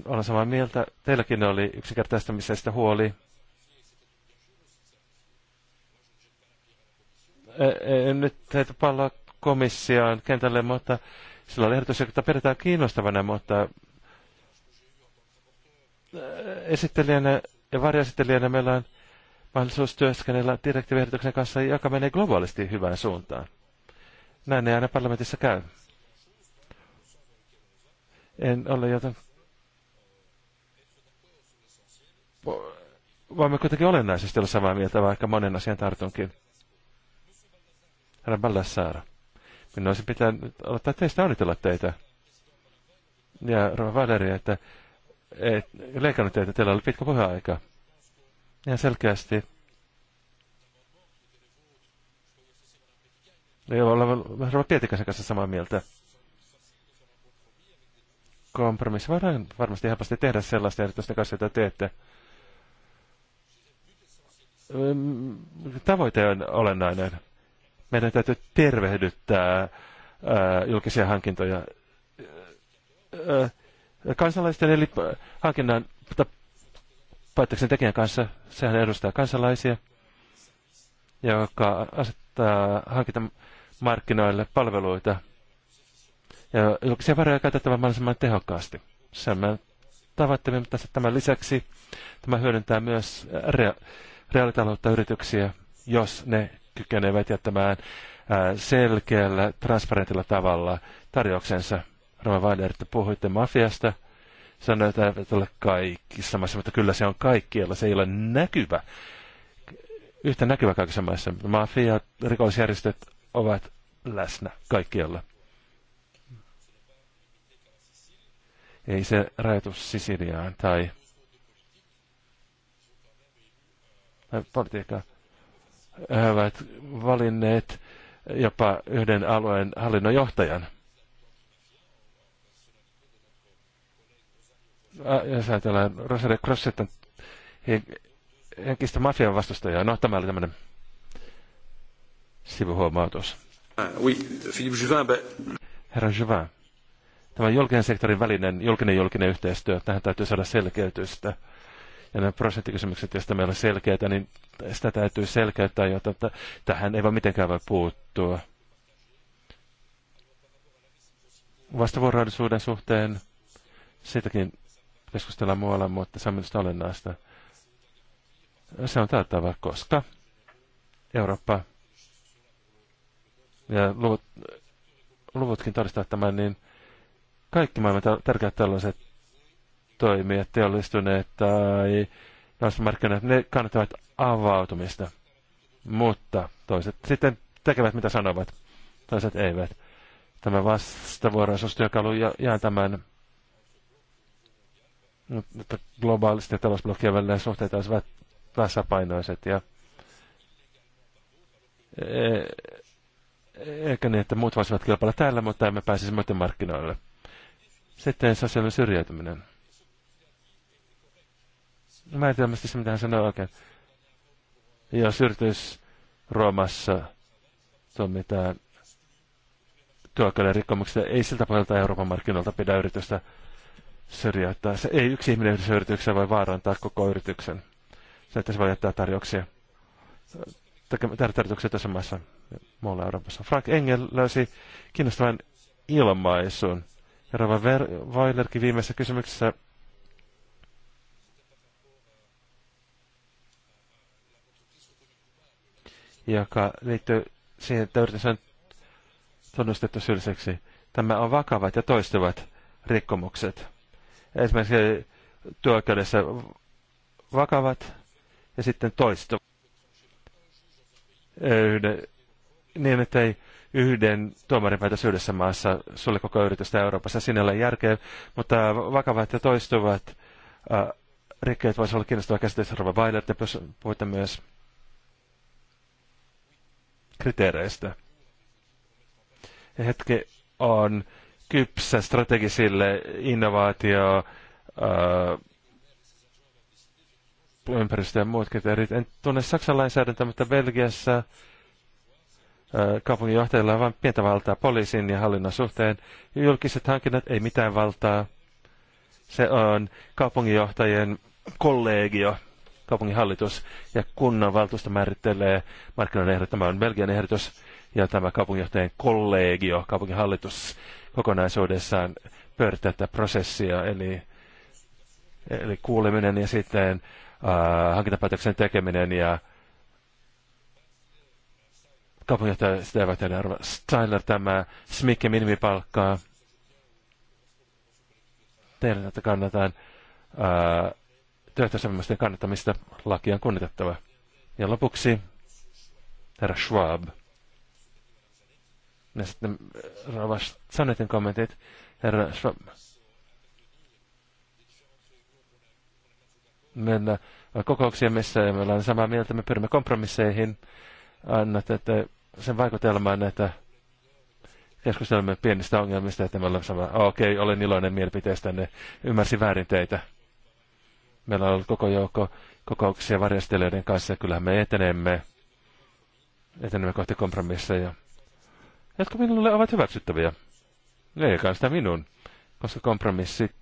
Olen samaa mieltä. Teilläkin oli yksinkertaistamisesta huoli. E- e- en nyt heitä palloa komissioon kentälle, mutta sillä oli ehdotus, jota pidetään kiinnostavana, mutta e- esittelijänä ja varjoesittelijänä meillä on mahdollisuus työskennellä direktiivehdotuksen kanssa, joka menee globaalisti hyvään suuntaan. Näin ei aina parlamentissa käy. En ole joten... Voimme kuitenkin olennaisesti olla samaa mieltä, vaikka monen asian tartunkin. Herra Ballassaara, minun olisi pitänyt ottaa teistä onnitella teitä. Ja Rova Valeri, että et, leikannut teitä, teillä oli pitkä puheaika. Ja selkeästi Ei ole vähän Pietikäisen kanssa samaa mieltä. Kompromissi voidaan varmasti helposti tehdä sellaista ehdotusta kanssa, jota teette. Tavoite on olennainen. Meidän täytyy tervehdyttää julkisia hankintoja. kansalaisten eli hankinnan päätöksen tekijän kanssa, sehän edustaa kansalaisia, joka asettaa hankinta markkinoille palveluita ja julkisia varoja käytettävä mahdollisimman tehokkaasti. Sen me tavoittelemme tässä tämän lisäksi. Tämä hyödyntää myös äh, rea- reaalitaloutta yrityksiä, jos ne kykenevät jättämään äh, selkeällä, transparentilla tavalla tarjouksensa. Roma Weider, että puhuitte mafiasta. Sanoit, että eivät ole kaikissa maissa, mutta kyllä se on kaikkialla. Se ei ole näkyvä. Yhtä näkyvä kaikissa maissa. Mafia, rikollisjärjestöt ovat läsnä kaikkialla. Ei se rajoitu Sisiliaan tai, politiikkaa. He ovat valinneet jopa yhden alueen hallinnonjohtajan. Jos ajatellaan Rosario Crossetta, henkistä mafian vastustajaa, no tämä oli tämmöinen sivuhuomautus. Ah, Herra Juvin, tämä julkinen sektorin välinen, julkinen julkinen yhteistyö, tähän täytyy saada selkeytystä. Ja nämä prosenttikysymykset, joista meillä on selkeitä, niin sitä täytyy selkeyttää, jotta tähän ei vaan mitenkään voi puuttua. Vastavuoroisuuden suhteen, siitäkin keskustellaan muualla, mutta se on minusta olennaista. Se on taattava, koska Eurooppa ja luvut, luvutkin todistavat tämän, niin kaikki maailman tärkeät tällaiset toimijat, teollistuneet tai markkinat, ne kannattavat avautumista. Mutta toiset sitten tekevät mitä sanovat, toiset eivät. Tämä vastavuoroisuustyökalu ja jää tämän että ja talousblokkien välillä suhteet olisivat tasapainoiset ja e, eikä niin, että muut voisivat kilpailla täällä, mutta emme pääsisi muiden markkinoille. Sitten sosiaalinen syrjäytyminen. Mä en tiedä, mistä se mitä hän sanoi oikein. Jos yritys Roomassa tuomitaan työkalujen rikkomuksista, ei siltä pohjalta Euroopan markkinoilta pidä yritystä syrjäyttää. Se ei yksi ihminen yhdessä yrityksessä voi vaarantaa koko yrityksen. Se, että se voi jättää tarjouksia. Tarjouksia tässä maassa muualla Euroopassa. Frank Engel löysi kiinnostavan ilmaisun. Ja Rova Weilerkin viimeisessä kysymyksessä joka liittyy siihen, että yritys on tunnustettu syylliseksi. Tämä on vakavat ja toistuvat rikkomukset. Esimerkiksi työoikeudessa vakavat ja sitten toistuvat. Yhden niin, että ei yhden tuomarin päätös yhdessä maassa sulle koko yritystä Euroopassa. Siinä ei ole järkeä, mutta vakavat ja toistuvat äh, rikkeet voisivat olla kiinnostava käsitys. Rova Weiler, te puhutte myös kriteereistä. Ja hetki on kypsä strategisille innovaatio, äh, ympäristö ja muut kriteerit. En tunne Saksan lainsäädäntöä, mutta Belgiassa äh, kaupunginjohtajilla on vain pientä valtaa poliisin ja hallinnon suhteen. Julkiset hankinnat ei mitään valtaa. Se on kaupunginjohtajien kollegio, kaupunginhallitus ja kunnanvaltuusto määrittelee markkinoiden ehdot. Tämä on Belgian ehdotus ja tämä kaupunginjohtajien kollegio, kaupunginhallitus kokonaisuudessaan pyörittää tätä prosessia, eli, eli kuuleminen ja sitten uh, hankintapäätöksen tekeminen ja kaupunginjohtaja sitä eivät tehdä Styler tämä, Smikke minimipalkkaa. Teillä että kannataan työehtosopimusten kannattamista lakia on kunnitettava. Ja lopuksi herra Schwab. Ja sitten Rava Sanetin kommentit. Herra Schwab. Meillä on kokouksia, missä meillä on samaa mieltä, me pyrimme kompromisseihin. Annat, että sen vaikutelman, että keskustelemme pienistä ongelmista, että me olemme sama, okei, okay, olen iloinen ne ymmärsi väärin teitä. Meillä on ollut koko joukko kokouksia varjastelijoiden kanssa, ja kyllähän me etenemme, etenemme kohti kompromisseja, jotka minulle ovat hyväksyttäviä. Ne ei sitä minun, koska kompromissit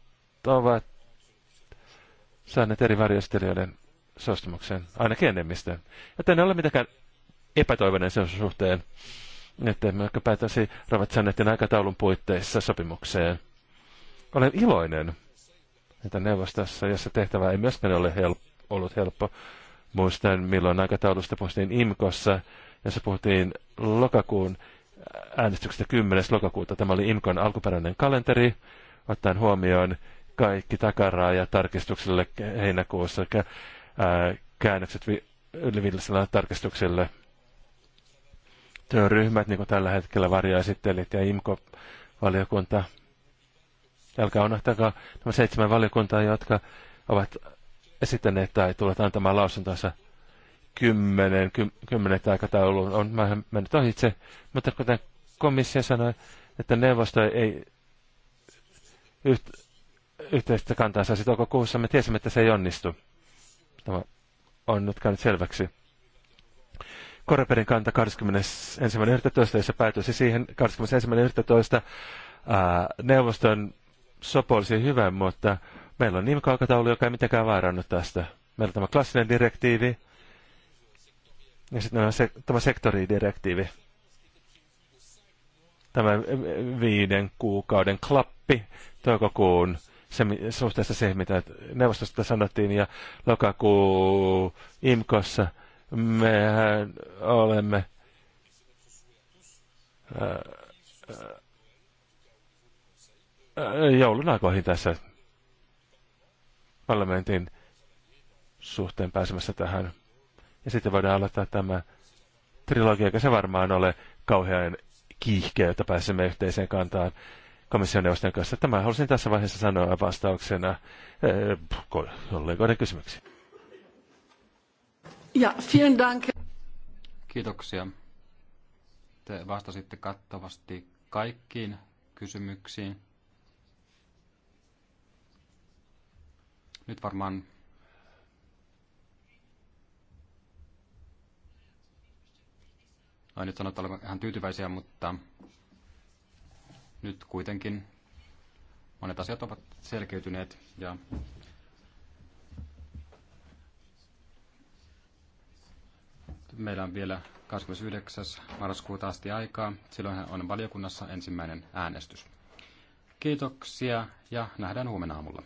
ovat saaneet eri varjastelijoiden suostumuksen, ainakin enemmistön. Joten ei ole mitenkään epätoivoinen sen suhteen, että ehkä päätäisi Ravatsanetin aikataulun puitteissa sopimukseen. Olen iloinen, että neuvostossa, jossa tehtävä ei myöskään ole help ollut helppo, muistan milloin aikataulusta puhuttiin IMKossa, jossa puhuttiin lokakuun äänestyksestä 10. lokakuuta. Tämä oli IMKon alkuperäinen kalenteri, ottaen huomioon kaikki takaraajat tarkistukselle heinäkuussa sekä ää, käännökset vi- yli tarkistukselle – työryhmät, niin kuin tällä hetkellä varjoesittelit ja imco valiokunta Älkää unohtakaa nämä seitsemän valiokuntaa, jotka ovat esittäneet tai tulevat antamaan lausuntonsa kymmenen, ky, kymmenet aikatauluun. On vähän mennyt ohitse, mutta kuten komissio sanoi, että neuvosto ei yht, yhteistä kantaa saisi toukokuussa. Me tiesimme, että se ei onnistu. Tämä on nyt käynyt selväksi. Koreperin kanta 21.11. jossa päätyisi siihen 21.11. neuvoston sopu olisi hyvä, mutta meillä on niin kaukataulu, joka ei mitenkään vaarannut tästä. Meillä on tämä klassinen direktiivi ja sitten se, tämä sektoridirektiivi. Tämä viiden kuukauden klappi toukokuun se, suhteessa siihen, mitä neuvostosta sanottiin, ja lokakuu IMKossa – mehän olemme äh, äh, joulun aikoihin tässä parlamentin suhteen pääsemässä tähän. Ja sitten voidaan aloittaa tämä trilogia, joka se varmaan ole kauhean kiihkeä, että pääsemme yhteiseen kantaan neuvoston kanssa. Tämä halusin tässä vaiheessa sanoa vastauksena äh, kollegoiden kysymyksiin. Ja, vielen dank. Kiitoksia. Te vastasitte kattavasti kaikkiin kysymyksiin. Nyt varmaan Ai nyt sanotaan olevan ihan tyytyväisiä, mutta nyt kuitenkin monet asiat ovat selkeytyneet ja Meillä on vielä 29. marraskuuta asti aikaa. Silloin on valiokunnassa ensimmäinen äänestys. Kiitoksia ja nähdään huomenna aamulla.